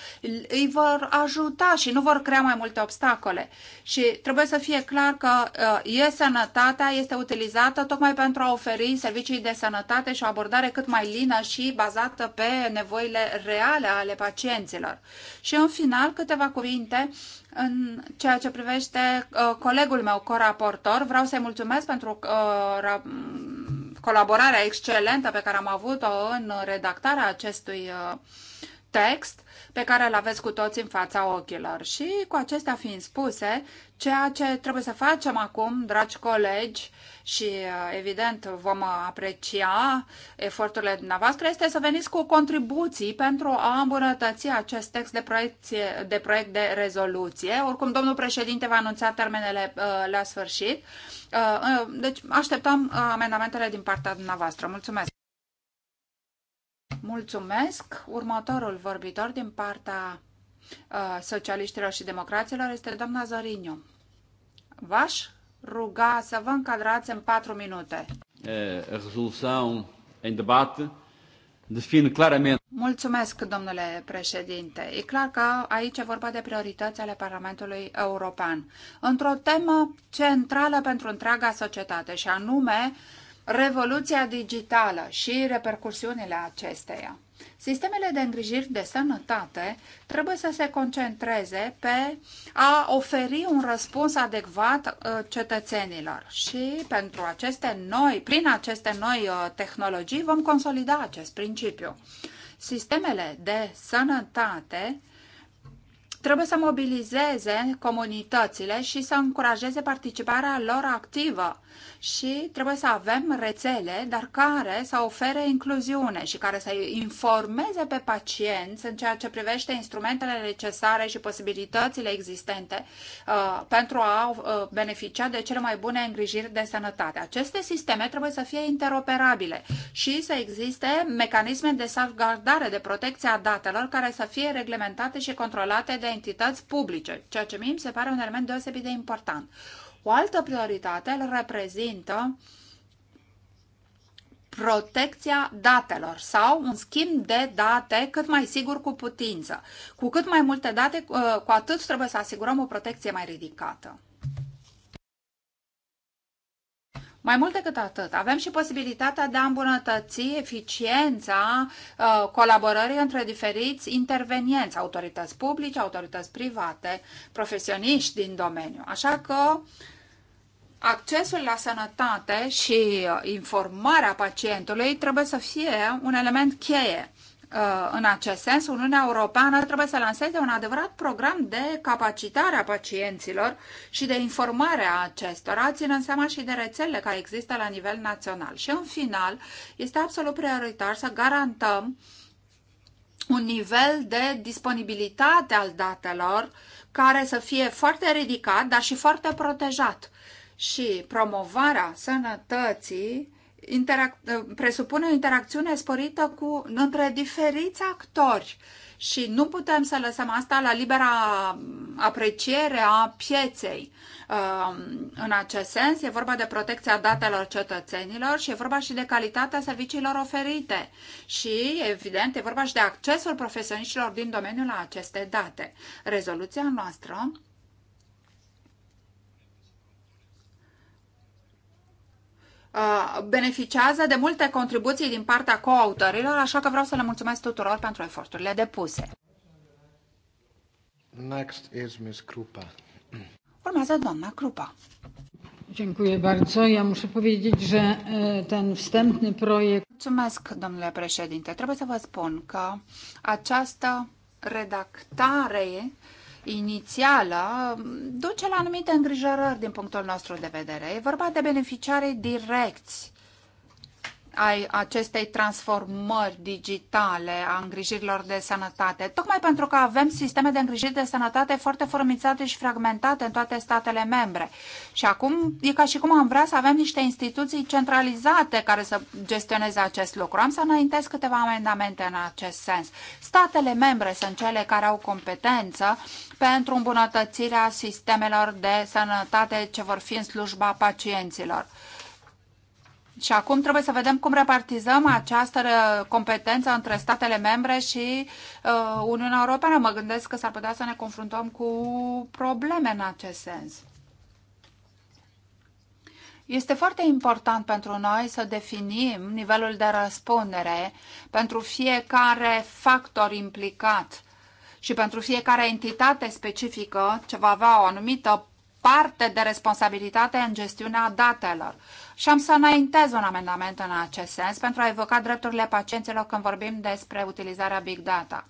îi vor ajuta și nu vor crea mai multe obstacole. Și trebuie să fie clar că uh, e-sănătatea este utilizată tocmai pentru a oferi servicii de sănătate și o abordare cât mai lină și bazată pe nevoile reale ale pacienților. Și în final, câteva cuvinte în ceea ce privește uh, colegul meu, coraportor, vreau să-i mulțumesc pentru uh, colaborarea excelentă pe care am avut-o în redactarea acestui uh, text pe care îl aveți cu toți în fața ochilor. Și cu acestea fiind spuse, ceea ce trebuie să facem acum, dragi colegi, și uh, evident vom aprecia eforturile dumneavoastră, este să veniți cu contribuții pentru a îmbunătăți acest text de proiect de, proiect de rezoluție. Oricum, domnul președinte va anunța termenele uh, la sfârșit. Uh, deci așteptăm amendamentele din partea dumneavoastră. Mulțumesc! Mulțumesc. Următorul vorbitor din partea uh, socialiștilor și democraților este doamna Zoriniu. V-aș ruga să vă încadrați în patru minute. Eh, Rezolução în debat define claramente. Mulțumesc, domnule președinte. E clar că aici e vorba de priorități ale Parlamentului European într-o temă centrală pentru întreaga societate și anume uh, revoluția digitală și repercursiunile acesteia. Sistemele de îngrijiri de sănătate trebuie să se concentreze pe a oferi un răspuns adecvat uh, cetățenilor și pentru aceste noi, prin aceste noi uh, tehnologii vom consolida acest principiu. Sistemele de sănătate trebuie să mobilizeze comunitățile și să încurajeze participarea lor activă și trebuie să avem rețele, dar care să ofere incluziune și care să informeze pe pacienți în ceea ce privește instrumentele necesare și posibilitățile existente uh, pentru a uh, beneficia de cele mai bune îngrijiri de sănătate. Aceste sisteme trebuie să fie interoperabile și să existe mecanisme de salvgardare, de protecție a datelor care să fie reglementate și controlate de entități publice, ceea ce mie mi se pare un element deosebit de important. O altă prioritate îl reprezintă protecția datelor sau un schimb de date cât mai sigur cu putință. Cu cât mai multe date, cu atât trebuie să asigurăm o protecție mai ridicată. Mai mult decât atât, avem și posibilitatea de a îmbunătăți eficiența uh, colaborării între diferiți intervenienți, autorități publice, autorități private, profesioniști din domeniu. Așa că accesul la sănătate și uh, informarea pacientului trebuie să fie un element cheie. Uh, în acest sens, Uniunea Europeană trebuie să lanseze un adevărat program de capacitare a pacienților și de informare a acestora, ținând seama și de rețelele care există la nivel național. Și în final, este absolut prioritar să garantăm un nivel de disponibilitate al datelor care să fie foarte ridicat, dar și foarte protejat și promovarea sănătății presupune o interacțiune sporită cu, între diferiți actori și nu putem să lăsăm asta la libera apreciere a pieței. Um, în acest sens, e vorba de protecția datelor cetățenilor și e vorba și de calitatea serviciilor oferite și, evident, e vorba și de accesul profesioniștilor din domeniul la aceste date. Rezoluția noastră Uh, beneficiază de multe contribuții din partea coautorilor, așa că vreau să le mulțumesc tuturor pentru eforturile depuse. Next is Ms. Krupa. Urmează doamna Krupa. Dziękuję bardzo. Ja muszę powiedzieć, że ten wstępny projekt... Mulțumesc, domnule președinte. Trebuie să vă spun că această redactare inițială duce la anumite îngrijorări din punctul nostru de vedere. E vorba de beneficiarii direcți ai acestei transformări digitale a îngrijirilor de sănătate, tocmai pentru că avem sisteme de îngrijiri de sănătate foarte formizate și fragmentate în toate statele membre. Și acum e ca și cum am vrea să avem niște instituții centralizate care să gestioneze acest lucru. Am să înaintez câteva amendamente în acest sens. Statele membre sunt cele care au competență pentru îmbunătățirea sistemelor de sănătate ce vor fi în slujba pacienților. Și acum trebuie să vedem cum repartizăm această competență între statele membre și uh, Uniunea Europeană. Mă gândesc că s-ar putea să ne confruntăm cu probleme în acest sens. Este foarte important pentru noi să definim nivelul de răspundere pentru fiecare factor implicat și pentru fiecare entitate specifică ce va avea o anumită parte de responsabilitate în gestiunea datelor. Și am să înaintez un amendament în acest sens pentru a evoca drepturile pacienților când vorbim despre utilizarea Big Data.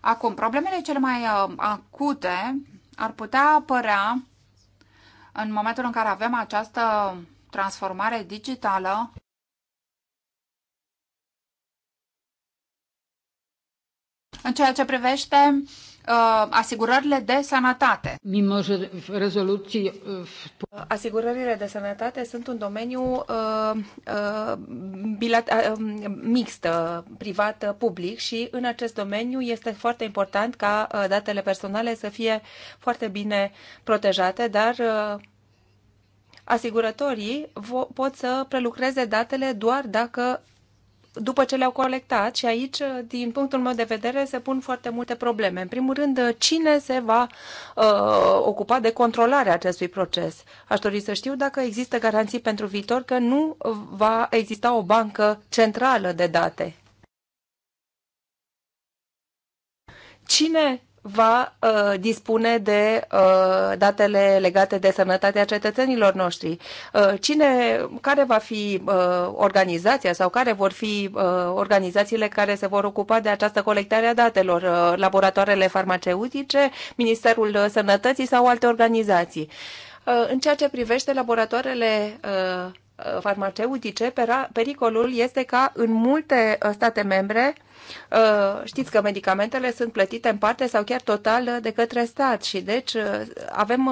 Acum, problemele cele mai uh, acute ar putea apărea în momentul în care avem această transformare digitală în ceea ce privește uh, asigurările de sănătate. Uh, uh, asigurările de sănătate sunt un domeniu uh, uh, bilat, uh, um, mixt, uh, privat-public și în acest domeniu este foarte important ca datele personale să fie foarte bine protejate, dar uh, asigurătorii pot să prelucreze datele doar dacă după ce le-au colectat și aici, uh, din punctul meu de vedere, se pun foarte multe probleme. În primul rând, uh, cine se va uh, ocupa de controlarea acestui proces? Aș dori să știu dacă există garanții pentru viitor că nu uh, va exista o bancă centrală de date. Cine va uh, dispune de uh, datele legate de sănătatea cetățenilor noștri. Uh, cine, care va fi uh, organizația sau care vor fi uh, organizațiile care se vor ocupa de această colectare a datelor? Uh, laboratoarele farmaceutice, Ministerul uh, Sănătății sau alte organizații? Uh, în ceea ce privește laboratoarele uh, uh farmaceutice, pericolul este ca în multe uh, state membre Uh, știți că medicamentele sunt plătite în parte sau chiar total uh, de către stat și deci uh, avem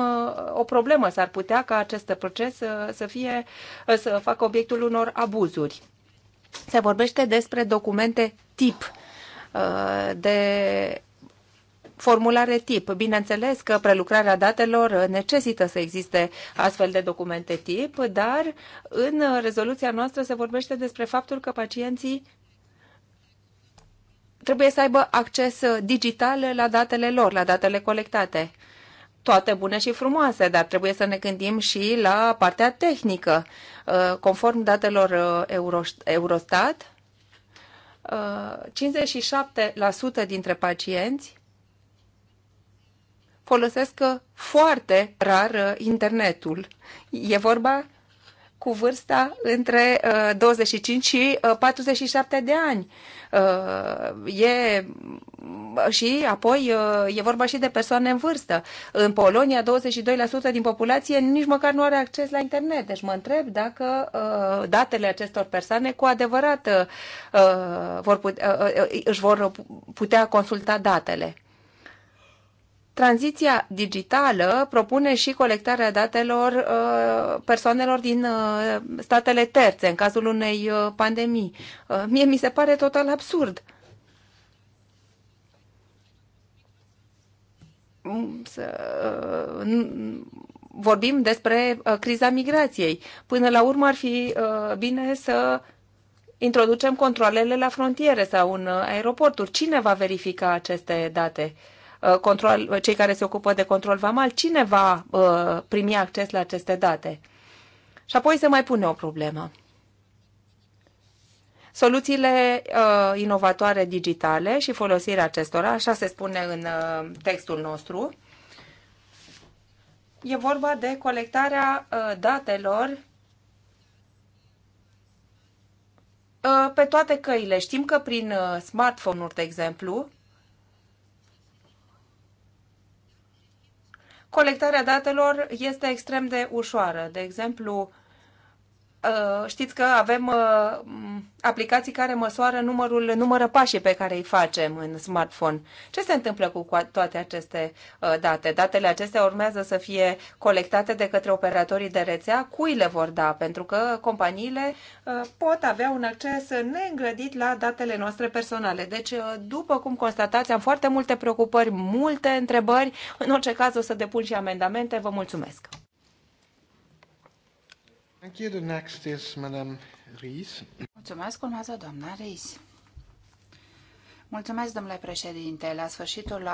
o problemă. S-ar putea ca acest proces să, fie, să facă obiectul unor abuzuri. Se vorbește despre documente tip de formulare tip. Bineînțeles că prelucrarea datelor necesită să existe astfel de documente tip, dar în rezoluția noastră se vorbește despre faptul că pacienții trebuie să aibă acces uh, digital la datele lor, la datele colectate. Toate bune și frumoase, dar trebuie să ne gândim și la partea tehnică. Uh, conform datelor uh, Eurostat, 57% dintre pacienți folosesc foarte rar internetul. E vorba cu vârsta între 25 uh, și 47 uh, de ani. Uh, e și apoi e vorba și de persoane în vârstă. În Polonia, 22% din populație nici măcar nu are acces la internet. Deci mă întreb dacă datele acestor persoane cu adevărat vor put- își vor putea consulta datele. Tranziția digitală propune și colectarea datelor uh, persoanelor din uh, statele terțe în cazul unei uh, pandemii. Mie mi se pare total absurd. Mm, să, vorbim despre criza migrației. Până la urmă ar fi bine să introducem controlele la frontiere sau în aeroporturi. Cine va verifica aceste date? Uh, control, cei care se ocupă de control vamal, cine va uh, primi acces la aceste date? Și apoi se mai pune o problemă. Soluțiile uh, inovatoare digitale și folosirea acestora, așa se spune în uh, textul nostru, e vorba de colectarea uh, datelor uh, pe toate căile. Știm că prin uh, smartphone-uri, de exemplu, colectarea datelor este extrem de ușoară. De exemplu, Uh, știți că avem uh, aplicații care măsoară numărul, numără pașii pe care îi facem în smartphone. Ce se întâmplă cu toate aceste uh, date? Datele acestea urmează să fie colectate de către operatorii de rețea. Cui le vor da? Pentru că companiile pot avea un acces neîngrădit la datele noastre personale. Deci, după cum constatați, am foarte multe preocupări, multe întrebări. În orice caz, o să depun și amendamente. Vă mulțumesc! Mulțumesc, urmează doamna Reis. Mulțumesc, domnule președinte. La sfârșitul uh,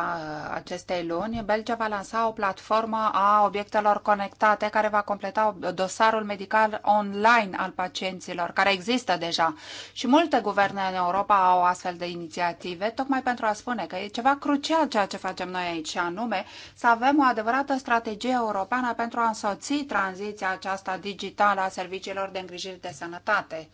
acestei luni, Belgia va lansa o platformă a obiectelor conectate care va completa dosarul medical online al pacienților, care există deja. Și multe guverne în Europa au astfel de inițiative, tocmai pentru a spune că e ceva crucial ceea ce facem noi aici, anume să avem o adevărată strategie europeană pentru a însoți tranziția aceasta digitală a serviciilor de îngrijire de sănătate.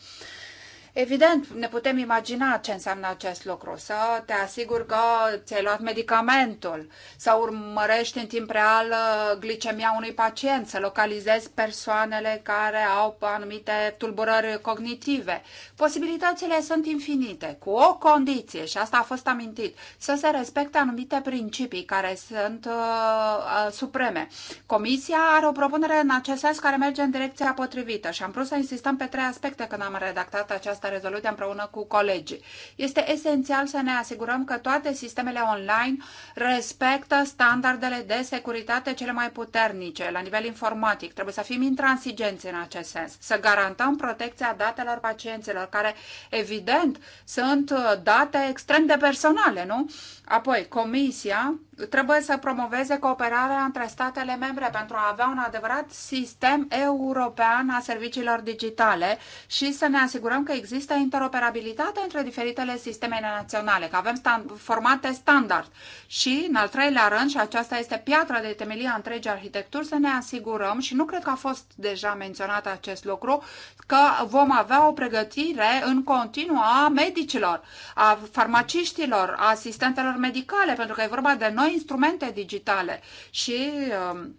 Evident, ne putem imagina ce înseamnă acest lucru. Să te asiguri că ți-ai luat medicamentul, să urmărești în timp real uh, glicemia unui pacient, să localizezi persoanele care au anumite tulburări cognitive. Posibilitățile sunt infinite, cu o condiție, și asta a fost amintit, să se respecte anumite principii care sunt uh, uh supreme. Comisia are o propunere în acest sens care merge în direcția potrivită și am vrut să insistăm pe trei aspecte când am redactat această această rezoluție împreună cu colegii. Este esențial să ne asigurăm că toate sistemele online respectă standardele de securitate cele mai puternice la nivel informatic. Trebuie să fim intransigenți în acest sens, să garantăm protecția datelor pacienților, care evident sunt date extrem de personale, nu? Apoi, Comisia trebuie să promoveze cooperarea între statele membre pentru a avea un adevărat sistem european a serviciilor digitale și să ne asigurăm că există interoperabilitate între diferitele sisteme naționale, că avem stand- formate standard. Și, în al treilea rând, și aceasta este piatra de temelie a întregii arhitecturi, să ne asigurăm, și nu cred că a fost deja menționat acest lucru, că vom avea o pregătire în continuă a medicilor, a farmaciștilor, a asistentelor medicale, pentru că e vorba de noi instrumente digitale și um,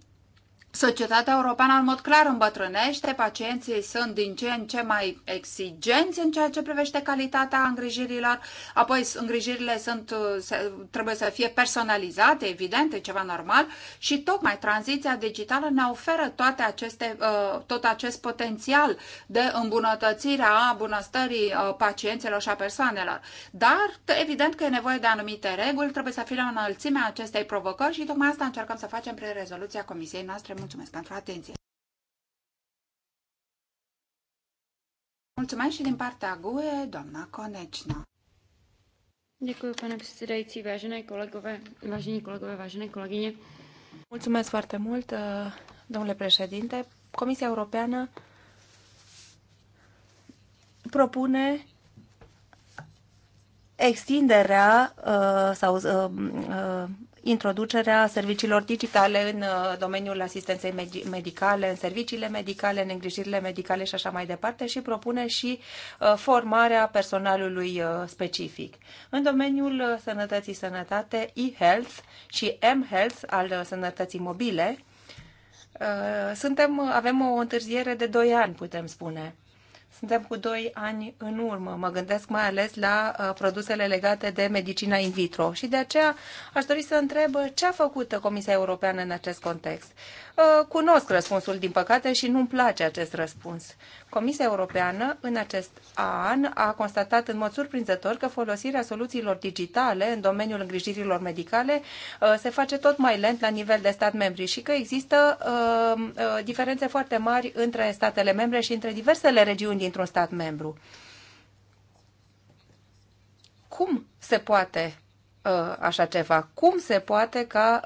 Societatea europeană în mod clar îmbătrânește, pacienții sunt din ce în ce mai exigenți în ceea ce privește calitatea îngrijirilor, apoi îngrijirile sunt, trebuie să fie personalizate, evident, e ceva normal și tocmai tranziția digitală ne oferă toate aceste, uh, tot acest potențial de îmbunătățire a bunăstării uh, pacienților și a persoanelor. Dar, evident că e nevoie de anumite reguli, trebuie să fim la înălțimea acestei provocări și tocmai asta încercăm să facem prin rezoluția Comisiei noastre mulțumesc pentru atenție. Mulțumesc și din partea GUE, doamna Conecina. Děkuji, pane předsedající, vážené kolegové, vážení kolegové, vážené kolegyně. Mulțumesc foarte mult, uh, domnule președinte. Comisia Europeană propune extinderea uh, sau uh, introducerea serviciilor digitale în uh, domeniul asistenței medicale, în serviciile medicale, în îngrijirile medicale și așa mai departe și propune și uh, formarea personalului uh, specific. În domeniul sănătății sănătate, e-health și m-health al sănătății mobile, suntem, avem o întârziere de 2 ani, putem spune suntem cu doi ani în urmă. Mă gândesc mai ales la uh, produsele legate de medicina in vitro și de aceea aș dori să întreb uh, ce a făcut Comisia Europeană în acest context. Uh, cunosc răspunsul, din păcate, și nu-mi place acest răspuns. Comisia Europeană, în acest an, a constatat în mod surprinzător că folosirea soluțiilor digitale în domeniul îngrijirilor medicale uh, se face tot mai lent la nivel de stat membri și că există uh, diferențe foarte mari între statele membre și între diversele regiuni dintr-un stat membru. Cum se poate așa ceva? Cum se poate ca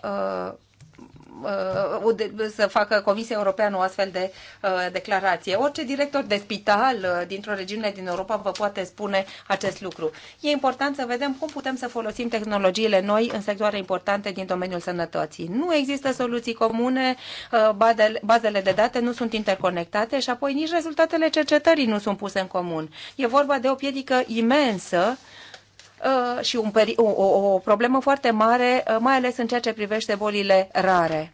Uh, să facă Comisia Europeană o astfel de uh, declarație. Orice director de spital uh, dintr-o regiune din Europa vă poate spune acest lucru. E important să vedem cum putem să folosim tehnologiile noi în sectoare importante din domeniul sănătății. Nu există soluții comune, bazele de date nu sunt interconectate și apoi nici rezultatele cercetării nu sunt puse în comun. E vorba de o piedică imensă uh, Uh, și un, o, o problemă foarte mare, uh, mai ales în ceea ce privește bolile rare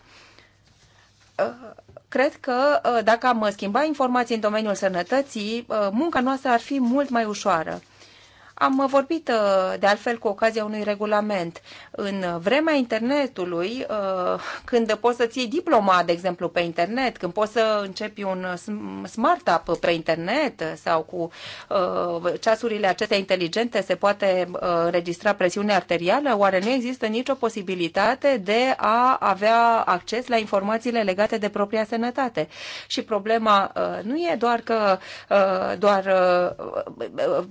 uh, cred că dacă am schimba informații în domeniul sănătății, munca noastră ar fi mult mai ușoară. Am vorbit uh, de altfel cu ocazia unui regulament. În vremea internetului, uh, când poți să-ți iei diploma, de exemplu, pe internet, când poți să începi un smart up pe internet sau cu uh, ceasurile acestea inteligente se poate registra presiune arterială, oare nu există nicio posibilitate de a avea acces la informațiile legate de propria sănătate? Și problema nu e doar că doar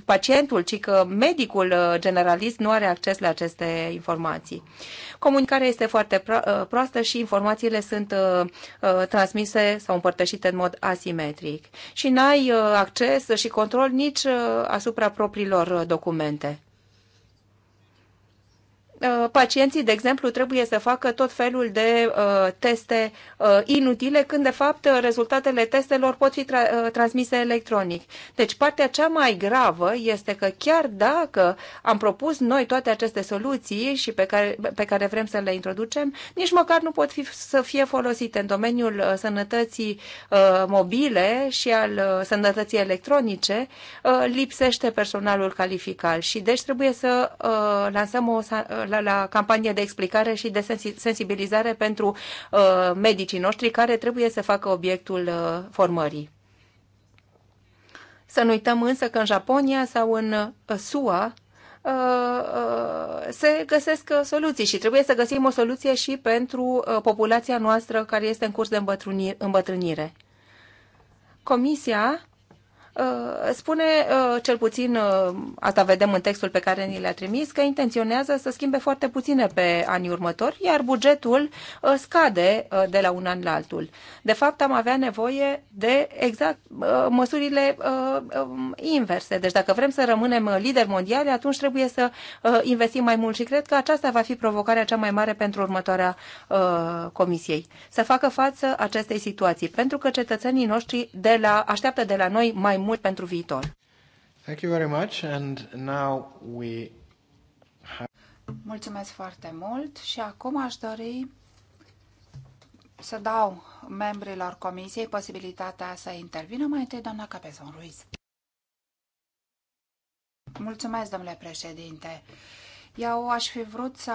pacientul, ci că medicul uh, generalist nu are acces la aceste informații. Comunicarea este foarte uh, proastă și informațiile sunt uh, transmise sau împărtășite în mod asimetric. Și n-ai acces și control nici asupra propriilor documente. Uh, pacienții, de exemplu, trebuie să facă tot felul de uh, teste uh, inutile, când, de fapt, uh, rezultatele testelor pot fi tra- uh, transmise electronic. Deci, partea cea mai gravă este că chiar dacă am propus noi toate aceste soluții și pe care, pe care vrem să le introducem, nici măcar nu pot fi, să fie folosite în domeniul sănătății uh, mobile și al uh, sănătății electronice, uh, lipsește personalul calificat și deci trebuie să uh, lansăm o la, la campanie de explicare și de sensibilizare pentru uh, medicii noștri care trebuie să facă obiectul uh, formării. Să nu uităm însă că în Japonia sau în uh, SUA se găsesc soluții și trebuie să găsim o soluție și pentru populația noastră care este în curs de îmbătrânire. Comisia Uh, spune, uh, cel puțin uh, asta vedem în textul pe care ni l-a trimis, că intenționează să schimbe foarte puține pe anii următori, iar bugetul scade de la un an la altul. De fapt, am avea nevoie de exact măsurile um, inverse. Deci dacă vrem să rămânem lideri mondiali, atunci trebuie să investim mai mult și cred că aceasta va fi provocarea cea mai mare pentru următoarea comisiei. Să facă față acestei situații, pentru că cetățenii noștri de la, așteaptă de la noi mai mult mult pentru viitor. Thank you very much and now we have... Mulțumesc foarte mult și acum aș dori să dau membrilor comisiei posibilitatea să intervină mai întâi doamna Capezon Ruiz. Mulțumesc, domnule președinte. Eu aș fi vrut să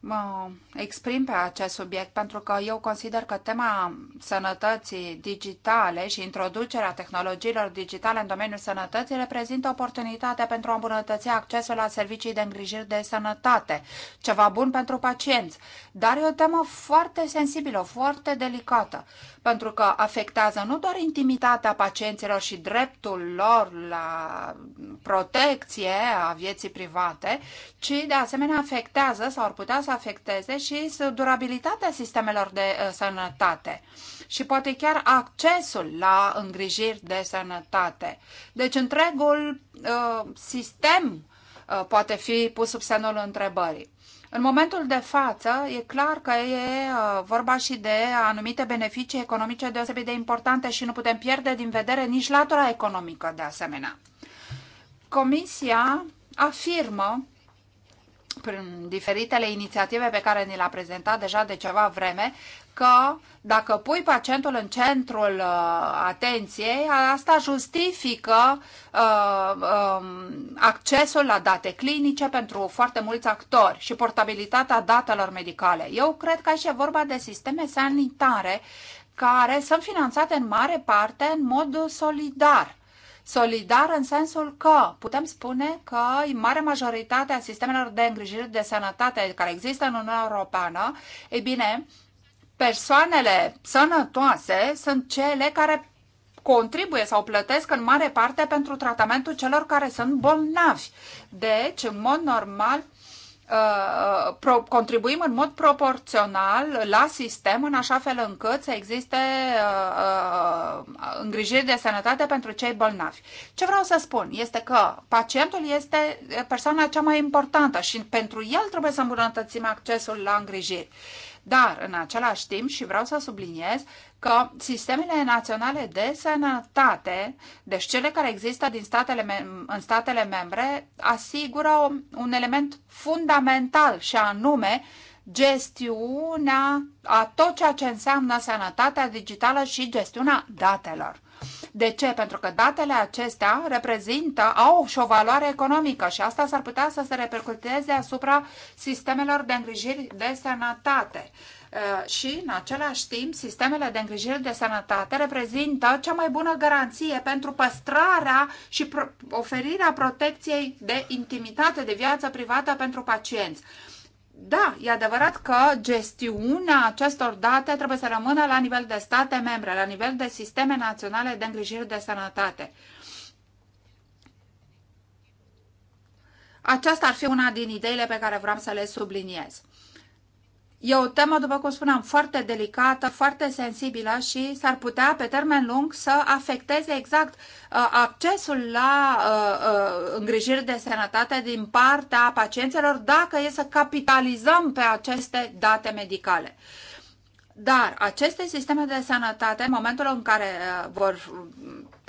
mă exprim pe acest subiect pentru că eu consider că tema sănătății digitale și introducerea tehnologiilor digitale în domeniul sănătății reprezintă oportunitatea pentru a îmbunătăți accesul la servicii de îngrijiri de sănătate, ceva bun pentru pacienți, dar e o temă foarte sensibilă, foarte delicată, pentru că afectează nu doar intimitatea pacienților și dreptul lor la protecție a vieții private, ci de asemenea afectează sau ar putea să să afecteze și durabilitatea sistemelor de uh, sănătate și poate chiar accesul la îngrijiri de sănătate. Deci întregul uh, sistem uh, poate fi pus sub semnul întrebării. În momentul de față, e clar că e vorba și de anumite beneficii economice deosebit de importante și nu putem pierde din vedere nici latura economică de asemenea. Comisia afirmă prin diferitele inițiative pe care ni le-a prezentat deja de ceva vreme, că dacă pui pacientul în centrul uh, atenției, asta justifică uh, um, accesul la date clinice pentru foarte mulți actori și portabilitatea datelor medicale. Eu cred că aici e vorba de sisteme sanitare care sunt finanțate în mare parte în mod solidar Solidar în sensul că putem spune că mare majoritate a sistemelor de îngrijire de sănătate care există în Uniunea Europeană, e bine, persoanele sănătoase sunt cele care contribuie sau plătesc în mare parte pentru tratamentul celor care sunt bolnavi. Deci, în mod normal, Uh, contribuim în mod proporțional la sistem în așa fel încât să existe uh, uh, îngrijiri de sănătate pentru cei bolnavi. Ce vreau să spun este că pacientul este persoana cea mai importantă și pentru el trebuie să îmbunătățim accesul la îngrijiri. Dar, în același timp, și vreau să subliniez că sistemele naționale de sănătate, deci cele care există din statele în statele membre, asigură un element fundamental și anume gestiunea a tot ceea ce înseamnă sănătatea digitală și gestiunea datelor. De ce? Pentru că datele acestea reprezintă, au și o valoare economică și asta s-ar putea să se repercuteze asupra sistemelor de îngrijiri de sănătate uh, și, în același timp, sistemele de îngrijire de sănătate reprezintă cea mai bună garanție pentru păstrarea și oferirea protecției de intimitate, de viață privată pentru pacienți da, e adevărat că gestiunea acestor date trebuie să rămână la nivel de state membre, la nivel de sisteme naționale de îngrijire de sănătate. Aceasta ar fi una din ideile pe care vreau să le subliniez. E o temă, după cum spuneam, foarte delicată, foarte sensibilă și s-ar putea pe termen lung să afecteze exact uh, accesul la uh, uh, îngrijiri de sănătate din partea pacienților dacă e să capitalizăm pe aceste date medicale. Dar aceste sisteme de sănătate, în momentul în care vor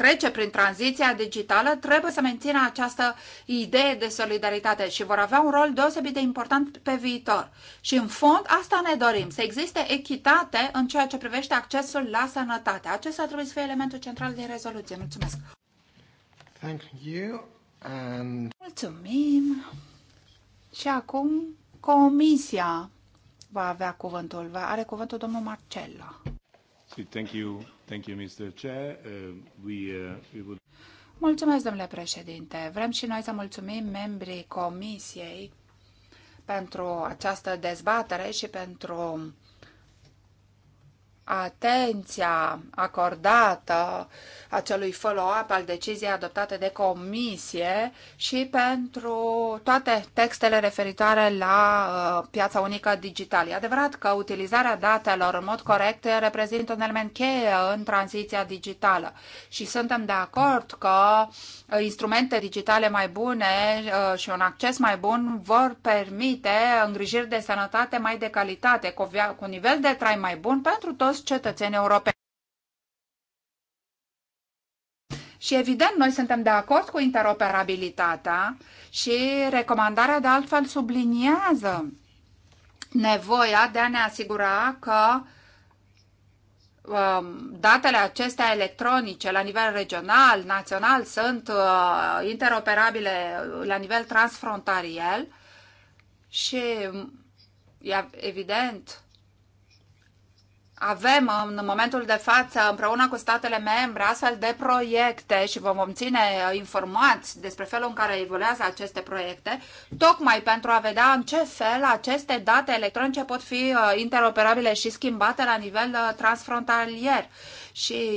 trece prin tranziția digitală trebuie să mențină această idee de solidaritate și vor avea un rol deosebit de important pe viitor. Și în fond asta ne dorim, să existe echitate în ceea ce privește accesul la sănătate. Acesta trebuie să fie elementul central din rezoluție. Mulțumesc! Thank you and... Mulțumim! Și acum Comisia va avea cuvântul. Are cuvântul domnul Marcella. Mulțumesc, domnule președinte. Vrem și noi să mulțumim membrii comisiei pentru această dezbatere și pentru atenția acordată acelui follow-up al deciziei adoptate de comisie și pentru toate textele referitoare la uh, piața unică digitală. E adevărat că utilizarea datelor în mod corect reprezintă un element cheie în tranziția digitală și suntem de acord că instrumente digitale mai bune uh, și un acces mai bun vor permite îngrijiri de sănătate mai de calitate, cu, cu nivel de trai mai bun pentru toți toți cetățenii europeni. Și evident, noi suntem de acord cu interoperabilitatea și recomandarea de altfel subliniază nevoia de a ne asigura că um, datele acestea electronice la nivel regional, național sunt uh, interoperabile la nivel transfrontariel și evident avem în momentul de față împreună cu statele membre astfel de proiecte și vom obține uh, informați despre felul în care evoluează aceste proiecte, tocmai pentru a vedea în ce fel aceste date electronice pot fi uh, interoperabile și schimbate la nivel uh, transfrontalier. Și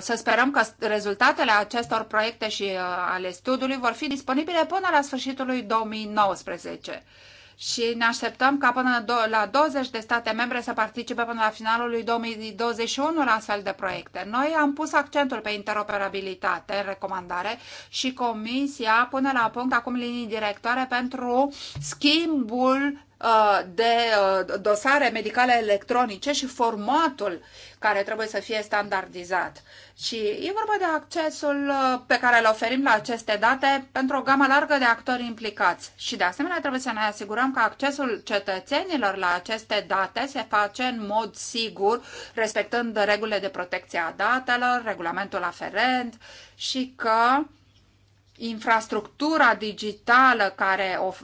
să sperăm că rezultatele acestor proiecte și ale studiului vor fi disponibile până la sfârșitul lui 2019 și ne așteptăm ca până la 20 de state membre să participe până la finalul lui 2021 la astfel de proiecte. Noi am pus accentul pe interoperabilitate în recomandare și Comisia pune la punct acum linii directoare pentru schimbul Uh, de uh, dosare medicale electronice și formatul care trebuie să fie standardizat. Și e vorba de accesul uh, pe care îl oferim la aceste date pentru o gamă largă de actori implicați. Și de asemenea trebuie să ne asigurăm că accesul cetățenilor la aceste date se face în mod sigur, respectând regulile de protecție a datelor, regulamentul aferent și că infrastructura digitală care ă,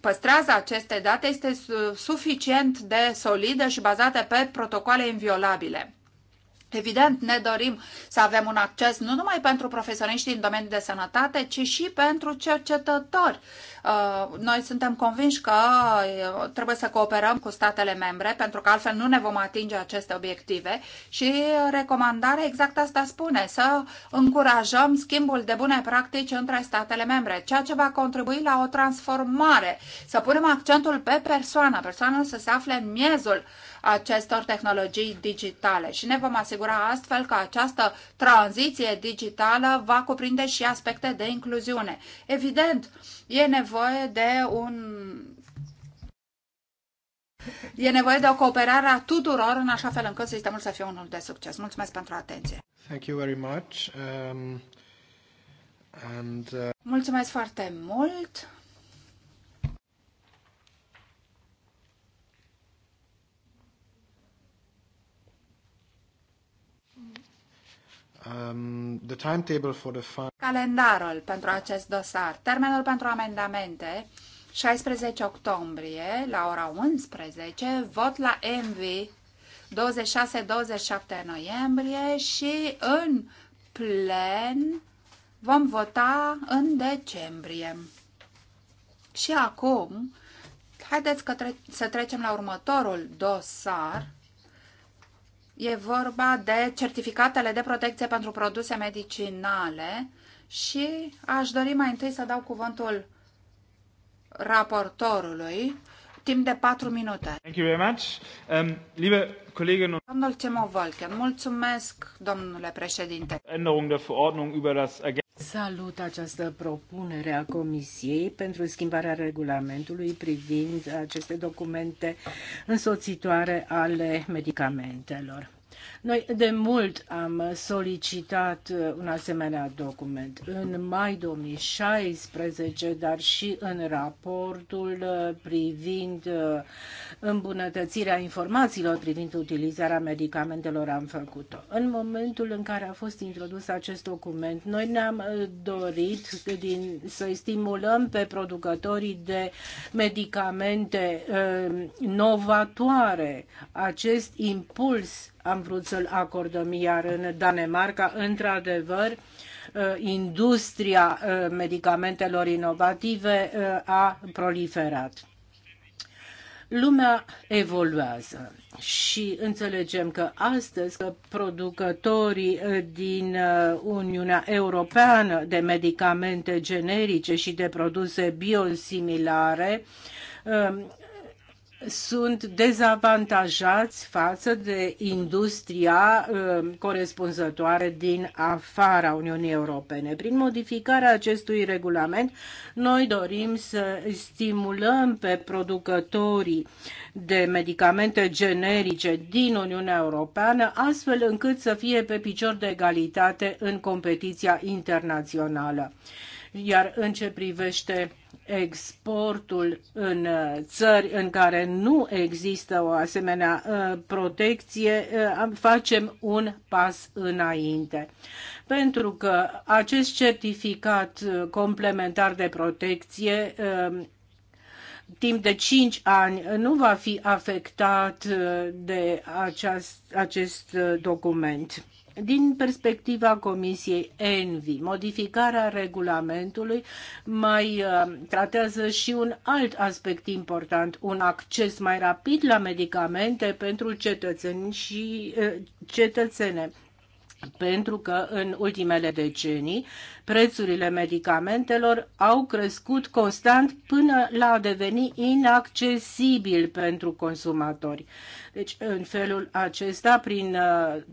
păstrează aceste date este suficient de solidă și bazată pe protocoale inviolabile. Evident, ne dorim să avem un acces nu numai pentru profesioniști în domeniul de sănătate, ci și pentru cercetători. Uh, noi suntem convinși că uh, trebuie să cooperăm cu statele membre, pentru că altfel nu ne vom atinge aceste obiective și recomandarea exact asta spune, să încurajăm schimbul de bune practici între statele membre, ceea ce va contribui la o transformare, să punem accentul pe persoană, persoana să se afle în miezul uh, acestor tehnologii digitale și ne vom asigura astfel că această tranziție digitală va cuprinde și aspecte de incluziune. Evident, e nevoie de un E nevoie de o cooperare a tuturor în așa fel încât sistemul să fie unul de succes. Mulțumesc pentru atenție. Thank you very much. Um, and, uh... Mulțumesc foarte mult. Um, Calendarul pentru acest dosar. Termenul pentru amendamente 16 octombrie la ora 11, vot la MV 26-27 noiembrie și în plen vom vota în decembrie. Și acum, haideți că tre- să trecem la următorul dosar E vorba de certificatele de protecție pentru produse medicinale și aș dori mai întâi să dau cuvântul raportorului timp de 4 minute. Thank you very much. Um, liebe Kolleginnen Domnul Timo Volken, mulțumesc, domnule președinte. Salut această propunere a Comisiei pentru schimbarea regulamentului privind aceste documente însoțitoare ale medicamentelor. Noi de mult am solicitat uh, un asemenea document. În mai 2016, dar și în raportul uh, privind uh, îmbunătățirea informațiilor privind utilizarea medicamentelor am făcut-o. În momentul în care a fost introdus acest document, noi ne-am dorit din, să stimulăm pe producătorii de medicamente novatoare acest impuls am vrut să-l acordăm, iar în Danemarca, într-adevăr, uh, industria uh, medicamentelor inovative uh, a proliferat. Lumea evoluează și înțelegem că astăzi că producătorii din Uniunea Europeană de medicamente generice și de produse biosimilare sunt dezavantajați față de industria uh, corespunzătoare din afara Uniunii Europene. Prin modificarea acestui regulament, noi dorim să stimulăm pe producătorii de medicamente generice din Uniunea Europeană, astfel încât să fie pe picior de egalitate în competiția internațională. Iar în ce privește exportul în uh, țări în care nu există o asemenea uh, protecție, uh, facem un pas înainte. Pentru că acest certificat complementar de protecție timp de 5 ani nu va fi afectat de aceast, acest document. Din perspectiva Comisiei ENVI, modificarea regulamentului mai uh, tratează și un alt aspect important, un acces mai rapid la medicamente pentru cetățeni și uh, cetățene pentru că în ultimele decenii Prețurile medicamentelor au crescut constant până la a deveni inaccesibil pentru consumatori. Deci, în felul acesta, prin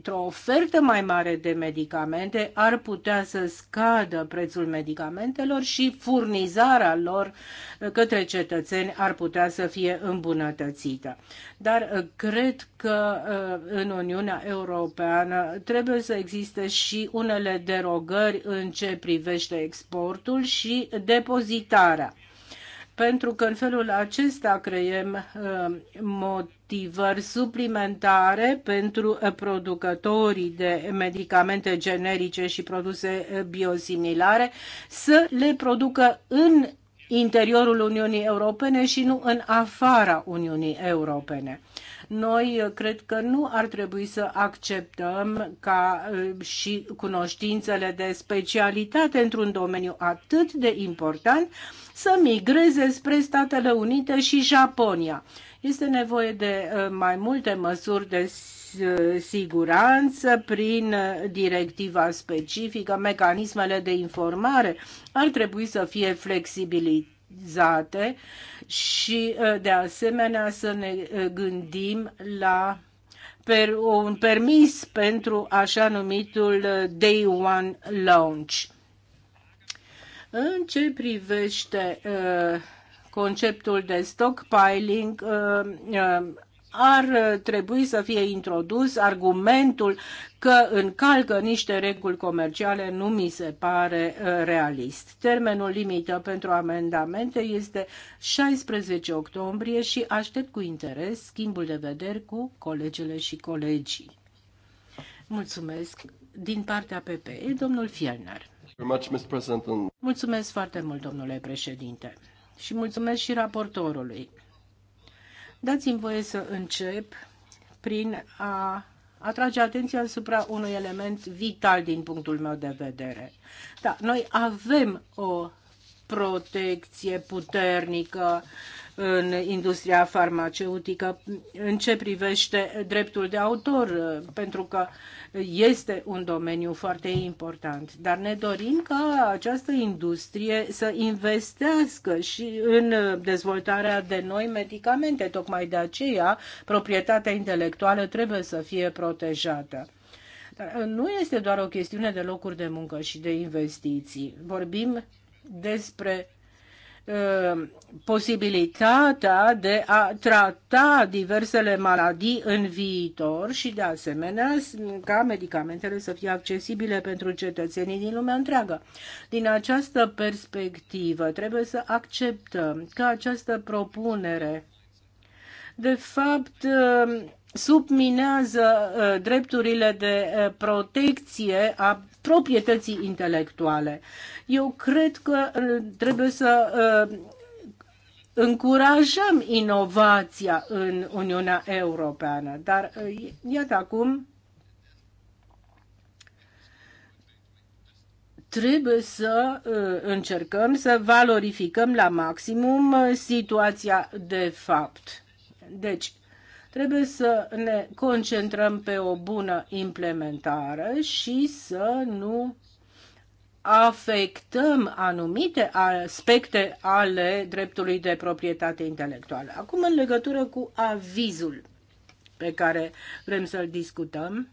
o ofertă mai mare de medicamente, ar putea să scadă prețul medicamentelor și furnizarea lor către cetățeni ar putea să fie îmbunătățită. Dar uh, cred că uh, în Uniunea Europeană trebuie să existe și unele derogări în ce privește exportul și depozitarea. Pentru că în felul acesta creăm uh, motivări suplimentare pentru uh, producătorii de medicamente generice și produse uh, biosimilare să le producă în interiorul Uniunii Europene și nu în afara Uniunii Europene. Noi uh, cred că nu ar trebui să acceptăm ca uh, și cunoștințele de specialitate într-un domeniu atât de important să migreze spre Statele Unite și Japonia. Este nevoie de uh, mai multe măsuri de siguranță prin directiva specifică, mecanismele de informare ar trebui să fie flexibilizate organizate și uh, de asemenea să ne uh, gândim la per, un permis pentru așa numitul uh, Day One Launch. În ce privește uh, conceptul de stockpiling, uh, uh, ar trebui să fie introdus argumentul că încalcă niște reguli comerciale nu mi se pare uh, realist. Termenul limită pentru amendamente este 16 octombrie și aștept cu interes schimbul de vederi cu colegele și colegii. Mulțumesc din partea PPE, domnul Fielner. Mulțumesc foarte mult, domnule președinte, și mulțumesc și raportorului. Dați-mi voie să încep prin a atrage atenția asupra unui element vital din punctul meu de vedere. Da, noi avem o protecție puternică în industria farmaceutică în ce privește dreptul de autor, pentru că este un domeniu foarte important. Dar ne dorim ca această industrie să investească și în dezvoltarea de noi medicamente. Tocmai de aceea, proprietatea intelectuală trebuie să fie protejată. Dar nu este doar o chestiune de locuri de muncă și de investiții. Vorbim despre Uh, posibilitatea de a trata diversele maladii în viitor și de asemenea ca medicamentele să fie accesibile pentru cetățenii din lumea întreagă. Din această perspectivă trebuie să acceptăm că această propunere de fapt uh, subminează uh, drepturile de protecție a proprietății intelectuale. Eu cred că uh, trebuie să uh, încurajăm inovația în Uniunea Europeană, dar uh, iată acum trebuie să încercăm să valorificăm la maximum situația de fapt. Deci, Trebuie să ne concentrăm pe o bună implementare și să nu afectăm anumite aspecte ale dreptului de proprietate intelectuală. Acum, în legătură cu avizul pe care vrem să-l discutăm,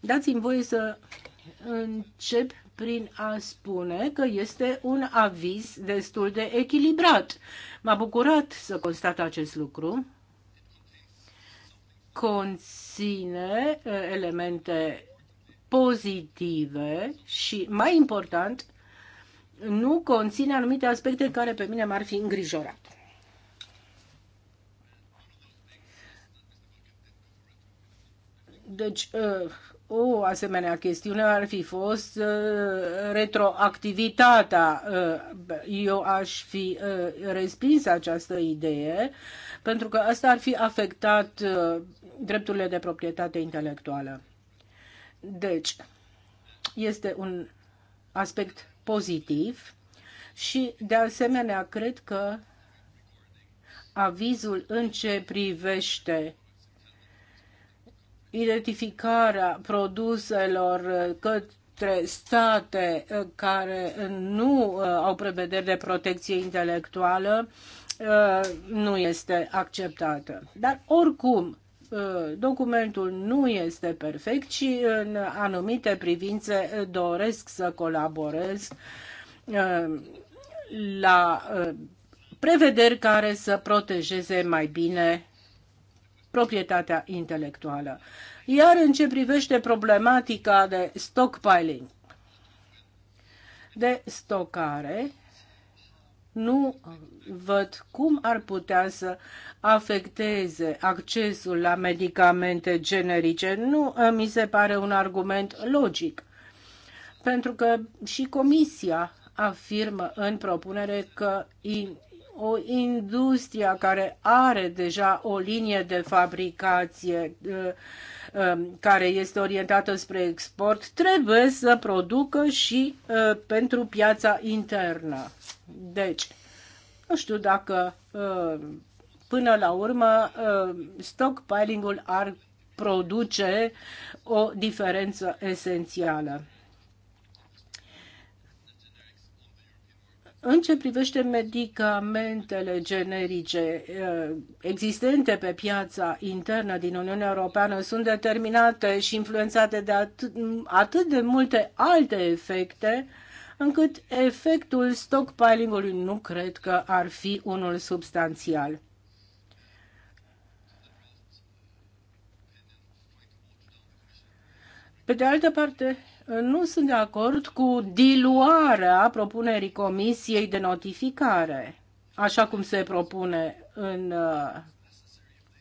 dați-mi voie să încep prin a spune că este un aviz destul de echilibrat. M-a bucurat să constat acest lucru conține uh, elemente pozitive și, mai important, nu conține anumite aspecte care pe mine m-ar fi îngrijorat. Deci, uh, o asemenea chestiune ar fi fost uh, retroactivitatea. Eu aș fi respins această idee, pentru că asta ar fi afectat drepturile de proprietate intelectuală. Deci, este un aspect pozitiv și, de asemenea, cred că avizul în ce privește identificarea produselor către state care nu uh, au prevederi de protecție intelectuală uh, nu este acceptată. Dar oricum, Ă, documentul nu este perfect și în anumite privințe doresc să colaborez ă, la ă, prevederi care să protejeze mai bine proprietatea intelectuală. Iar în ce privește problematica de stockpiling, de stocare, nu văd cum ar putea să afecteze accesul la medicamente generice. Nu ă, mi se pare un argument logic, pentru că și Comisia afirmă în propunere că o industria care are deja o linie de fabricație ă, Um, care este orientată spre export trebuie să producă și uh, pentru piața internă. Deci, nu știu dacă uh, până la urmă uh, stockpiling-ul ar produce o diferență esențială. În ce privește medicamentele generice eh, existente pe piața internă din Uniunea Europeană, sunt determinate și influențate de atât, atât de multe alte efecte, încât efectul stockpiling-ului nu cred că ar fi unul substanțial. Pe de altă parte, nu sunt de acord cu diluarea propunerii Comisiei de notificare, așa cum se propune în uh,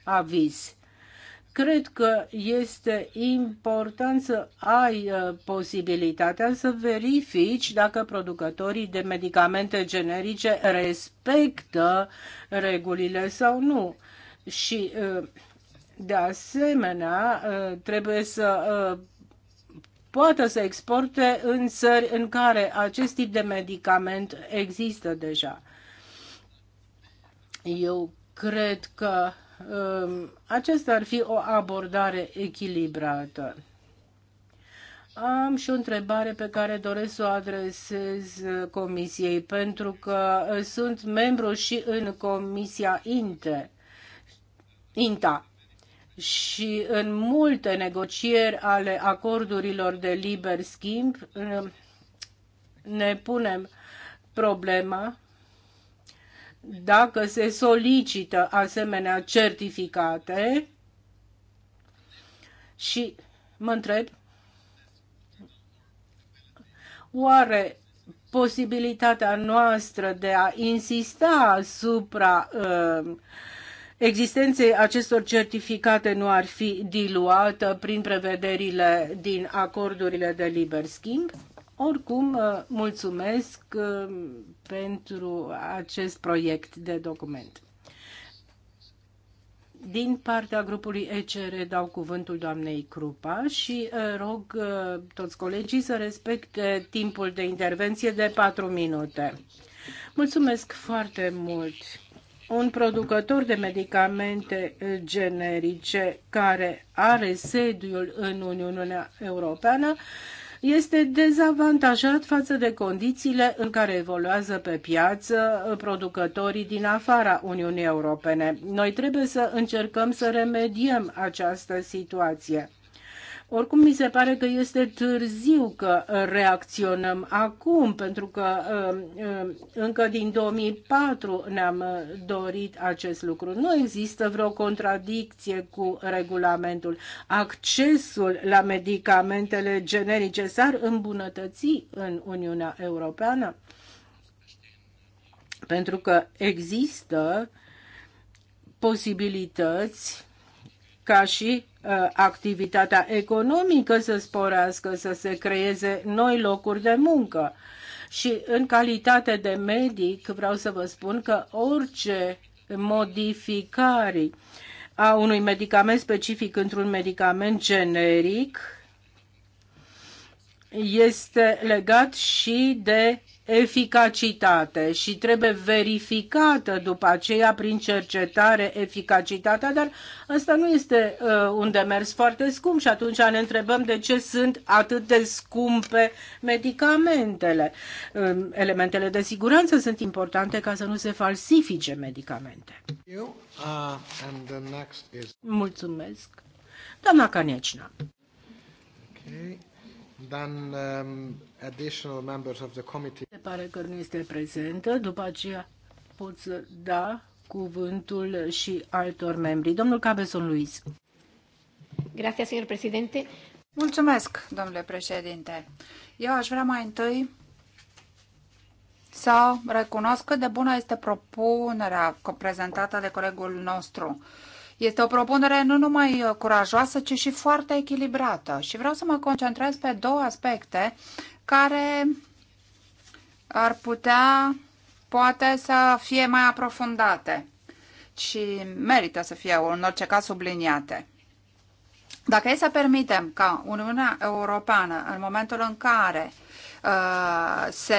aviz cred că este important să ai uh, posibilitatea să verifici dacă producătorii de medicamente generice respectă regulile sau nu. Și uh, de asemenea, uh, trebuie să poată să exporte în țări în care acest tip de medicament există deja. Eu cred că um, acesta ar fi o abordare echilibrată. Am și o întrebare pe care doresc să o adresez uh, Comisiei, pentru că uh, sunt membru și în Comisia INTE. INTA și în multe negocieri ale acordurilor de liber schimb um, ne punem problema dacă se solicită asemenea certificate și mă întreb oare posibilitatea noastră de a insista asupra uh, existenței acestor certificate nu ar fi diluată prin prevederile din acordurile de liber schimb. Oricum, uh, mulțumesc uh, pentru acest proiect de document. Din partea grupului ECR dau cuvântul doamnei Crupa și uh, rog toți colegii să respecte timpul de intervenție de 4 minute. Mulțumesc foarte mult! un producător de medicamente generice care are sediul în Uniunea Europeană este dezavantajat față de condițiile în care evoluează pe piață producătorii din afara Uniunii Europene. Noi trebuie să încercăm să remediem această situație. Oricum, mi se pare că este târziu că reacționăm acum, pentru că um, um, încă din 2004 ne-am dorit acest lucru. Nu există vreo contradicție cu regulamentul. Accesul la medicamentele generice s-ar îmbunătăți în Uniunea Europeană? Pentru că există posibilități ca și Uh, activitatea economică să sporească, să se creeze noi locuri de muncă. Și în calitate de medic vreau să vă spun că orice modificare a unui medicament specific într-un medicament generic este legat și de eficacitate și trebuie verificată după aceea prin cercetare eficacitatea, dar asta nu este uh, un demers foarte scump și atunci ne întrebăm de ce sunt atât de scumpe medicamentele. Uh, elementele de siguranță sunt importante ca să nu se falsifice medicamente. Uh, is... Mulțumesc. Doamna Caniecina. Okay. Then um, additional members of the committee. Se pare că nu este prezentă, după aceea pot să da cuvântul și altor membri. Domnul Cabezon Luis. Grazie, signor președinte. Mulțumesc, domnule președinte. Eu aș vrea mai întâi să recunosc cât de bună este propunerea prezentată de colegul nostru. Uh, este o propunere nu numai uh, curajoasă, ci și foarte echilibrată. Și vreau să mă concentrez pe două aspecte care ar putea, poate, să fie mai aprofundate și merită să fie, în orice caz, subliniate. Dacă e să permitem ca Uniunea Europeană, în momentul în care uh, se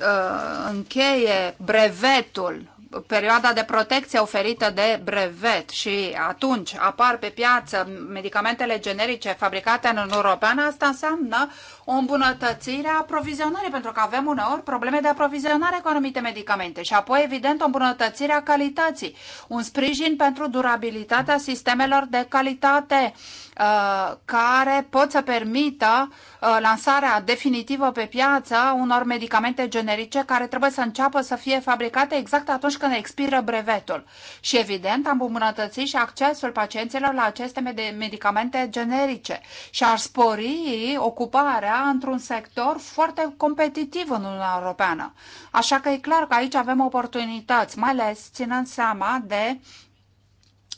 uh, încheie brevetul perioada de protecție oferită de brevet și atunci apar pe piață medicamentele generice fabricate în Uniunea Europeană, asta înseamnă o îmbunătățire a aprovizionării, pentru că avem uneori probleme de aprovizionare cu anumite medicamente și apoi, evident, o îmbunătățire a calității, un sprijin pentru durabilitatea sistemelor de calitate uh, care pot să permită uh, lansarea definitivă pe piață unor medicamente generice care trebuie să înceapă să fie fabricate exact atunci când expiră brevetul. Și evident am îmbunătățit și accesul pacienților la aceste medicamente generice și ar spori ocuparea opera într-un sector foarte competitiv în Uniunea Europeană. Așa că e clar că aici avem oportunități, mai ales ținând seama de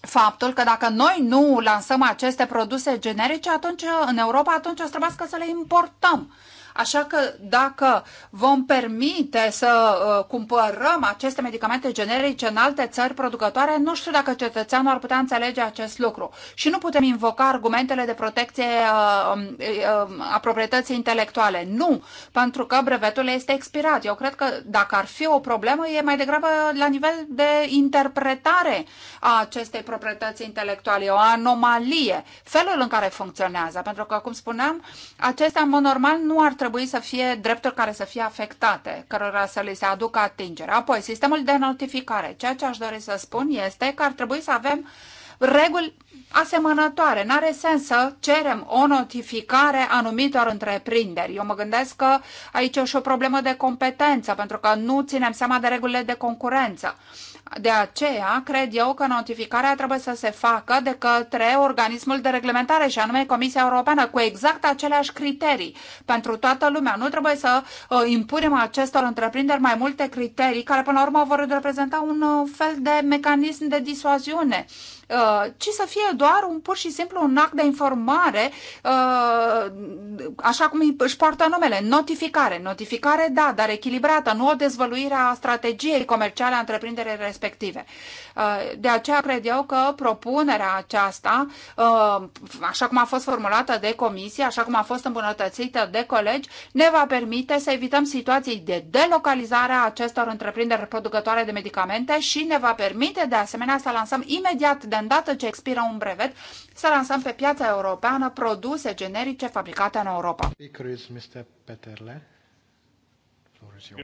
faptul că dacă noi nu lansăm aceste produse generice, atunci în Europa atunci o să trebuiască să le importăm. Așa că dacă vom permite să uh, cumpărăm aceste medicamente generice în alte țări producătoare, nu știu dacă cetățeanul ar putea înțelege acest lucru. Și nu putem invoca argumentele de protecție uh, um, uh, um, a proprietății intelectuale. Nu, pentru că brevetul este expirat. Eu cred că dacă ar fi o problemă, e mai degrabă la nivel de interpretare a acestei proprietăți intelectuale, o anomalie, felul în care funcționează. Pentru că, cum spuneam, acestea, în mod normal, nu ar trebui să fie drepturi care să fie afectate, cărora să le se aducă atingere. Apoi, sistemul de notificare. Ceea ce aș dori să spun este că ar trebui să avem reguli asemănătoare. N-are sens să cerem o notificare anumitor întreprinderi. Eu mă gândesc că aici e și o problemă de competență, pentru că nu ținem seama de regulile de concurență. De aceea, cred eu că notificarea trebuie să se facă de către organismul de reglementare și anume Comisia Europeană cu exact aceleași criterii pentru toată lumea. Nu trebuie să uh, impunem acestor întreprinderi mai multe criterii care până la urmă vor reprezenta un uh, fel de mecanism de disuaziune. Uh, Uh, ci să fie doar un pur și simplu un act de informare, uh, așa cum își poartă numele, notificare. Notificare, da, dar echilibrată, nu o dezvăluire a strategiei comerciale a întreprinderii respective. Uh, de aceea cred eu că propunerea aceasta, așa cum a fost formulată de comisie, așa cum a fost îmbunătățită de colegi, ne va permite să evităm situații de delocalizare a acestor întreprinderi producătoare de medicamente și ne va permite de asemenea să lansăm imediat de îndată ce expiră un brevet, să lansăm pe piața europeană produse generice fabricate în Europa.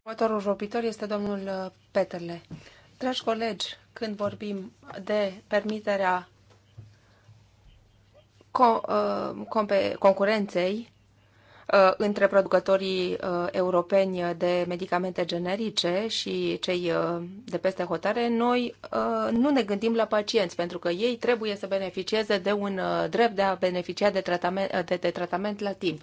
Următorul vorbitor este domnul uh, Peterle. Dragi colegi, când vorbim de permiterea co- uh, concurenței, Uh, între producătorii uh, europeni de medicamente generice și cei uh, de peste hotare, noi nu ne gândim la pacienți, pentru că ei trebuie să beneficieze de un drept de a beneficia de tratament, de, de tratament la timp.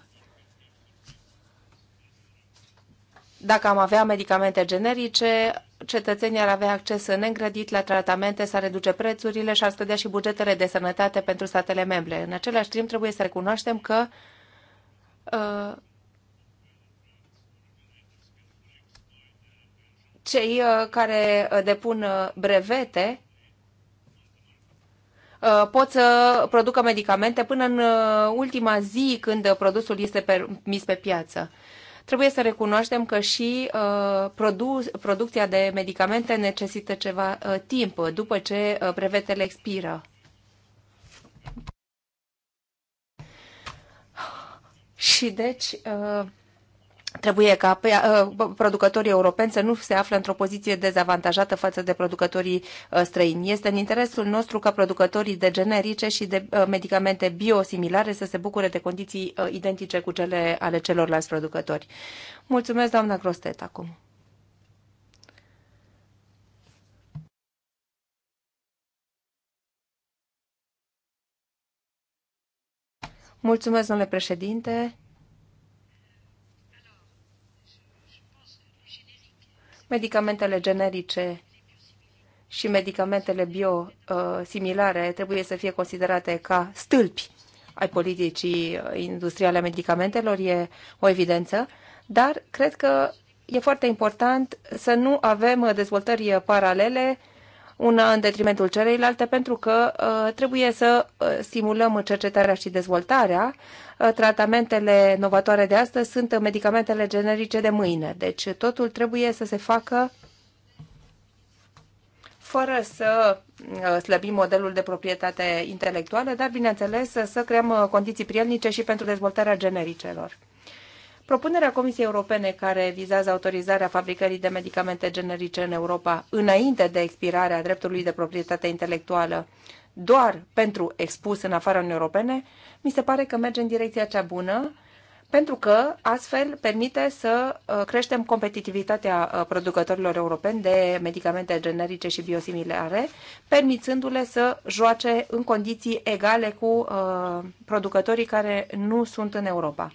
Dacă am avea medicamente generice, cetățenii ar avea acces neîngrădit la tratamente, s-ar reduce prețurile și ar scădea și bugetele de sănătate pentru statele membre. În același timp, trebuie să recunoaștem că uh, Uh, cei uh, care uh, depun brevete pot să producă medicamente până în ultima zi când produsul este permis pe piață. Trebuie să recunoaștem că și producția de medicamente necesită ceva timp după ce brevetele expiră. Și deci uh, trebuie ca uh, producătorii europeni să nu se află într-o poziție dezavantajată față de producătorii uh, străini. Este în interesul nostru ca producătorii de generice și de medicamente biosimilare să se bucure de condiții identice cu cele ale celorlalți producători. Mulțumesc, doamna Grostet, acum. Mulțumesc, domnule președinte. Medicamentele generice și medicamentele biosimilare uh, trebuie să fie considerate ca stâlpi ai politicii industriale a medicamentelor, e o evidență, dar cred că e foarte important să nu avem dezvoltări paralele una în detrimentul celeilalte, pentru că uh, trebuie să uh, stimulăm cercetarea și dezvoltarea. Uh, tratamentele novatoare de astăzi sunt medicamentele generice de mâine, deci totul trebuie să se facă fără să slăbim modelul de proprietate intelectuală, dar, bineînțeles, să creăm condiții prielnice și pentru dezvoltarea genericelor. Propunerea Comisiei Europene care vizează autorizarea fabricării de medicamente generice în Europa înainte de expirarea dreptului de proprietate intelectuală doar pentru expus în afara Uniunii Europene, mi se pare că merge în direcția cea bună, pentru că astfel permite să uh, creștem competitivitatea uh, producătorilor europeni de medicamente generice și biosimilare, permițându-le să joace în condiții egale cu uh, producătorii care nu sunt în Europa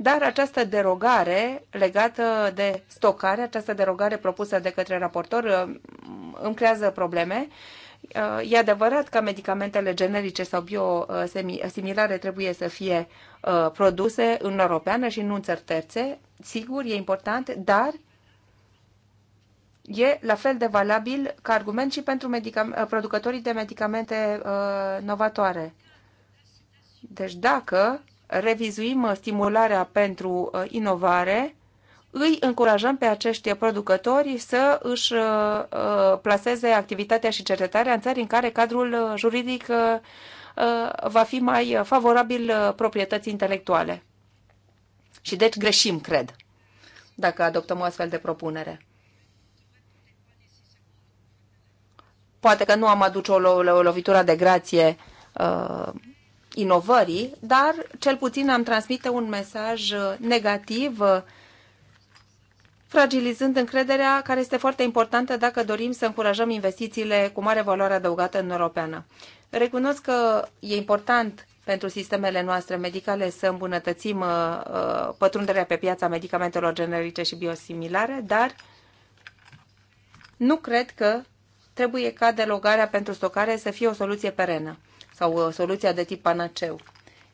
dar această derogare legată de stocare, această derogare propusă de către raportor um, îmi creează probleme. Uh, e adevărat că medicamentele generice sau biosimilare uh, trebuie să fie uh, produse în Europeană și nu în țări terțe. Sigur, e important, dar e la fel de valabil ca argument și pentru producătorii de medicamente uh, novatoare. Deci dacă revizuim uh, stimularea pentru uh, inovare, îi încurajăm pe acești producători să își uh, plaseze activitatea și cercetarea în țări în care cadrul juridic va fi mai favorabil proprietății intelectuale. Și deci greșim, cred, dacă adoptăm o astfel de propunere. Poate că nu am aduce o, lo- o lovitură de grație uh, inovării, dar cel puțin am transmite un mesaj uh, negativ uh, fragilizând încrederea care este foarte importantă dacă dorim să încurajăm investițiile cu mare valoare adăugată în Europeană. Recunosc că e important pentru sistemele noastre medicale să îmbunătățim uh, uh pătrunderea pe piața medicamentelor generice și biosimilare, dar nu cred că trebuie ca delogarea pentru stocare să fie o soluție perenă sau uh, soluția de tip panaceu.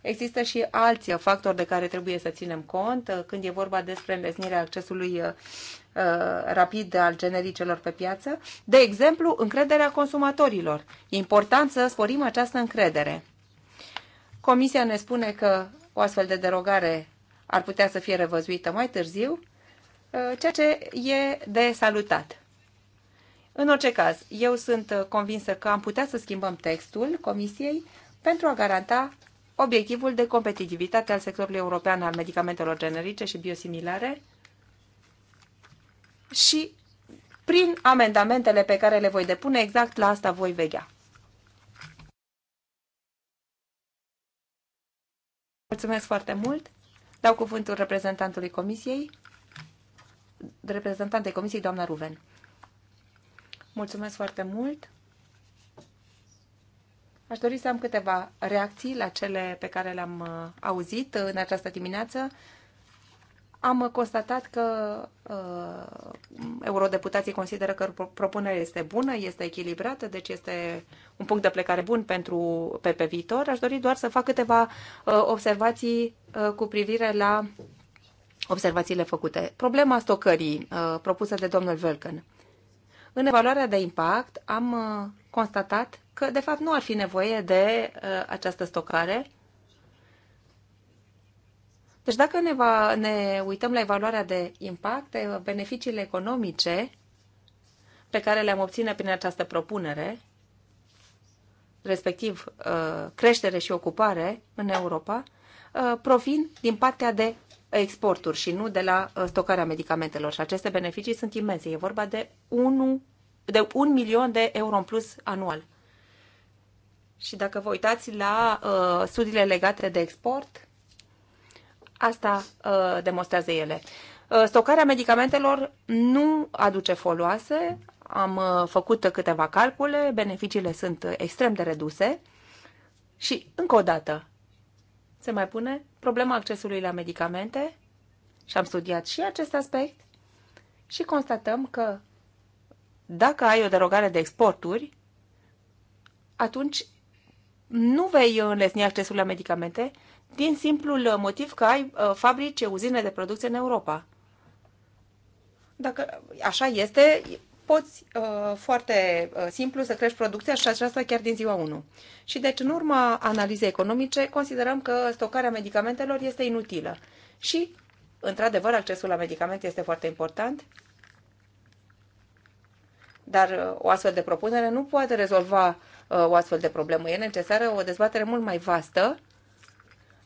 Există și alți factori de care trebuie să ținem cont uh, când e vorba despre înlesnirea accesului uh, rapid al genericelor pe piață. De exemplu, încrederea consumatorilor. E important să sporim această încredere. Comisia ne spune că o astfel de derogare ar putea să fie revăzuită mai târziu, ceea ce e de salutat. În orice caz, eu sunt uh, convinsă că am putea să schimbăm textul Comisiei pentru a garanta obiectivul de competitivitate al sectorului european al medicamentelor generice și biosimilare și prin amendamentele pe care le voi depune, exact la asta voi vegea. Mulțumesc foarte mult. Dau cuvântul reprezentantului Comisiei, reprezentantei Comisiei, doamna Ruven. Mulțumesc foarte mult! Aș dori să am câteva reacții la cele pe care le-am uh, auzit uh, în această dimineață. Am constatat că uh, eurodeputații consideră că propunerea este bună, este echilibrată, deci este un punct de plecare bun pentru pe, pe viitor. Aș dori doar să fac câteva uh, observații uh, cu privire la observațiile făcute. Problema stocării uh, propusă de domnul Velken. În evaluarea de impact am uh, constatat că, de fapt, nu ar fi nevoie de uh, această stocare. Deci dacă ne, va, ne uităm la evaluarea de impact, uh, beneficiile economice pe care le-am obține prin această propunere, respectiv creștere și ocupare în Europa, provin din partea de exporturi și nu de la uh, stocarea medicamentelor. Și aceste beneficii sunt imense. E vorba de unu, de un milion de euro în plus anual. Și dacă vă uitați la uh, studiile legate de export, asta uh, demonstrează ele. Uh, stocarea medicamentelor nu aduce foloase, am uh, făcut câteva calcule, beneficiile sunt uh, extrem de reduse și, încă o dată, se mai pune problema accesului la medicamente și am studiat și acest aspect și constatăm că dacă ai o derogare de exporturi, atunci nu vei înlesni accesul la medicamente din simplul motiv că ai uh, fabrici, uzine de producție în Europa. Dacă așa este, poți uh, foarte uh, simplu să crești producția și aceasta chiar din ziua 1. Și deci, în urma analizei economice, considerăm că stocarea medicamentelor este inutilă. Și, într-adevăr, accesul la medicamente este foarte important, dar uh, o astfel de propunere nu poate rezolva uh, o astfel de problemă. E necesară o dezbatere mult mai vastă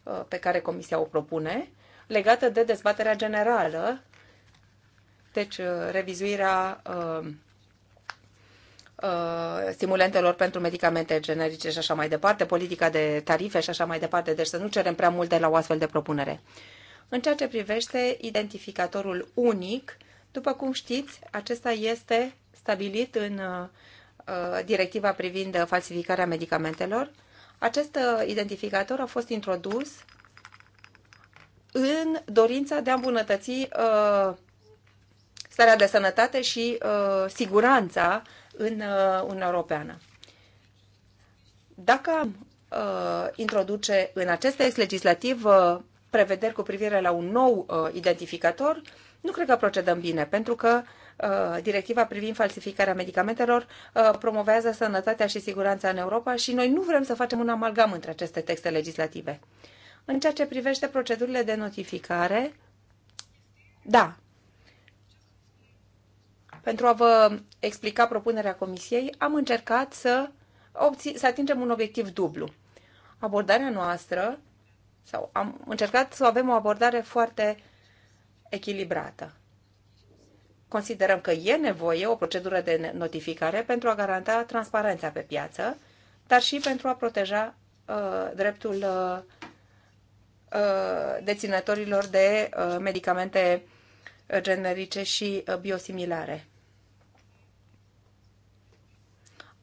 uh, pe care Comisia o propune, legată de dezbaterea generală deci, uh, revizuirea uh, uh, stimulentelor pentru medicamente generice și așa mai departe, politica de tarife și așa mai departe, deci să nu cerem prea multe la o astfel de propunere. În ceea ce privește identificatorul unic, după cum știți, acesta este stabilit în directiva privind falsificarea medicamentelor. Acest identificator a fost introdus în dorința de a îmbunătăți starea de sănătate și uh, siguranța în uh, Uniunea Europeană. Dacă am uh, introduce în acest text legislativ uh, prevederi cu privire la un nou uh, identificator, nu cred că procedăm bine, pentru că uh, directiva privind falsificarea medicamentelor uh, promovează sănătatea și siguranța în Europa și noi nu vrem să facem un amalgam între aceste texte legislative. În ceea ce privește procedurile de notificare, da, pentru a vă explica propunerea Comisiei, am încercat să, obții, să atingem un obiectiv dublu. Abordarea noastră, sau am încercat să avem o abordare foarte echilibrată. Considerăm că e nevoie o procedură de notificare pentru a garanta transparența pe piață, dar și pentru a proteja uh, dreptul uh, uh deținătorilor de uh, medicamente uh, generice și uh, biosimilare.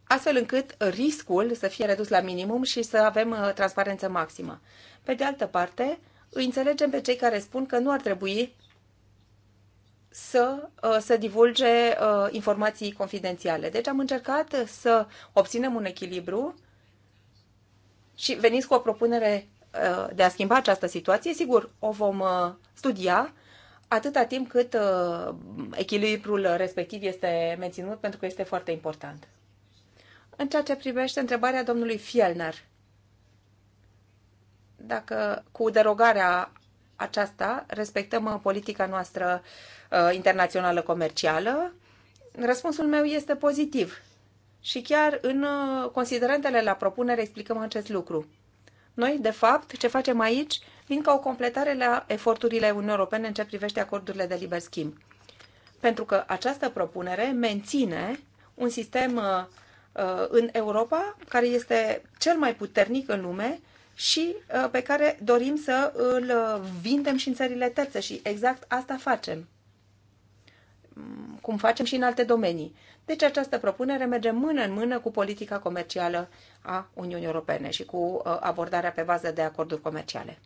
astfel încât riscul să fie redus la minimum și să avem uh, transparență maximă. Pe de altă parte, îi înțelegem pe cei care spun că nu ar trebui să uh, se divulge uh, informații confidențiale. Deci am încercat să obținem un echilibru și veniți cu o propunere de a schimba această situație. Sigur, o vom studia atâta timp cât echilibrul respectiv este menținut, pentru că este foarte important. În ceea ce privește întrebarea domnului Fielner, dacă cu derogarea aceasta respectăm politica noastră uh, internațională comercială, răspunsul meu este pozitiv. Și chiar în uh, considerentele la propunere explicăm acest lucru. Noi, de fapt, ce facem aici vin ca o completare la eforturile Uniunii Europene în ce privește acordurile de liber schimb. Pentru că această propunere menține un sistem uh, Uh, în Europa, care este cel mai puternic în lume și uh, pe care dorim să îl vindem și în țările terțe și exact asta facem cum facem și în alte domenii. Deci această propunere merge mână în mână cu politica comercială a Uniunii Europene și cu uh, abordarea pe bază de acorduri comerciale.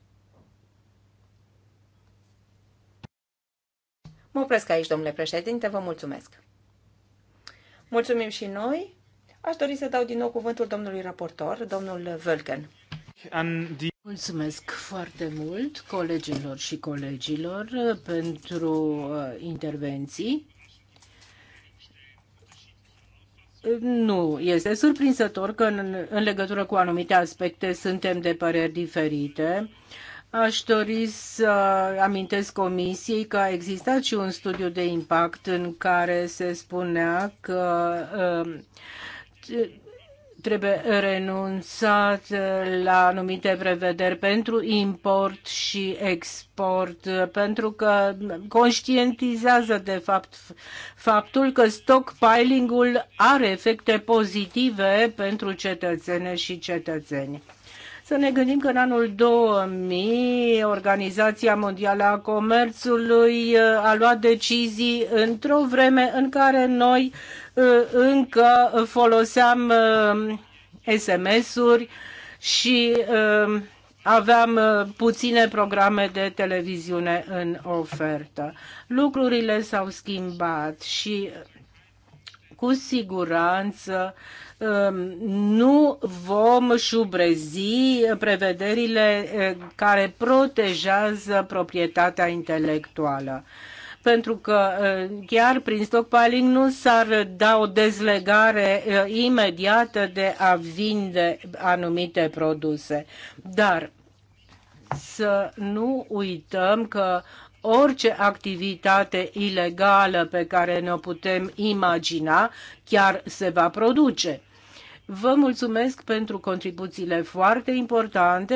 Mă opresc aici, domnule președinte, vă mulțumesc. Mulțumim și noi. Aș dori să dau din nou cuvântul domnului raportor, domnul Völken. Mulțumesc foarte mult colegilor și colegilor uh, pentru uh, intervenții. Nu, este surprinzător că în, în legătură cu anumite aspecte suntem de păreri diferite. Aș dori să amintesc Comisiei că a existat și un studiu de impact în care se spunea că uh, trebuie renunțat la anumite prevederi pentru import și export, pentru că conștientizează de fapt faptul că stockpiling-ul are efecte pozitive pentru cetățene și cetățeni. Să ne gândim că în anul 2000 Organizația Mondială a Comerțului uh, a luat decizii într-o vreme în care noi Uh, încă foloseam uh, SMS-uri și uh, aveam puține programe de televiziune în ofertă. Lucrurile s-au schimbat și cu siguranță um, nu vom șubrezi prevederile care protejează proprietatea intelectuală pentru că chiar prin stockpiling nu s-ar da o dezlegare imediată de a vinde anumite produse. Dar să nu uităm că orice activitate ilegală pe care ne-o putem imagina chiar se va produce. Vă mulțumesc pentru contribuțiile foarte importante.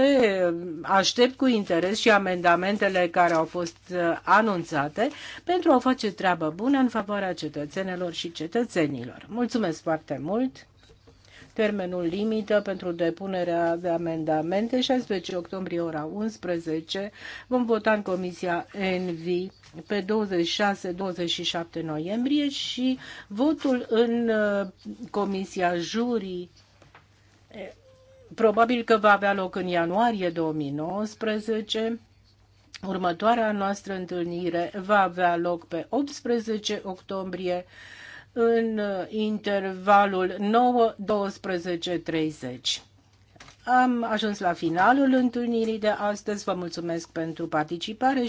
Aștept cu interes și amendamentele care au fost uh, anunțate pentru a face treabă bună în favoarea cetățenilor și cetățenilor. Mulțumesc foarte mult! Termenul limită pentru depunerea de amendamente 16 octombrie ora 11. Vom vota în Comisia ENVI pe 26-27 noiembrie și votul în uh, Comisia Jurii eh, probabil că va avea loc în ianuarie 2019. Următoarea noastră întâlnire va avea loc pe 18 octombrie în uh, intervalul 9 12, 30 Am ajuns la finalul întâlnirii de astăzi. Vă mulțumesc pentru participare.